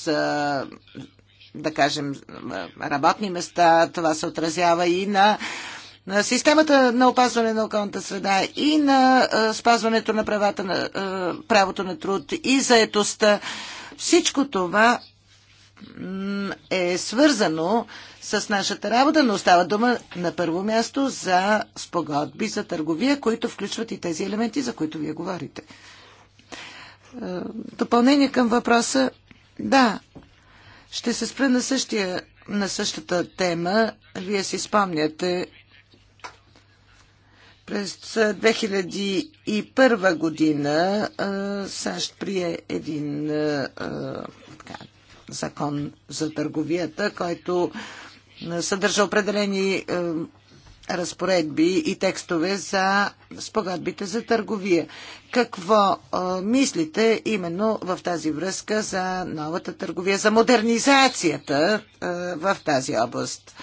за да кажем, е, работни места. Това се отразява и на на системата на опазване на околната среда и на спазването на правата на, правото на труд и заетостта. Всичко това е свързано с нашата работа, но става дума на първо място за спогодби, за търговия, които включват и тези елементи, за които вие говорите. Допълнение към въпроса. Да, ще се спра на, същия, на същата тема. Вие си спомняте през 2001 година САЩ прие един така, закон за търговията, който съдържа определени разпоредби и текстове за спогадбите за търговия. Какво а, мислите именно в тази връзка за новата търговия, за модернизацията а, в тази област?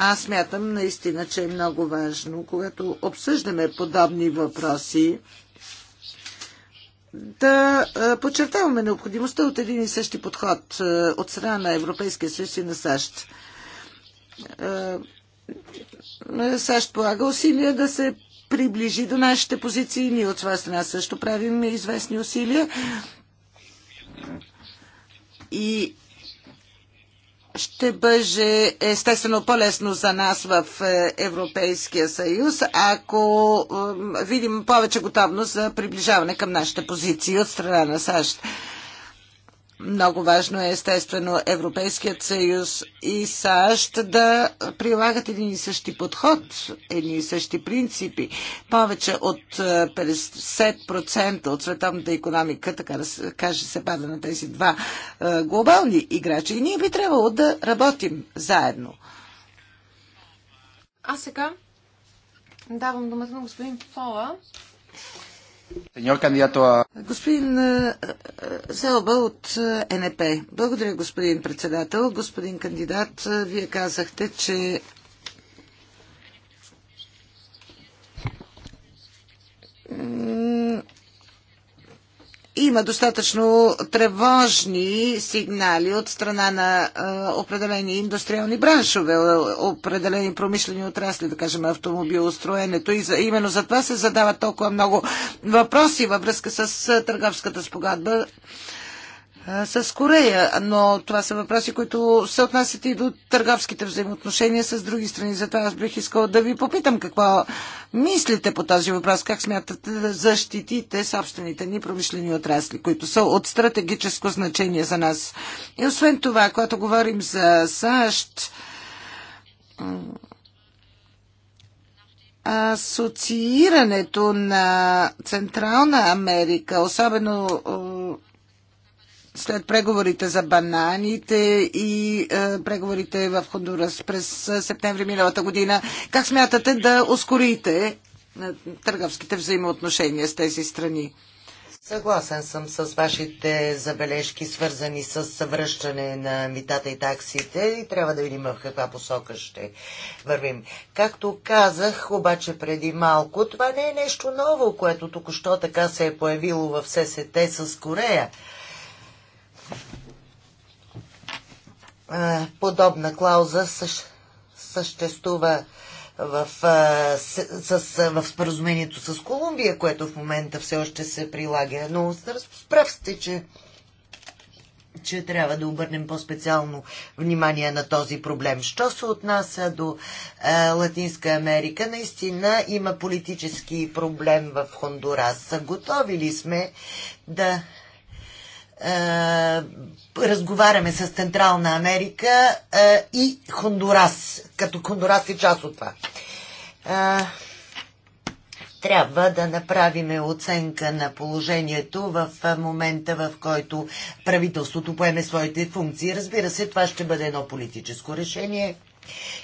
Аз смятам наистина, че е много важно, когато обсъждаме подобни въпроси, да подчертаваме необходимостта от един и същи подход от страна на Европейския съюз и на САЩ. САЩ полага усилия да се приближи до нашите позиции. Ние от своя страна също правим известни усилия. И ще бъде естествено по-лесно за нас в е, Европейския съюз, ако видим повече готовност за приближаване към нашите позиции от страна на САЩ. Много важно е, естествено, Европейският съюз и САЩ да прилагат един и същи подход, едни и същи принципи. Повече от 50% е, от световната економика, така да се каже, се пада на тези два е, глобални играчи. И ние би трябвало да работим заедно. А сега давам думата на господин Фола Господин Зелба от НП. Благодаря, господин председател. Господин кандидат, вие казахте, че има достатъчно тревожни сигнали от страна на определени индустриални браншове, определени промишлени отрасли, да кажем автомобилостроенето. И за, именно за това се задават толкова много въпроси във връзка с търговската спогадба с Корея, но това са въпроси, които се отнасят и до търговските взаимоотношения с други страни. Затова аз бих искал да ви попитам какво мислите по този въпрос, как смятате да защитите собствените ни промишлени отрасли, които са от стратегическо значение за нас. И освен това, когато говорим за САЩ, асоциирането на Централна Америка, особено след преговорите за бананите и е, преговорите в Хондурас през е, септември миналата година. Как смятате да ускорите е, търговските взаимоотношения с тези страни? Съгласен съм с вашите забележки, свързани с съвръщане на митата и таксите и трябва да видим в каква посока ще вървим. Както казах, обаче преди малко, това не е нещо ново, което току-що така се е появило в ССТ с Корея. подобна клауза съществува в, с, с, в споразумението с Колумбия, което в момента все още се прилага. Но прав сте, че, че трябва да обърнем по-специално внимание на този проблем. Що се отнася до е, Латинска Америка, наистина има политически проблем в Хондурас. Готови ли сме да е, разговаряме с Централна Америка а, е, и Хондурас, като Хондурас е част от това. А, е, трябва да направиме оценка на положението в момента, в който правителството поеме своите функции. Разбира се, това ще бъде едно политическо решение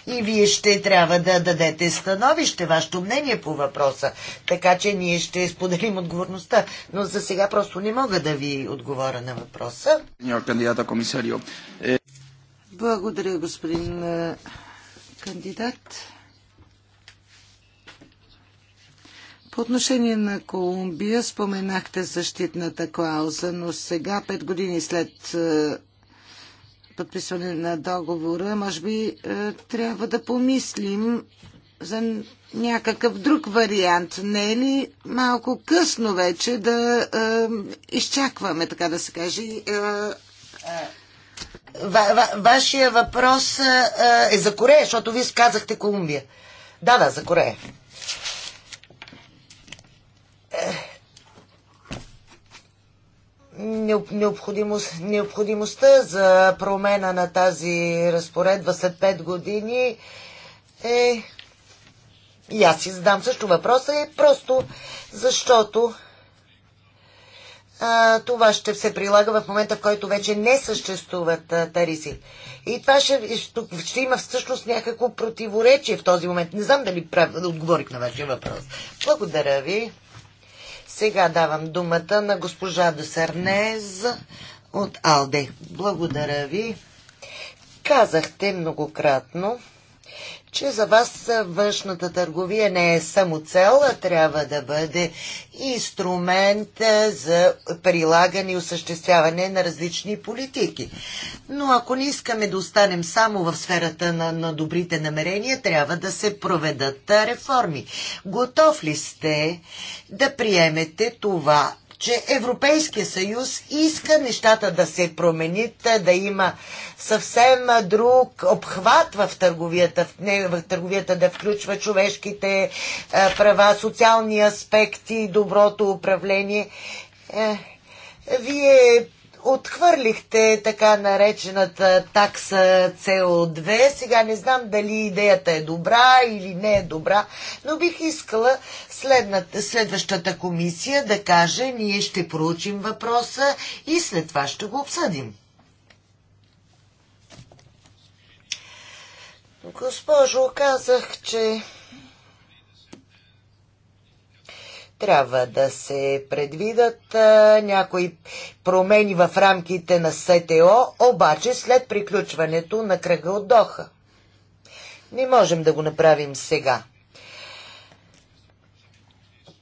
и вие ще трябва да дадете становище, вашето мнение по въпроса. Така че ние ще споделим отговорността. Но за сега просто не мога да ви отговоря на въпроса. Кандидата комисарио. Е- Благодаря, господин е, кандидат. По отношение на Колумбия споменахте защитната клауза, но сега, пет години след е, подписване на договора, може би е, трябва да помислим за някакъв друг вариант. Не е ли малко късно вече да е, изчакваме, така да се каже? Е, е, ва, вашия въпрос е, е за Корея, защото вие казахте Колумбия. Да, да, за Корея. Е, необходимост, необходимостта за промена на тази разпоредба след 5 години е... И аз си задам също въпроса е просто защото а, това ще се прилага в момента, в който вече не съществуват а, тариси. И това ще, ще, ще има всъщност някакво противоречие в този момент. Не знам дали прав... отговорих на вашия въпрос. Благодаря ви. Сега давам думата на госпожа Досернез от Алде. Благодаря ви. Казахте многократно, че за вас външната търговия не е само цел, а трябва да бъде инструмент за прилагане и осъществяване на различни политики. Но ако не искаме да останем само в сферата на, на добрите намерения, трябва да се проведат реформи. Готов ли сте да приемете това че Европейския съюз иска нещата да се променят, да има съвсем друг обхват в търговията, в, не, в търговията да включва човешките е, права, социални аспекти, доброто управление. Е, вие отхвърлихте така наречената такса CO2. Сега не знам дали идеята е добра или не е добра, но бих искала следната, следващата комисия да каже, ние ще проучим въпроса и след това ще го обсъдим. Госпожо, казах, че Трябва да се предвидат а, някои промени в рамките на СТО, обаче след приключването на кръга от Доха. Не можем да го направим сега.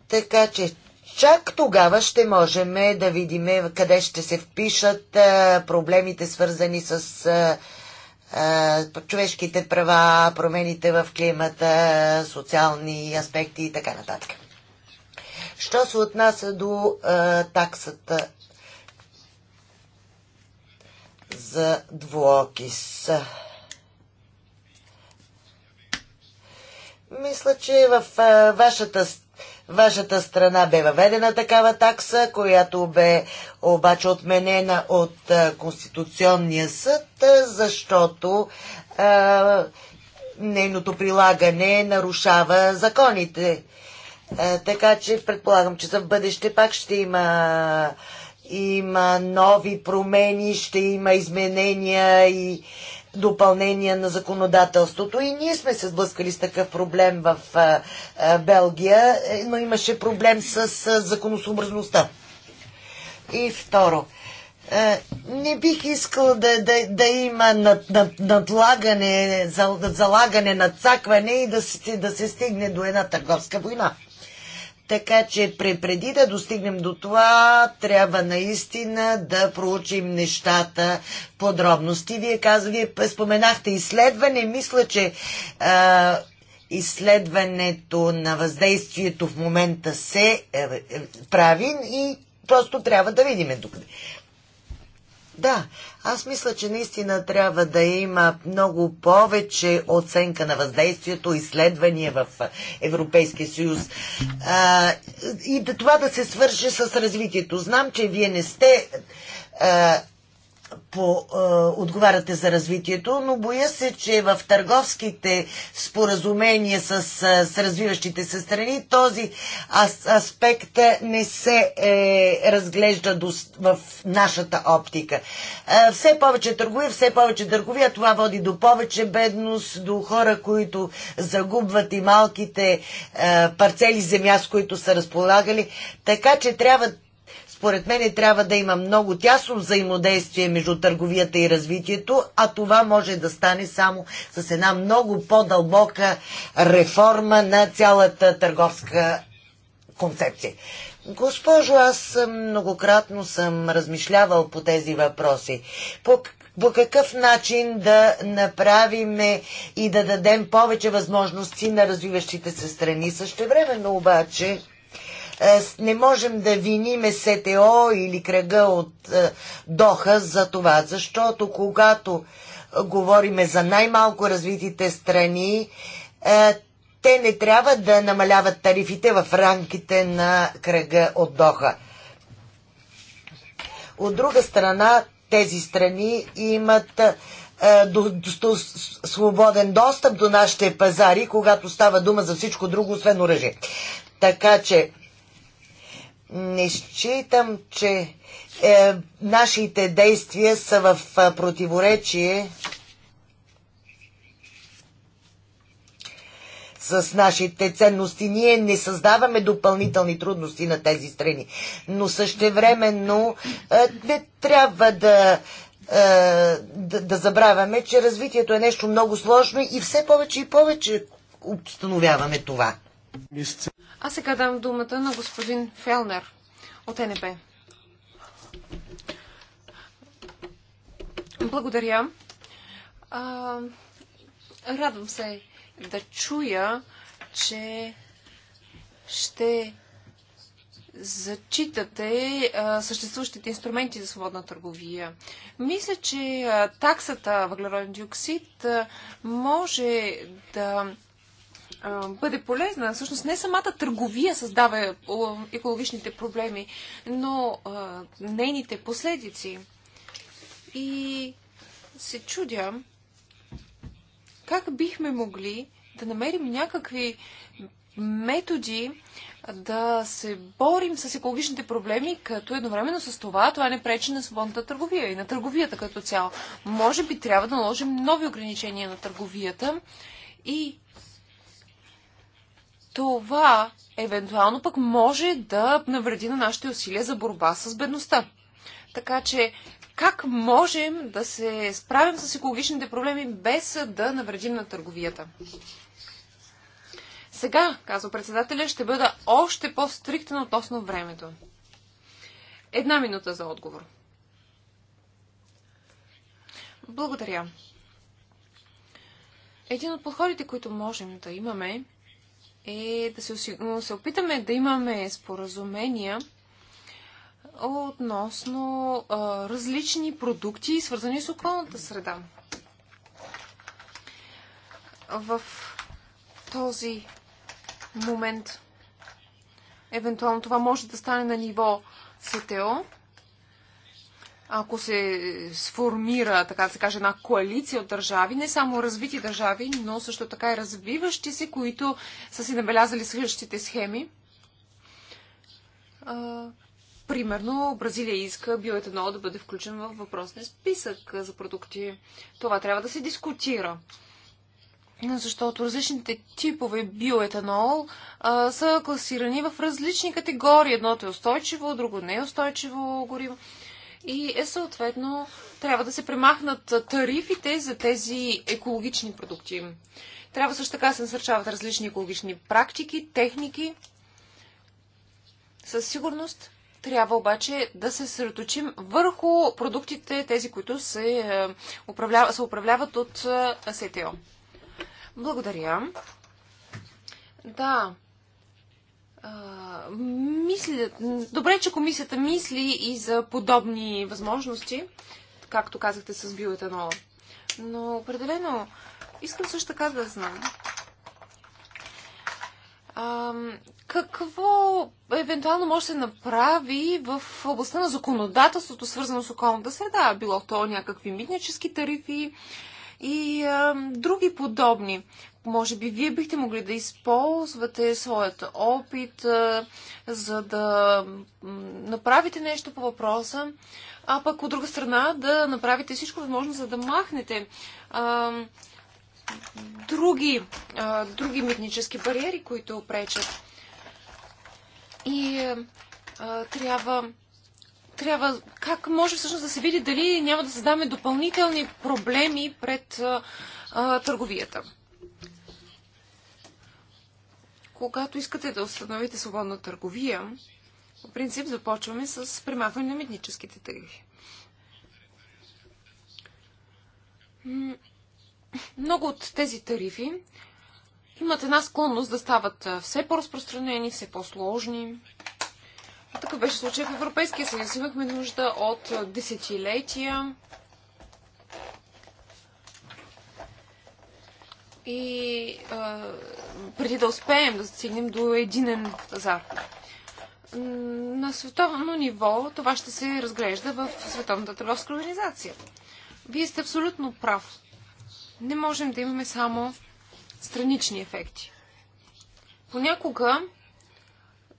Така че чак тогава ще можем да видим къде ще се впишат а, проблемите свързани с а, човешките права, промените в климата, социални аспекти и така нататък. Що се отнася до а, таксата за двуокис? Мисля, че в а, вашата Вашата страна бе въведена такава такса, която бе обаче отменена от Конституционния съд, защото а, нейното прилагане нарушава законите така че предполагам, че за в бъдеще пак ще има, има нови промени, ще има изменения и допълнения на законодателството. И ние сме се сблъскали с такъв проблем в Белгия, е, но имаше проблем с законосъобразността. И второ, не бих искал да, да, да има над, над, надлагане, залагане, надцакване и да се, да се стигне до една търговска война. Така че преди да достигнем до това, трябва наистина да проучим нещата подробности. Вие, казвате, вие споменахте изследване. Мисля, че а, изследването на въздействието в момента се е, е, прави и просто трябва да видим докъде. Да, аз мисля, че наистина трябва да има много повече оценка на въздействието, изследвания в Европейския съюз а, и да това да се свърже с развитието. Знам, че вие не сте а, по, е, отговаряте за развитието, но боя се, че в търговските споразумения с, с развиващите се страни този ас, аспект не се е, разглежда до, в нашата оптика. Е, все повече търговия, все повече търговия, това води до повече бедност, до хора, които загубват и малките е, парцели земя, с които са разполагали. Така че трябва според мен трябва да има много тясно взаимодействие между търговията и развитието, а това може да стане само с една много по-дълбока реформа на цялата търговска концепция. Госпожо, аз многократно съм размишлявал по тези въпроси. По, по какъв начин да направиме и да дадем повече възможности на развиващите се страни. Същевременно обаче е, не можем да виниме СТО или кръга от е, Доха за това, защото когато говориме за най-малко развитите страни, е, те не трябва да намаляват тарифите в рамките на кръга от Доха. От друга страна, тези страни имат до, до, свободен достъп до нашите пазари, когато става дума за всичко друго, освен оръжие. Така че не считам, че е, нашите действия са в е, противоречие с нашите ценности. Ние не създаваме допълнителни трудности на тези страни, но същевременно е, не трябва да, е, да, да забравяме, че развитието е нещо много сложно и все повече и повече установяваме това. А сега дам думата на господин Фелнер от НП. Благодаря. А, радвам се да чуя, че ще зачитате а, съществуващите инструменти за свободна търговия. Мисля, че а, таксата въглероден диоксид а, може да бъде полезна. Всъщност не самата търговия създава екологичните проблеми, но а, нейните последици. И се чудя как бихме могли да намерим някакви методи да се борим с екологичните проблеми, като едновременно с това това не пречи на свободната търговия и на търговията като цяло. Може би трябва да наложим нови ограничения на търговията и това евентуално пък може да навреди на нашите усилия за борба с бедността. Така че как можем да се справим с екологичните проблеми без да навредим на търговията? Сега, казва председателя, ще бъда още по-стриктен относно времето. Една минута за отговор. Благодаря. Един от подходите, които можем да имаме, е да се, се опитаме да имаме споразумения относно а, различни продукти, свързани с околната среда. В този момент, евентуално това може да стане на ниво СТО, ако се сформира, така да се каже, една коалиция от държави, не само развити държави, но също така и развиващи се, които са си набелязали същите схеми. А, примерно, Бразилия иска биоетанол да бъде включен в въпросния списък за продукти. Това трябва да се дискутира защото различните типове биоетанол а, са класирани в различни категории. Едното е устойчиво, друго не е устойчиво гориво и е съответно трябва да се премахнат тарифите за тези екологични продукти. Трябва също така да се насърчават различни екологични практики, техники. Със сигурност трябва обаче да се съсредоточим върху продуктите, тези, които се, е, управляват, се управляват от е, СТО. Благодаря. Да, мислят. Добре, че комисията мисли и за подобни възможности, както казахте с биоетанола. Но определено искам също така да знам. А, какво евентуално може да се направи в областта на законодателството, свързано с околната среда? Било то някакви митнически тарифи и а, други подобни. Може би вие бихте могли да използвате своят опит, за да направите нещо по въпроса, а пък от друга страна да направите всичко възможно, за да махнете а, други, а, други митнически бариери, които пречат. И а, трябва трябва, как може всъщност да се види дали няма да създаме допълнителни проблеми пред а, а, търговията когато искате да установите свободна търговия, по принцип започваме с примахване на митническите тарифи. Много от тези тарифи имат една склонност да стават все по-разпространени, все по-сложни. Така беше случай в Европейския съюз. Имахме нужда от десетилетия и а, преди да успеем да стигнем до единен пазар. На световно ниво това ще се разглежда в Световната търговска организация. Вие сте абсолютно прав. Не можем да имаме само странични ефекти. Понякога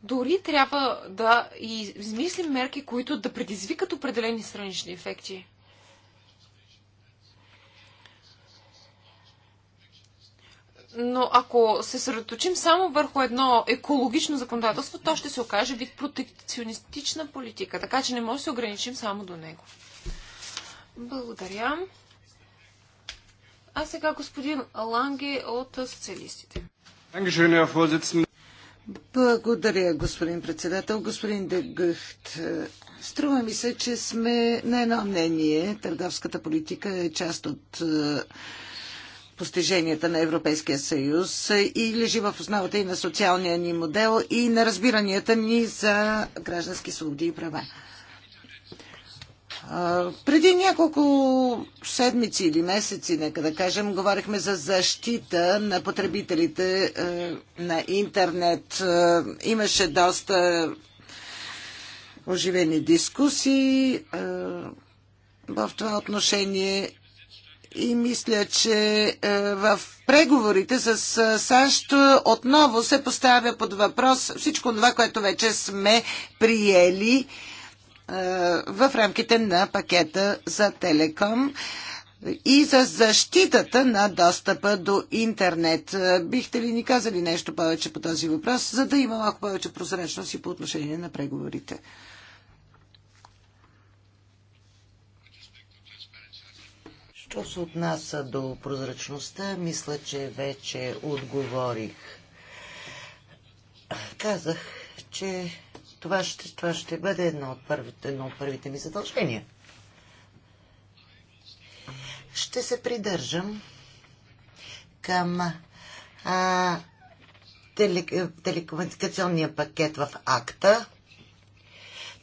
дори трябва да измислим мерки, които да предизвикат определени странични ефекти. но ако се съсредоточим само върху едно екологично законодателство, то ще се окаже вид протекционистична политика, така че не може да се ограничим само до него. Благодаря. А сега господин Ланге от социалистите. Благодаря, господин председател. Господин Дегъхт, е, струва ми се, че сме на едно мнение. Търговската политика е част от е, постиженията на Европейския съюз и лежи в основата и на социалния ни модел и на разбиранията ни за граждански свободи и права. Преди няколко седмици или месеци, нека да кажем, говорихме за защита на потребителите на интернет. Имаше доста оживени дискусии в това отношение и мисля, че е, в преговорите с е, САЩ отново се поставя под въпрос всичко това, което вече сме приели е, в рамките на пакета за Телеком и за защитата на достъпа до интернет. Бихте ли ни казали нещо повече по този въпрос, за да има малко повече прозрачност и по отношение на преговорите? Що се отнася до прозрачността, мисля, че вече отговорих. Казах, че това ще, това ще бъде едно от, първите, едно от първите ми задължения. Ще се придържам към а, теле, телекомуникационния пакет в акта.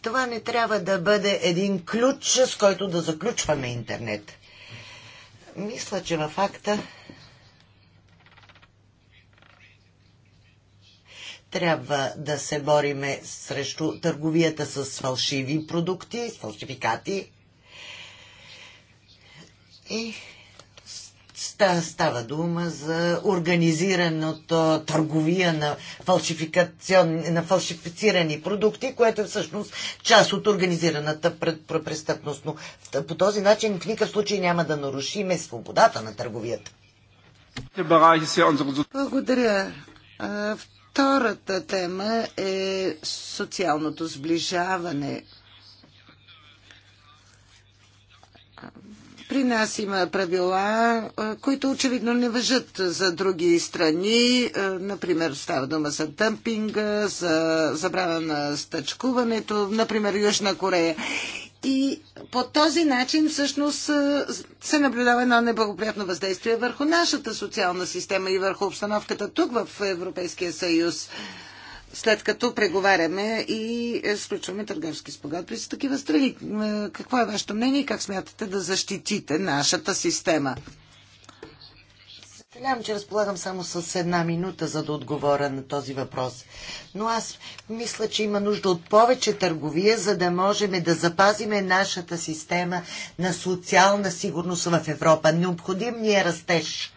Това не трябва да бъде един ключ, с който да заключваме интернет. Мисля, че на факта трябва да се бориме срещу търговията с фалшиви продукти, с фалшификати. И Става дума за организираното търговия на, на фалшифицирани продукти, което е всъщност част от организираната престъпност. Но по този начин в никакъв случай няма да нарушиме свободата на търговията. Благодаря. Втората тема е социалното сближаване При нас има правила, които очевидно не въжат за други страни. Например, става дума за дъмпинга, за забрана на стъчкуването, например Южна Корея. И по този начин всъщност се наблюдава едно неблагоприятно въздействие върху нашата социална система и върху обстановката тук в Европейския съюз след като преговаряме и сключваме търговски спогадби с такива страни. Какво е вашето мнение и как смятате да защитите нашата система? Съжалявам, че разполагам само с една минута, за да отговоря на този въпрос. Но аз мисля, че има нужда от повече търговия, за да можем да запазиме нашата система на социална сигурност в Европа. Необходим ни е растеж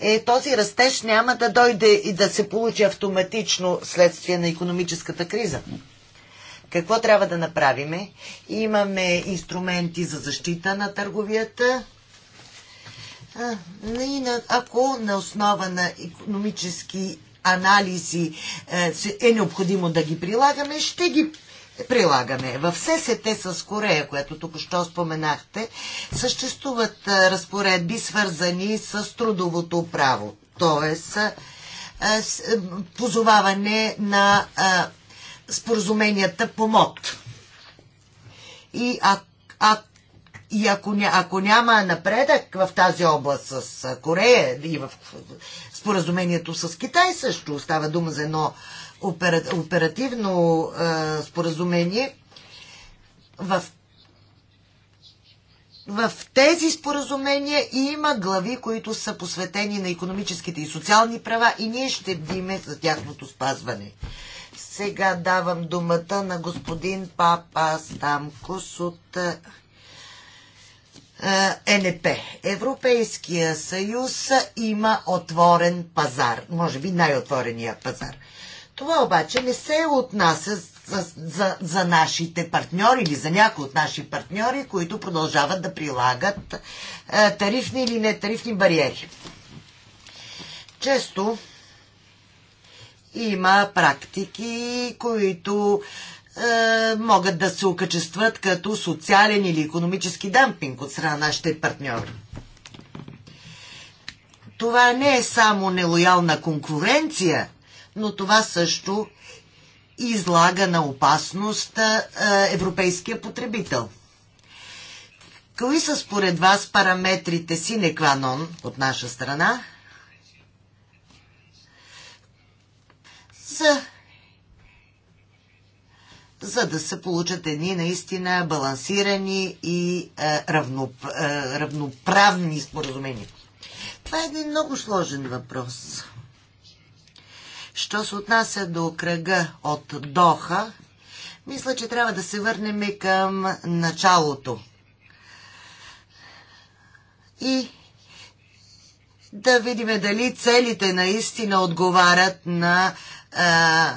е, този растеж няма да дойде и да се получи автоматично следствие на економическата криза. Какво трябва да направиме? Имаме инструменти за защита на търговията. А, ако на основа на економически анализи е, е необходимо да ги прилагаме, ще ги прилагане. В ССТ с Корея, което тук що споменахте, съществуват разпоредби, свързани с трудовото право, т.е. позоваване на споразуменията по МОД. И, а, а, и ако, ня, ако няма напредък в тази област с Корея и в споразумението с Китай също, става дума за едно оперативно а, споразумение, в, в тези споразумения има глави, които са посветени на економическите и социални права и ние ще бдиме за тяхното спазване. Сега давам думата на господин Папа Стамкос от ЕНП. Европейския съюз има отворен пазар. Може би най-отворения пазар. Това обаче не се отнася за, за, за нашите партньори или за някои от наши партньори, които продължават да прилагат е, тарифни или нетарифни бариери. Често има практики, които е, могат да се окачестват като социален или економически дампинг от страна на нашите партньори. Това не е само нелоялна конкуренция – но това също излага на опасност европейския потребител. Кои са според вас параметрите си некванон от наша страна за, за да се получат едни наистина балансирани и е, равно, е, равноправни споразумения? Това е един много сложен въпрос. Що се отнася до кръга от Доха, мисля, че трябва да се върнем към началото. И да видим дали целите наистина отговарят на, а,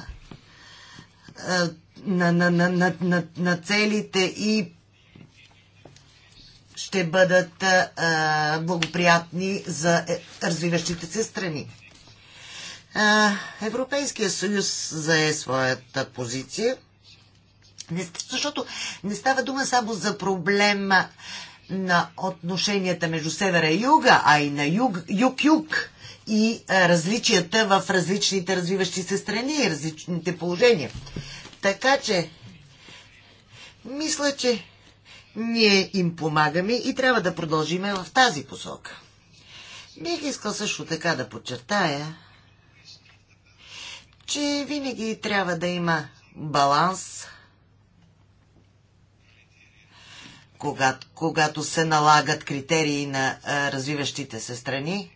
а, на, на, на, на, на, на целите и ще бъдат а, благоприятни за е, развиващите се страни. Европейския съюз зае своята позиция. Не, защото не става дума само за проблема на отношенията между севера и юга, а и на юг-юг и а, различията в различните развиващи се страни и различните положения. Така че, мисля, че ние им помагаме и трябва да продължиме в тази посока. Бих искал също така да подчертая, че винаги трябва да има баланс, когато, когато се налагат критерии на а, развиващите се страни.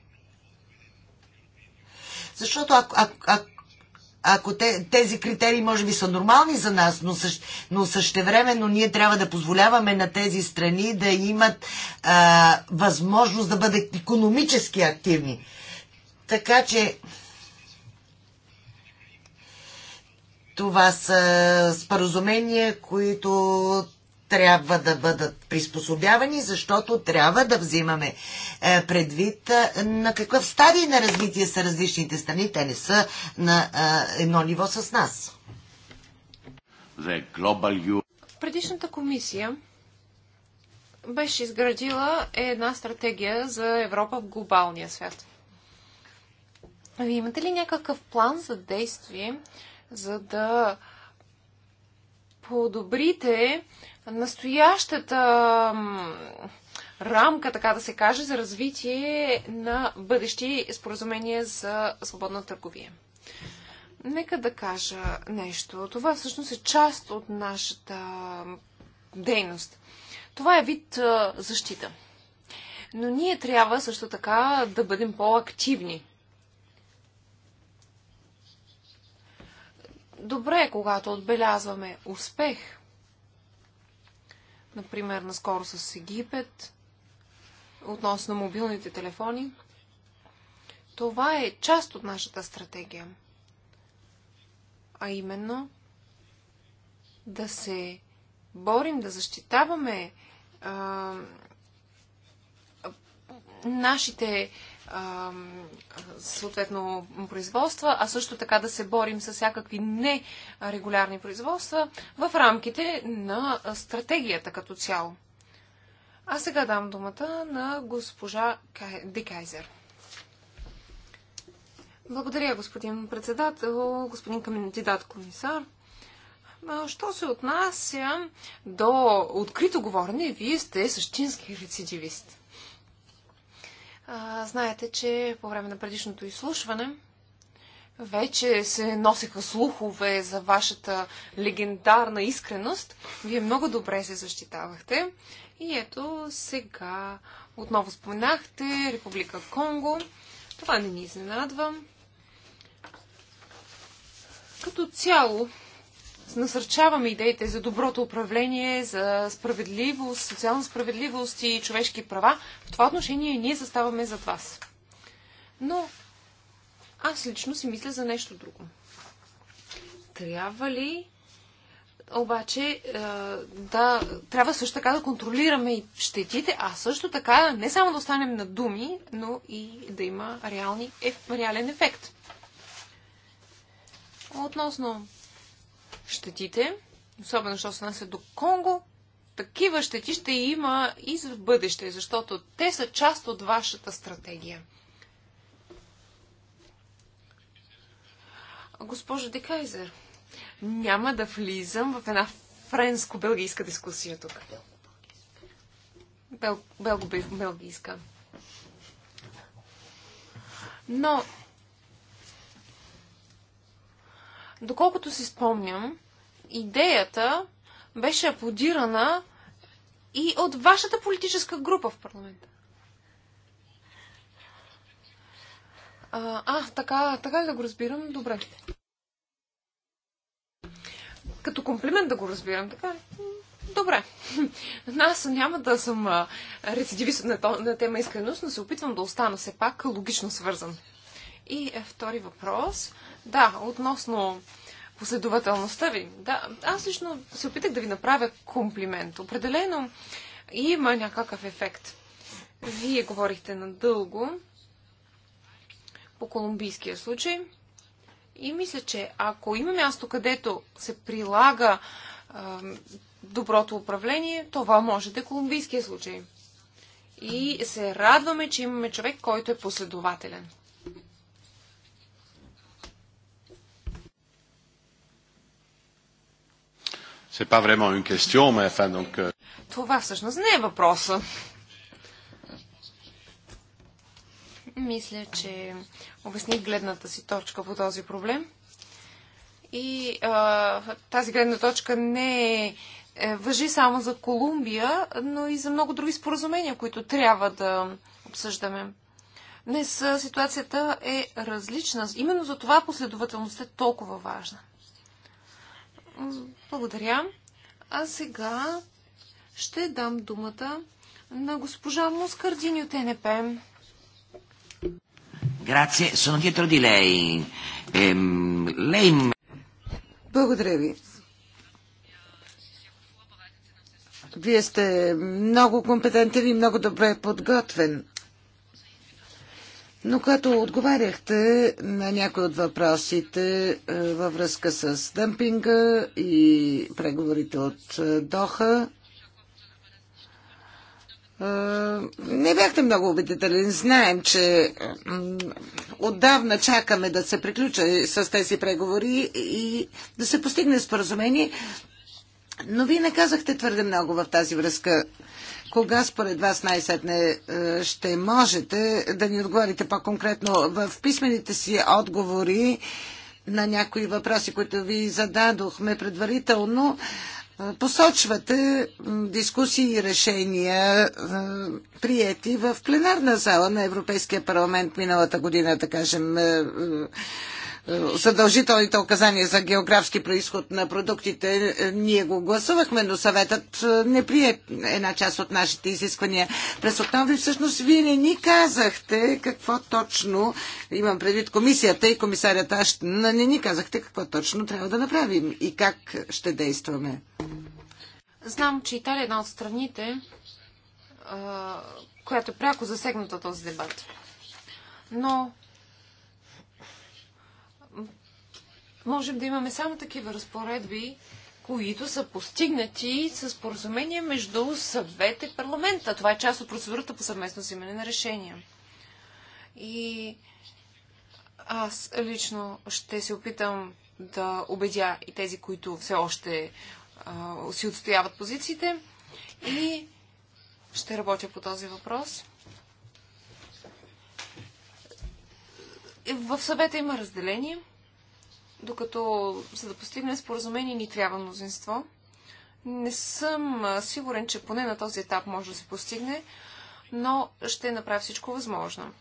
Защото ако, ако, ако, ако те, тези критерии може би са нормални за нас, но, същ, но същевременно ние трябва да позволяваме на тези страни да имат а, възможност да бъдат економически активни. Така че Това са споразумения, които трябва да бъдат приспособявани, защото трябва да взимаме е, предвид е, на какъв стадий на развитие са различните страни. Те не са на е, едно ниво с нас. Предишната комисия беше изградила една стратегия за Европа в глобалния свят. Вие имате ли някакъв план за действие за да подобрите настоящата рамка, така да се каже, за развитие на бъдещи споразумения за свободна търговия. Нека да кажа нещо. Това всъщност е част от нашата дейност. Това е вид защита. Но ние трябва също така да бъдем по-активни добре е, когато отбелязваме успех, например, наскоро с Египет, относно мобилните телефони. Това е част от нашата стратегия. А именно да се борим, да защитаваме а, нашите съответно производства, а също така да се борим с всякакви нерегулярни производства в рамките на стратегията като цяло. А сега дам думата на госпожа Декайзер. Благодаря, господин председател, господин кандидат комисар. Що се отнася до открито говорене, вие сте същински рецидивист знаете, че по време на предишното изслушване вече се носеха слухове за вашата легендарна искреност. Вие много добре се защитавахте. И ето сега отново споменахте Република Конго. Това не ни изненадва. Като цяло, насърчаваме идеите за доброто управление, за справедливост, социална справедливост и човешки права. В това отношение ние заставаме зад вас. Но аз лично си мисля за нещо друго. Трябва ли обаче е, да, трябва също така да контролираме и щетите, а също така не само да останем на думи, но и да има реални, реален ефект. Относно щетите, особено що се нася до Конго, такива щети ще има и за бъдеще, защото те са част от вашата стратегия. Госпожо Декайзер, няма да влизам в една френско-белгийска дискусия тук. Бел, белго-белгийска. Но Доколкото си спомням, идеята беше аплодирана и от вашата политическа група в парламента. А, а така, така ли да го разбирам? Добре. Като комплимент да го разбирам, така ли? Е. Добре. Аз няма да съм рецидивист на, на тема искреност, но се опитвам да остана все пак логично свързан. И е, втори въпрос. Да, относно последователността ви. Да, аз лично се опитах да ви направя комплимент. Определено има някакъв ефект. Вие говорихте надълго по колумбийския случай. И мисля, че ако има място, където се прилага е, доброто управление, това може да е колумбийския случай. И се радваме, че имаме човек, който е последователен. Euh, това всъщност не е въпроса. Мисля, че обясних гледната си точка по този проблем. И а, тази гледна точка не е, е, въжи само за Колумбия, но и за много други споразумения, които трябва да обсъждаме. Днес ситуацията е различна. Именно за това последователността е толкова важна. Благодаря. А сега ще дам думата на госпожа Москардини от НП. Грация, съм dietro di лей. Ehm, Благодаря ви. Вие сте много компетентен и много добре подготвен. Но когато отговаряхте на някои от въпросите е, във връзка с дъмпинга и преговорите от е, Доха, е, не бяхте много убедителен. Знаем, че отдавна чакаме да се приключа с тези преговори и да се постигне споразумение, но вие не казахте твърде много в тази връзка. Кога според вас най-сетне е, ще можете да ни отговорите по-конкретно в писмените си отговори на някои въпроси, които ви зададохме предварително? Е, посочвате дискусии и решения, е, приети в пленарна зала на Европейския парламент миналата година, да кажем, задължителните указания за географски происход на продуктите, е, ние го гласувахме, но съветът е, не прие една част от нашите изисквания. През октомври всъщност вие не ни казахте какво точно, имам предвид комисията и комисарят Аштън, не ни казахте какво точно трябва да направим и как ще действаме. Знам, че Италия е една от страните, е, която е пряко засегната този дебат. Но можем да имаме само такива разпоредби, които са постигнати с поразумение между съвета и парламента. Това е част от процедурата по съвместно взимане на решения. И аз лично ще се опитам да убедя и тези, които все още а, си отстояват позициите. И ще работя по този въпрос. В съвета има разделение докато за да постигне споразумение ни трябва мнозинство. Не съм сигурен, че поне на този етап може да се постигне, но ще направя всичко възможно.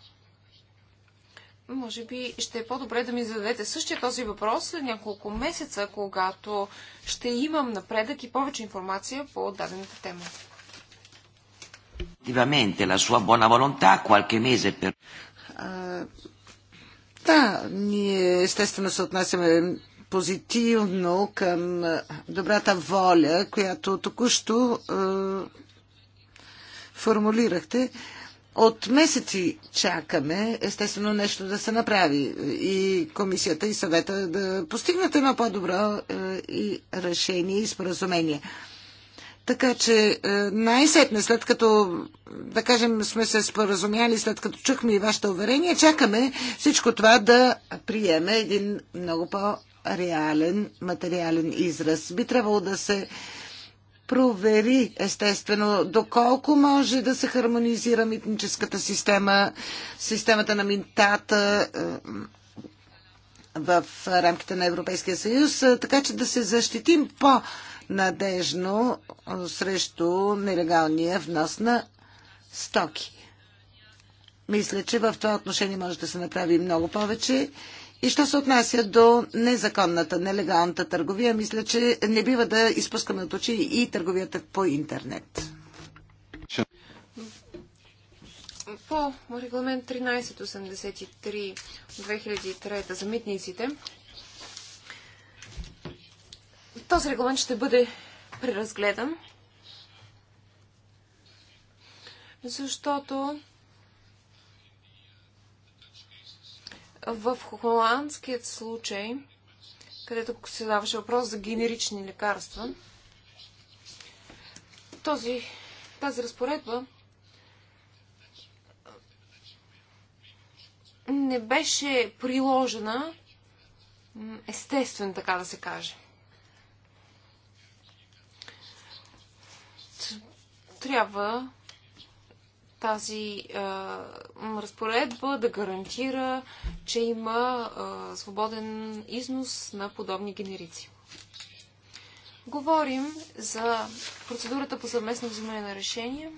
Може би ще е по-добре да ми зададете същия този въпрос след няколко месеца, когато ще имам напредък и повече информация по дадената тема. la sua buona volontà qualche mese per да, ние естествено се отнасяме позитивно към е, добрата воля, която току-що е, формулирахте. От месеци чакаме, естествено, нещо да се направи и комисията и съвета да постигнат едно по-добро е, и решение и споразумение. Така че е, най-сетне, след като, да кажем, сме се споразумяли, след като чухме и вашето уверение, чакаме всичко това да приеме един много по-реален, материален израз. Би трябвало да се провери, естествено, доколко може да се хармонизира митническата система, системата на ментата е, в рамките на Европейския съюз, е, така че да се защитим по надежно срещу нелегалния внос на стоки. Мисля, че в това отношение може да се направи много повече. И що се отнася до незаконната, нелегалната търговия, мисля, че не бива да изпускаме от очи и търговията по интернет. По регламент 1383 от 2003 за митниците, този регламент ще бъде преразгледан, защото в холандският случай, където се даваше въпрос за генерични лекарства, този, тази разпоредба не беше приложена естествено, така да се каже. трябва тази а, разпоредба да гарантира, че има а, свободен износ на подобни генерици. Говорим за процедурата по съвместно взимане на решения.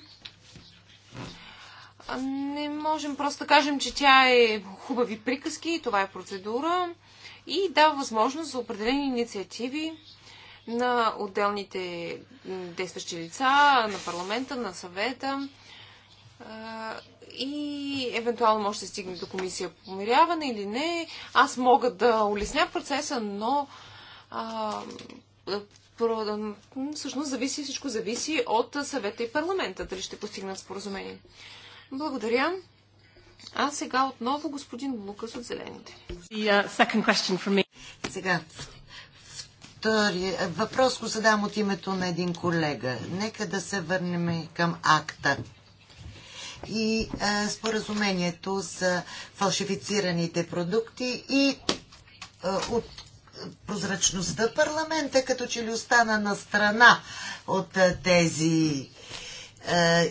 Не можем просто да кажем, че тя е хубави приказки, това е процедура и дава възможност за определени инициативи на отделните действащи лица, на парламента, на съвета и евентуално може да се стигне до комисия по помиряване или не. Аз мога да улесня процеса, но а, всъщност зависи, всичко зависи от съвета и парламента, дали ще постигнат споразумение. Благодаря. А сега отново господин Лукас от Зелените. Uh, сега втори е, въпрос го задам от името на един колега. Нека да се върнем към акта и а, е, споразумението за фалшифицираните продукти и а, е, от прозрачността парламента като че ли остана на страна от а, тези а,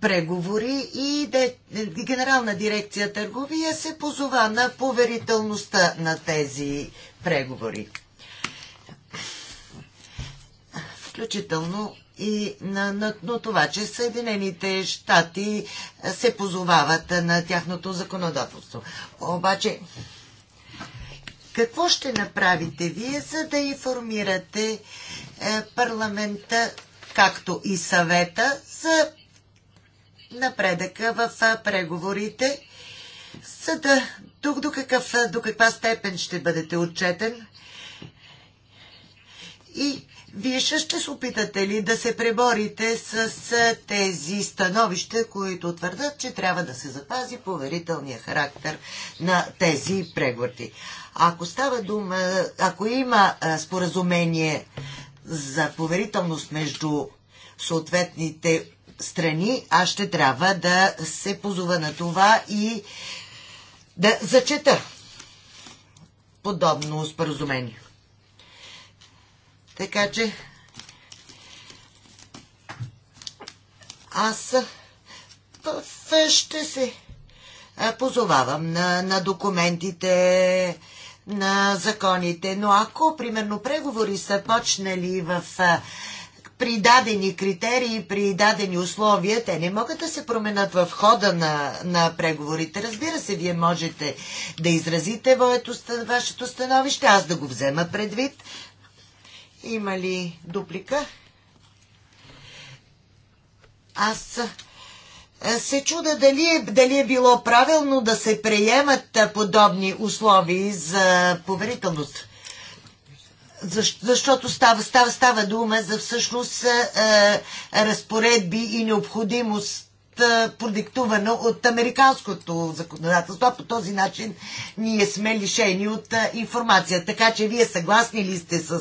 преговори и де, Генерална дирекция търговия се позова на поверителността на тези преговори. включително и на, на, на това, че Съединените щати се позовават на тяхното законодателство. Обаче, какво ще направите вие, за да информирате е, парламента, както и съвета за напредъка в преговорите, за да до, до, какъв, до каква степен ще бъдете отчетен и вие ще се опитате ли да се преборите с тези становища, които твърдат, че трябва да се запази поверителния характер на тези преговори? Ако става дума, ако има споразумение за поверителност между съответните страни, аз ще трябва да се позова на това и да зачета подобно споразумение. Така че аз ще се позовавам на, на документите, на законите. Но ако, примерно, преговори са почнали в при дадени критерии, при дадени условия, те не могат да се променят в хода на, на преговорите. Разбира се, вие можете да изразите вашето становище, аз да го взема предвид, има ли дуплика? Аз е, се чуда дали е, дали е било правилно да се приемат е, подобни условия за поверителност. защото става, става, става дума за всъщност е, е разпоредби и необходимост продиктувана от американското законодателство. По този начин ние сме лишени от информация. Така че вие съгласни ли сте с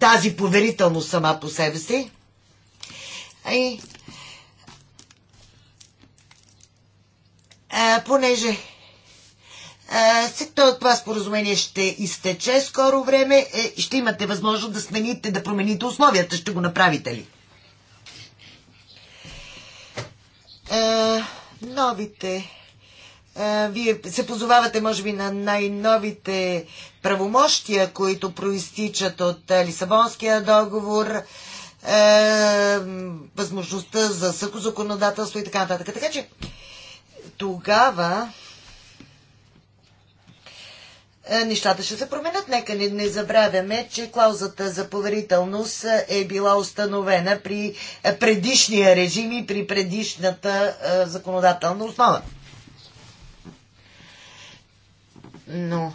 тази поверителност сама по себе си? И... А, понеже след това споразумение ще изтече скоро време, е, ще имате възможност да смените, да промените условията. Ще го направите ли? Е, новите е, вие се позовавате, може би, на най-новите правомощия, които проистичат от е, Лисабонския договор, а, възможността за съкозаконодателство и така нататък. Така че тогава е, нещата ще се променят. Нека не, не забравяме, че клаузата за поверителност е, е била установена при е, предишния режим и при предишната е, законодателна основа. Но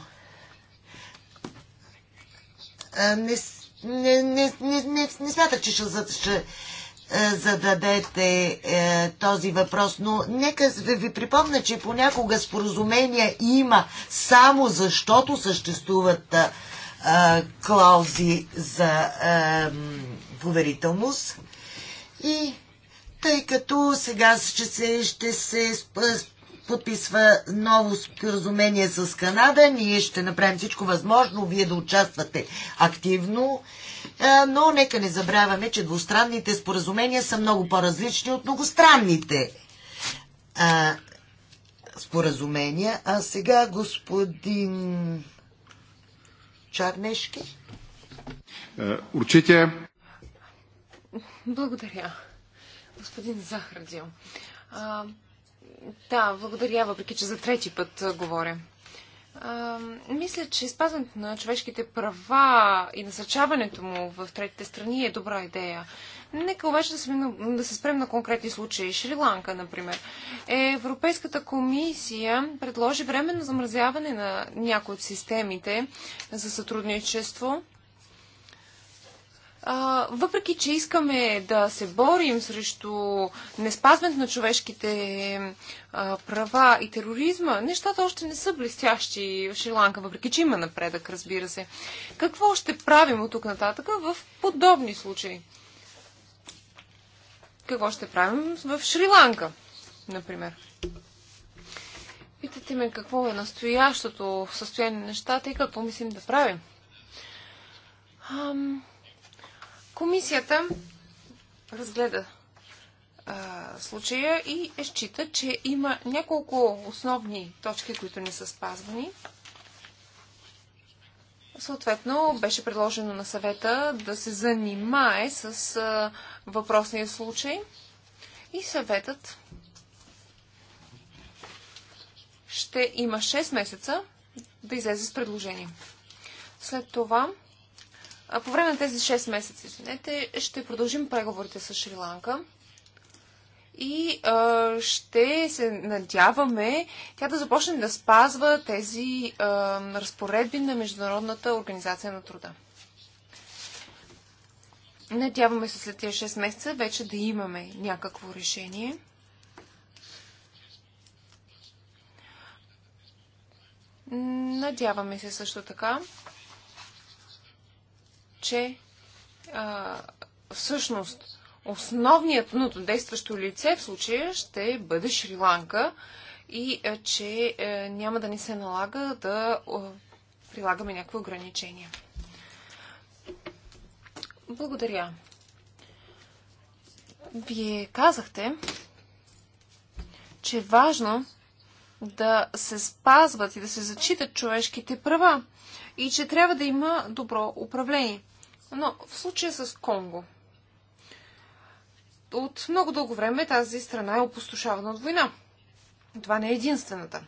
не, не, не, не, не смятах, че ще, ще, е, зададете е, този въпрос, но нека ви припомня, че понякога споразумения има само защото съществуват е, е, клаузи за е, поверителност. И тъй като сега ще се, ще се подписва ново споразумение с Канада. Ние ще направим всичко възможно, вие да участвате активно. Но нека не забравяме, че двустранните споразумения са много по-различни от многостранните споразумения. А сега господин Чарнешки. Е, Учите. Благодаря, господин Захардил. Да, благодаря, въпреки че за трети път говоря. А, мисля, че спазването на човешките права и насърчаването му в третите страни е добра идея. Нека обаче да, сме, да се спрем на конкретни случаи. Шри-Ланка, например. Европейската комисия предложи временно замразяване на някои от системите за сътрудничество а, въпреки, че искаме да се борим срещу неспазването на човешките а, права и тероризма, нещата още не са блестящи в Шри-Ланка, въпреки, че има напредък, разбира се. Какво ще правим от тук нататък в подобни случаи? Какво ще правим в Шри-Ланка, например? Питате ме какво е настоящото състояние на нещата и какво мислим да правим. Ам... Комисията разгледа а, случая и е счита, че има няколко основни точки, които не са спазвани. Съответно, беше предложено на съвета да се занимае с а, въпросния случай и съветът ще има 6 месеца да излезе с предложение. След това по време на тези 6 месеца, извинете, ще продължим преговорите с Шри-Ланка и а, ще се надяваме тя да започне да спазва тези а, разпоредби на Международната организация на труда. Надяваме се след тези 6 месеца вече да имаме някакво решение. Надяваме се също така че а, всъщност основният нуто действащо лице в случая ще бъде Шри-Ланка и а, че а, е, няма да ни се налага да а, прилагаме някакви ограничения. Благодаря. Вие казахте, че е важно да се спазват и да се зачитат човешките права и че трябва да има добро управление. Но в случая с Конго, от много дълго време тази страна е опустошавана от война. Това не е единствената.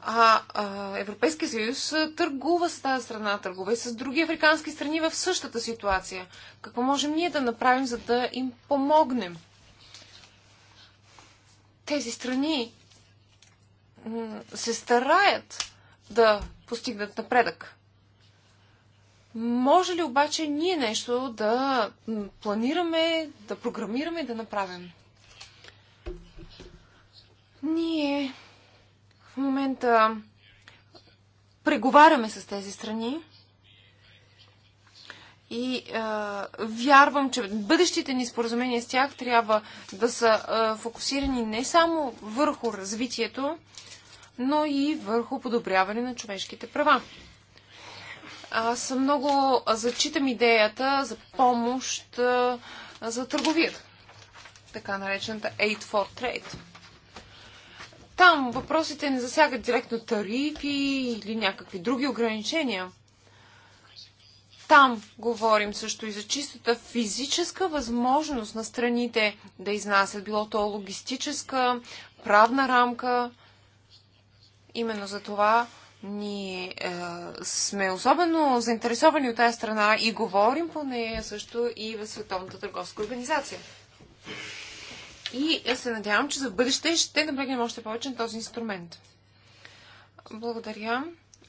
А, а Европейския съюз търгува с тази страна, търгува и с други африкански страни в същата ситуация. Какво можем ние да направим, за да им помогнем? Тези страни се стараят да постигнат напредък. Може ли обаче ние нещо да планираме, да програмираме, и да направим? Ние в момента преговаряме с тези страни и а, вярвам, че бъдещите ни споразумения с тях трябва да са а, фокусирани не само върху развитието, но и върху подобряване на човешките права. Аз много зачитам идеята за помощ за търговията, така наречената Aid for Trade. Там въпросите не засягат директно тарифи или някакви други ограничения. Там говорим също и за чистата физическа възможност на страните да изнасят, било то логистическа, правна рамка – Именно за това ние е, сме особено заинтересовани от тази страна и говорим по нея също и в Световната търговска организация. И се надявам, че за бъдеще ще наблегнем още повече на този инструмент. Благодаря.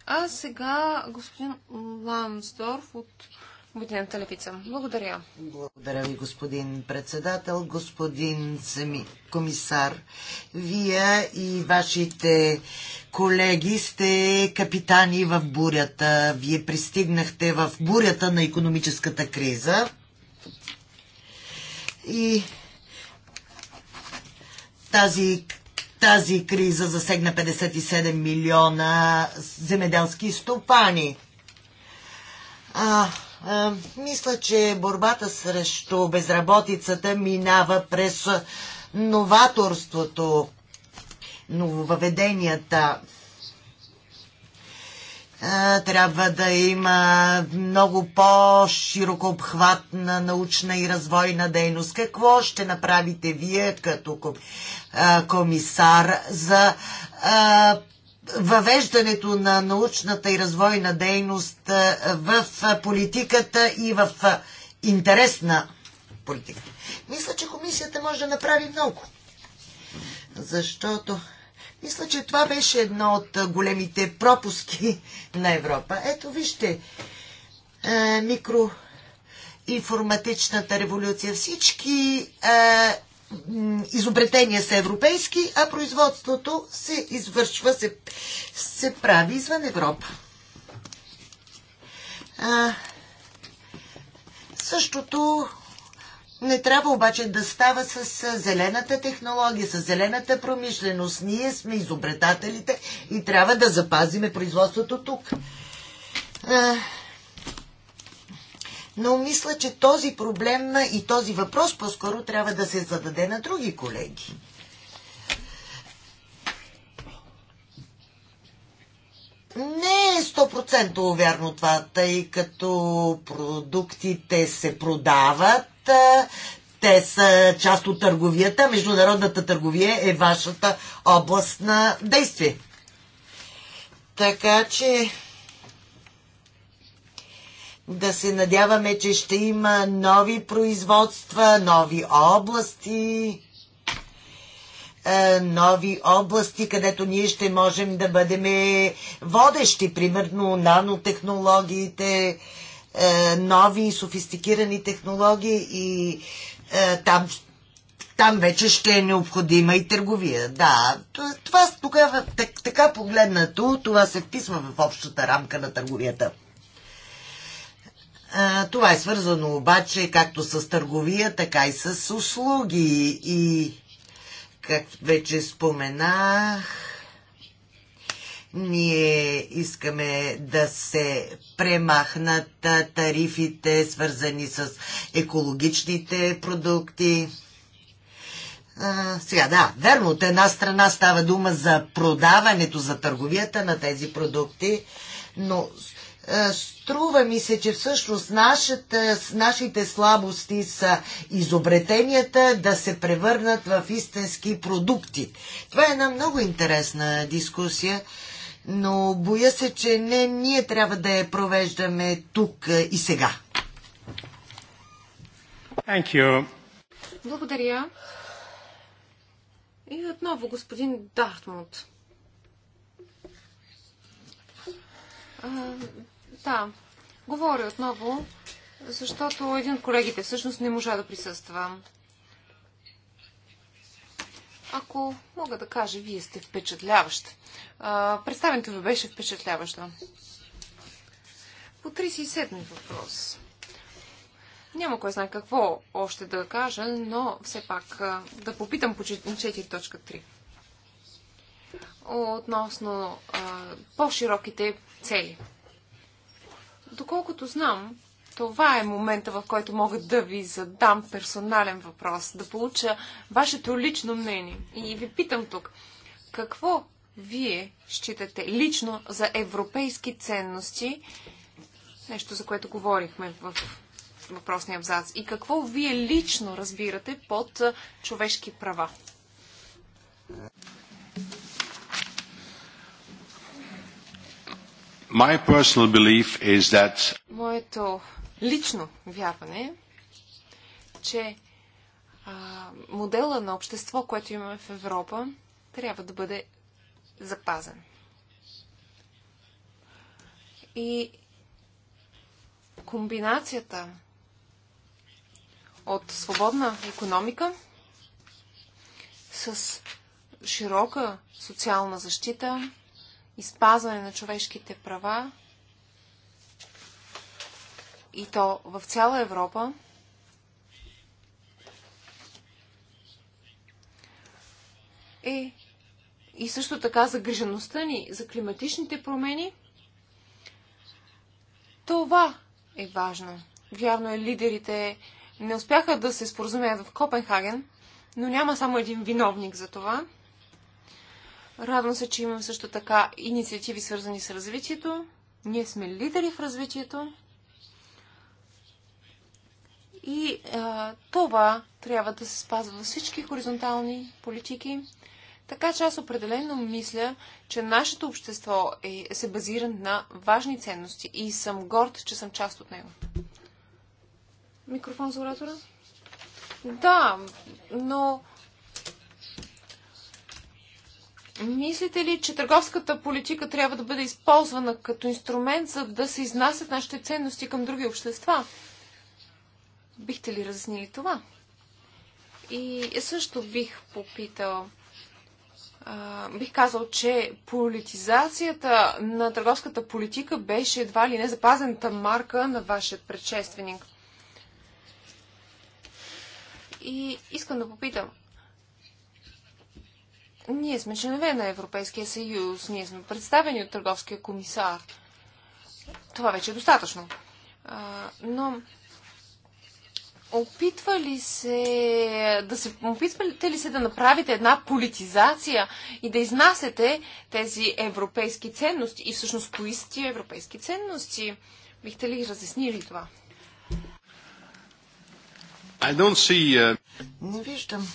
А сега господин Лансдорф от Обединената левица. Благодаря. Благодаря ви, господин председател. Господин семи, комисар, вие и вашите колеги сте капитани в бурята. Вие пристигнахте в бурята на економическата криза. И тази тази криза засегна 57 милиона земеделски стопани. А, мисля, че борбата срещу безработицата минава през новаторството, нововъведенията. Трябва да има много по-широко обхват на научна и развойна дейност. Какво ще направите вие като комисар за въвеждането на научната и развойна дейност в политиката и в интерес на политиката. Мисля, че комисията може да направи много. Защото мисля, че това беше едно от големите пропуски на Европа. Ето вижте, микроинформатичната революция. Всички изобретения са европейски, а производството се извършва, се, се прави извън Европа. А, същото не трябва обаче да става с зелената технология, с зелената промишленост. Ние сме изобретателите и трябва да запазиме производството тук. А, но мисля, че този проблем и този въпрос по-скоро трябва да се зададе на други колеги. Не е 100% вярно това, тъй като продуктите се продават, те са част от търговията, международната търговия е вашата област на действие. Така че да се надяваме, че ще има нови производства, нови области, е, нови области, където ние ще можем да бъдем водещи, примерно нанотехнологиите, е, нови софистикирани технологии и е, там, там вече ще е необходима и търговия. Да, това тогава, така погледнато, това се вписва в общата рамка на търговията. Това е свързано обаче както с търговия, така и с услуги. И, как вече споменах, ние искаме да се премахнат тарифите, свързани с екологичните продукти. А, сега, да, верно, от една страна става дума за продаването, за търговията на тези продукти, но е, струва ми се, че всъщност нашата, нашите слабости са изобретенията да се превърнат в истински продукти. Това е една много интересна дискусия, но боя се, че не ние трябва да я провеждаме тук е, и сега. Thank you. Благодаря. И отново господин Дартмут. Да, Говоря отново, защото един от колегите всъщност не можа да присъства. Ако мога да кажа, вие сте впечатляващ. Представенето ви беше впечатляващо. По 37-ми въпрос. Няма кой знае какво още да кажа, но все пак да попитам по 4.3. Относно по-широките цели доколкото знам, това е момента, в който мога да ви задам персонален въпрос, да получа вашето лично мнение. И ви питам тук, какво вие считате лично за европейски ценности, нещо за което говорихме в въпросния абзац, и какво вие лично разбирате под човешки права? My personal belief is that... Моето лично вярване е, че а, модела на общество, което имаме в Европа, трябва да бъде запазен. И комбинацията от свободна економика с широка социална защита изпазване на човешките права и то в цяла Европа, е и също така загрижеността ни за климатичните промени. Това е важно. Вярно е, лидерите не успяха да се споразумеят в Копенхаген, но няма само един виновник за това – Радвам се, че имам също така инициативи, свързани с развитието. Ние сме лидери в развитието. И а, това трябва да се спазва във всички хоризонтални политики. Така че аз определено мисля, че нашето общество е, се базира на важни ценности и съм горд, че съм част от него. Микрофон за оратора? Да, но Мислите ли, че търговската политика трябва да бъде използвана като инструмент, за да се изнасят нашите ценности към други общества? Бихте ли разяснили това? И също бих попитал, а, бих казал, че политизацията на търговската политика беше едва ли не запазената марка на вашия предшественик. И искам да попитам, ние сме членове на Европейския съюз, ние сме представени от търговския комисар. Това вече е достатъчно. А, но опитва ли се да се, опитвате ли се да направите една политизация и да изнасяте тези европейски ценности и всъщност кои са тия европейски ценности? Бихте ли разяснили това? I don't see, uh... Не виждам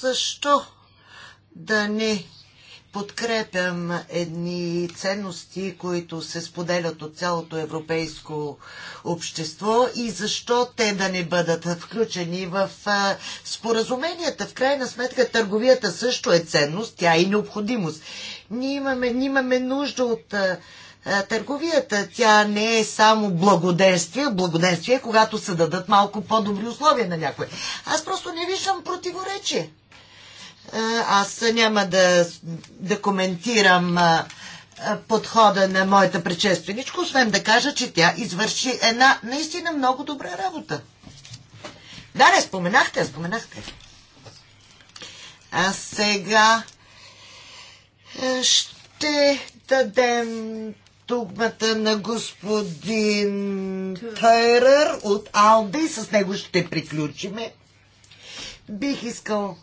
защо да не подкрепям едни ценности, които се споделят от цялото европейско общество и защо те да не бъдат включени в споразуменията. В крайна сметка търговията също е ценност, тя е и необходимост. Ние имаме, ние имаме нужда от търговията. Тя не е само благоденствие. Благоденствие, е когато се дадат малко по-добри условия на някой. Аз просто не виждам противоречие. Е, аз няма да, да коментирам е, е, подхода на моята предшественичка, освен да кажа, че тя извърши една наистина много добра работа. Да, не споменахте, а споменахте. А сега ще дадем тукмата на господин Тайрър от Алби. С него ще приключиме. Бих искал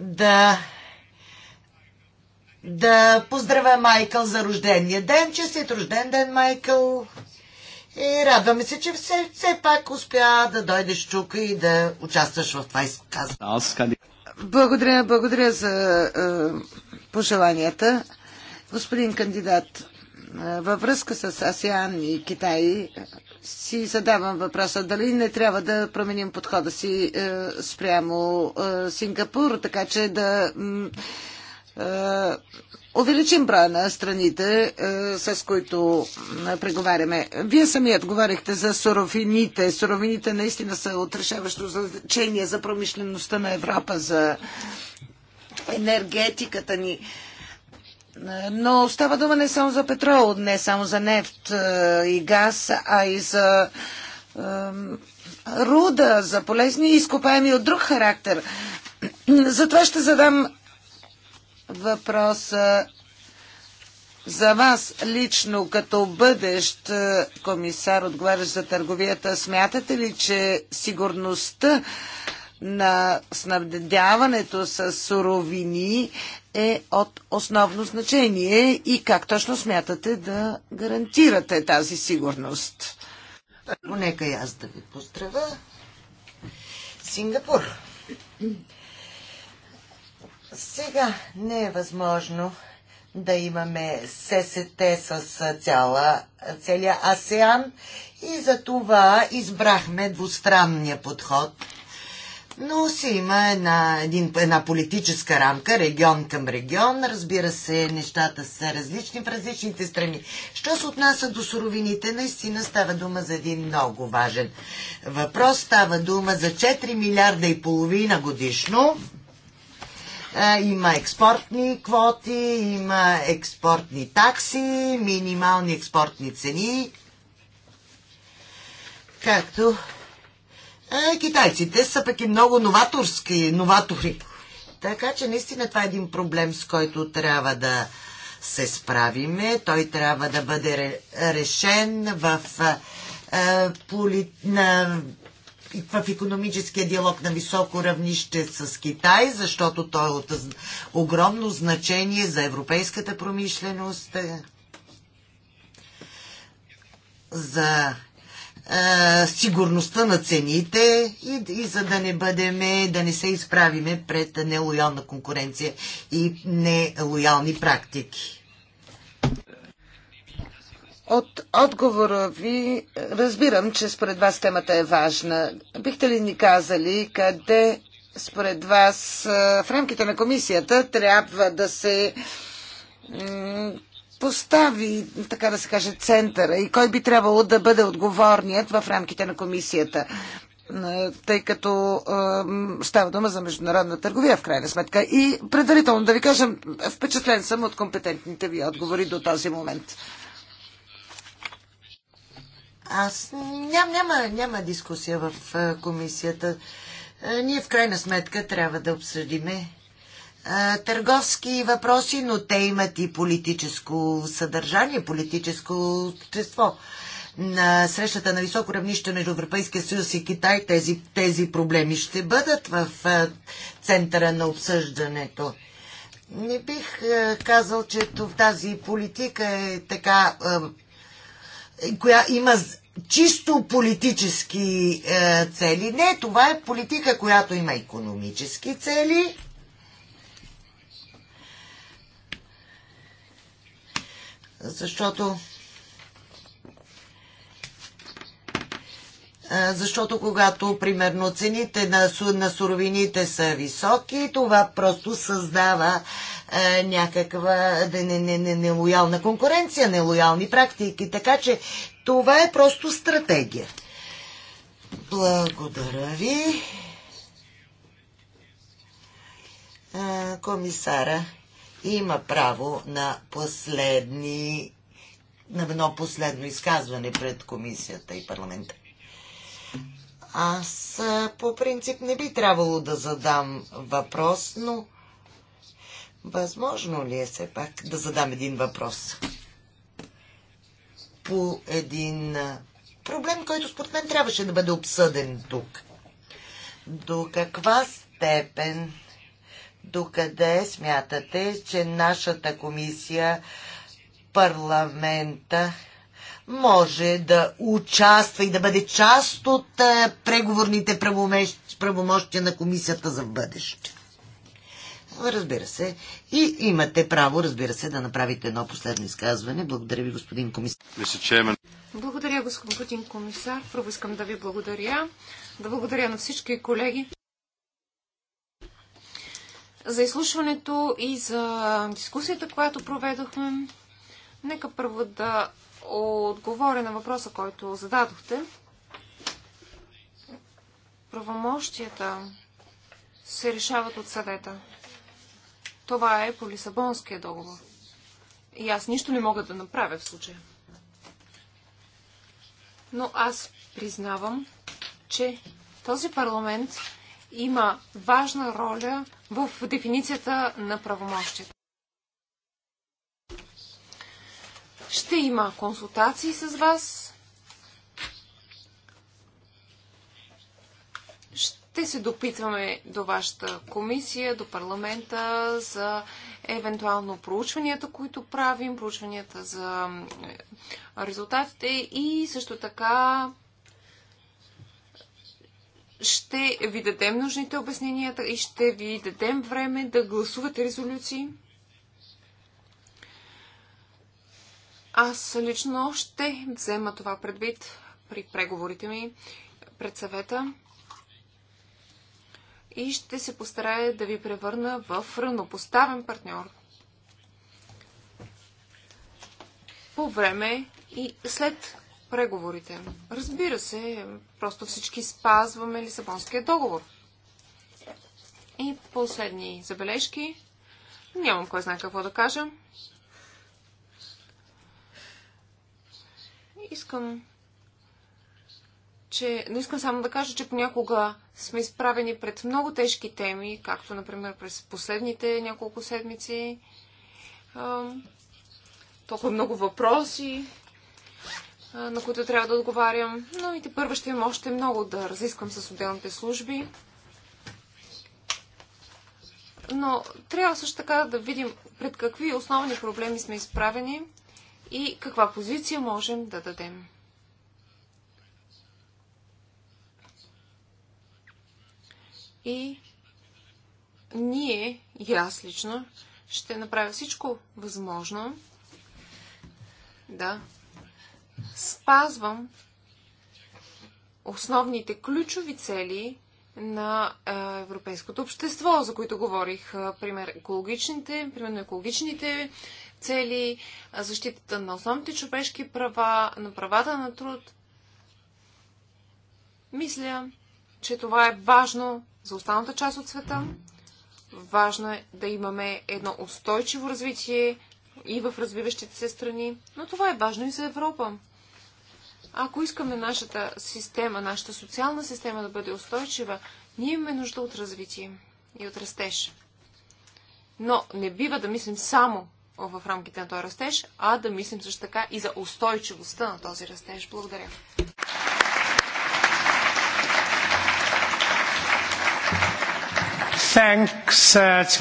да да поздравя Майкъл за рождения ден. Честит рожден ден, Майкъл! И радваме се, че все, все пак успя да дойдеш тук и да участваш в това изказване. Благодаря, благодаря за е, пожеланията. Господин кандидат, във връзка с АСЕАН и Китай си задавам въпроса дали не трябва да променим подхода си спрямо Сингапур, така че да увеличим броя на страните, с които преговаряме. Вие самият говорихте за суровините. Суровините наистина са отрешаващо значение за промишлеността на Европа, за енергетиката ни. Но става дума не само за петрол, не само за нефт е, и газ, а и за е, руда, за полезни изкопаеми от друг характер. Затова ще задам въпроса за вас лично, като бъдещ е, комисар, отговарящ за търговията, смятате ли, че сигурността на снабдяването с суровини е от основно значение и как точно смятате да гарантирате тази сигурност? Но нека и аз да ви поздравя. Сингапур. Сега не е възможно да имаме ССТ с цяла, целия АСЕАН и за това избрахме двустранния подход – но си има една, един, една политическа рамка, регион към регион. Разбира се, нещата са различни в различните страни. Що се отнася до суровините, наистина става дума за един много важен въпрос. Става дума за 4 милиарда и половина годишно. Е, има експортни квоти, има експортни такси, минимални експортни цени, както е, китайците са пък и много новаторски, новатори. Така че наистина това е един проблем, с който трябва да се справиме. Той трябва да бъде решен в, а, поли, на, в економическия диалог на високо равнище с Китай, защото той е от огромно значение за европейската промишленост, е, за а, сигурността на цените и, и за да не бъдеме, да не се изправиме пред нелоялна конкуренция и нелоялни практики. От отговора ви разбирам, че според вас темата е важна. Бихте ли ни казали къде според вас в рамките на комисията трябва да се постави, така да се каже, центъра и кой би трябвало да бъде отговорният в рамките на комисията? Е, тъй като е, става дума за международна търговия в крайна сметка. И предварително да ви кажа, впечатлен съм от компетентните ви отговори до този момент. Аз ням, няма, няма дискусия в е, комисията. Е, ние в крайна сметка трябва да обсъдиме търговски въпроси, но те имат и политическо съдържание, политическо общество. На срещата на високо равнище между Европейския съюз и Китай тези, тези проблеми ще бъдат в центъра на обсъждането. Не бих казал, че тази политика е така, коя има чисто политически цели. Не, това е политика, която има економически цели Защото защото когато, примерно, цените на, на суровините са високи, това просто създава е, някаква нелоялна не, не, не конкуренция, нелоялни практики. Така че това е просто стратегия. Благодаря ви. Е, комисара има право на последни на едно последно изказване пред комисията и парламента. Аз по принцип не би трябвало да задам въпрос, но възможно ли е все пак да задам един въпрос? По един проблем, който според мен трябваше да бъде обсъден тук. До каква степен докъде смятате, че нашата комисия, парламента, може да участва и да бъде част от е, преговорните правомощия на комисията за бъдеще. Разбира се. И имате право, разбира се, да направите едно последно изказване. Благодаря ви, господин комисар. Благодаря, господин комисар. Първо искам да ви благодаря. Да благодаря на всички колеги за изслушването и за дискусията, която проведохме. Нека първо да отговоря на въпроса, който зададохте. Правомощията се решават от съдета. Това е по Лисабонския договор. И аз нищо не мога да направя в случая. Но аз признавам, че този парламент има важна роля в дефиницията на правомощията. Ще има консултации с вас. Ще се допитваме до вашата комисия, до парламента за евентуално проучванията, които правим, проучванията за резултатите и също така ще ви дадем нужните обясненията и ще ви дадем време да гласувате резолюции. Аз лично ще взема това предвид при преговорите ми пред съвета и ще се постарая да ви превърна в равнопоставен партньор. По време и след преговорите. Разбира се, просто всички спазваме Лисабонския договор. И последни забележки. Нямам кой знае какво да кажа. Искам че, но искам само да кажа, че понякога сме изправени пред много тежки теми, както, например, през последните няколко седмици. Толкова много въпроси, на които трябва да отговарям, но и те първо ще имам още много да разисквам с отделните служби. Но трябва също така да видим пред какви основни проблеми сме изправени и каква позиция можем да дадем. И ние, и аз лично, ще направя всичко възможно да спазвам основните ключови цели на европейското общество, за които говорих. Пример, екологичните, примерно екологичните цели, защитата на основните човешки права, на правата на труд. Мисля, че това е важно за останалата част от света. Важно е да имаме едно устойчиво развитие и в развиващите се страни, но това е важно и за Европа. Ако искаме нашата система, нашата социална система да бъде устойчива, ние имаме нужда от развитие и от растеж. Но не бива да мислим само в рамките на този растеж, а да мислим също така и за устойчивостта на този растеж. Благодаря. Uh,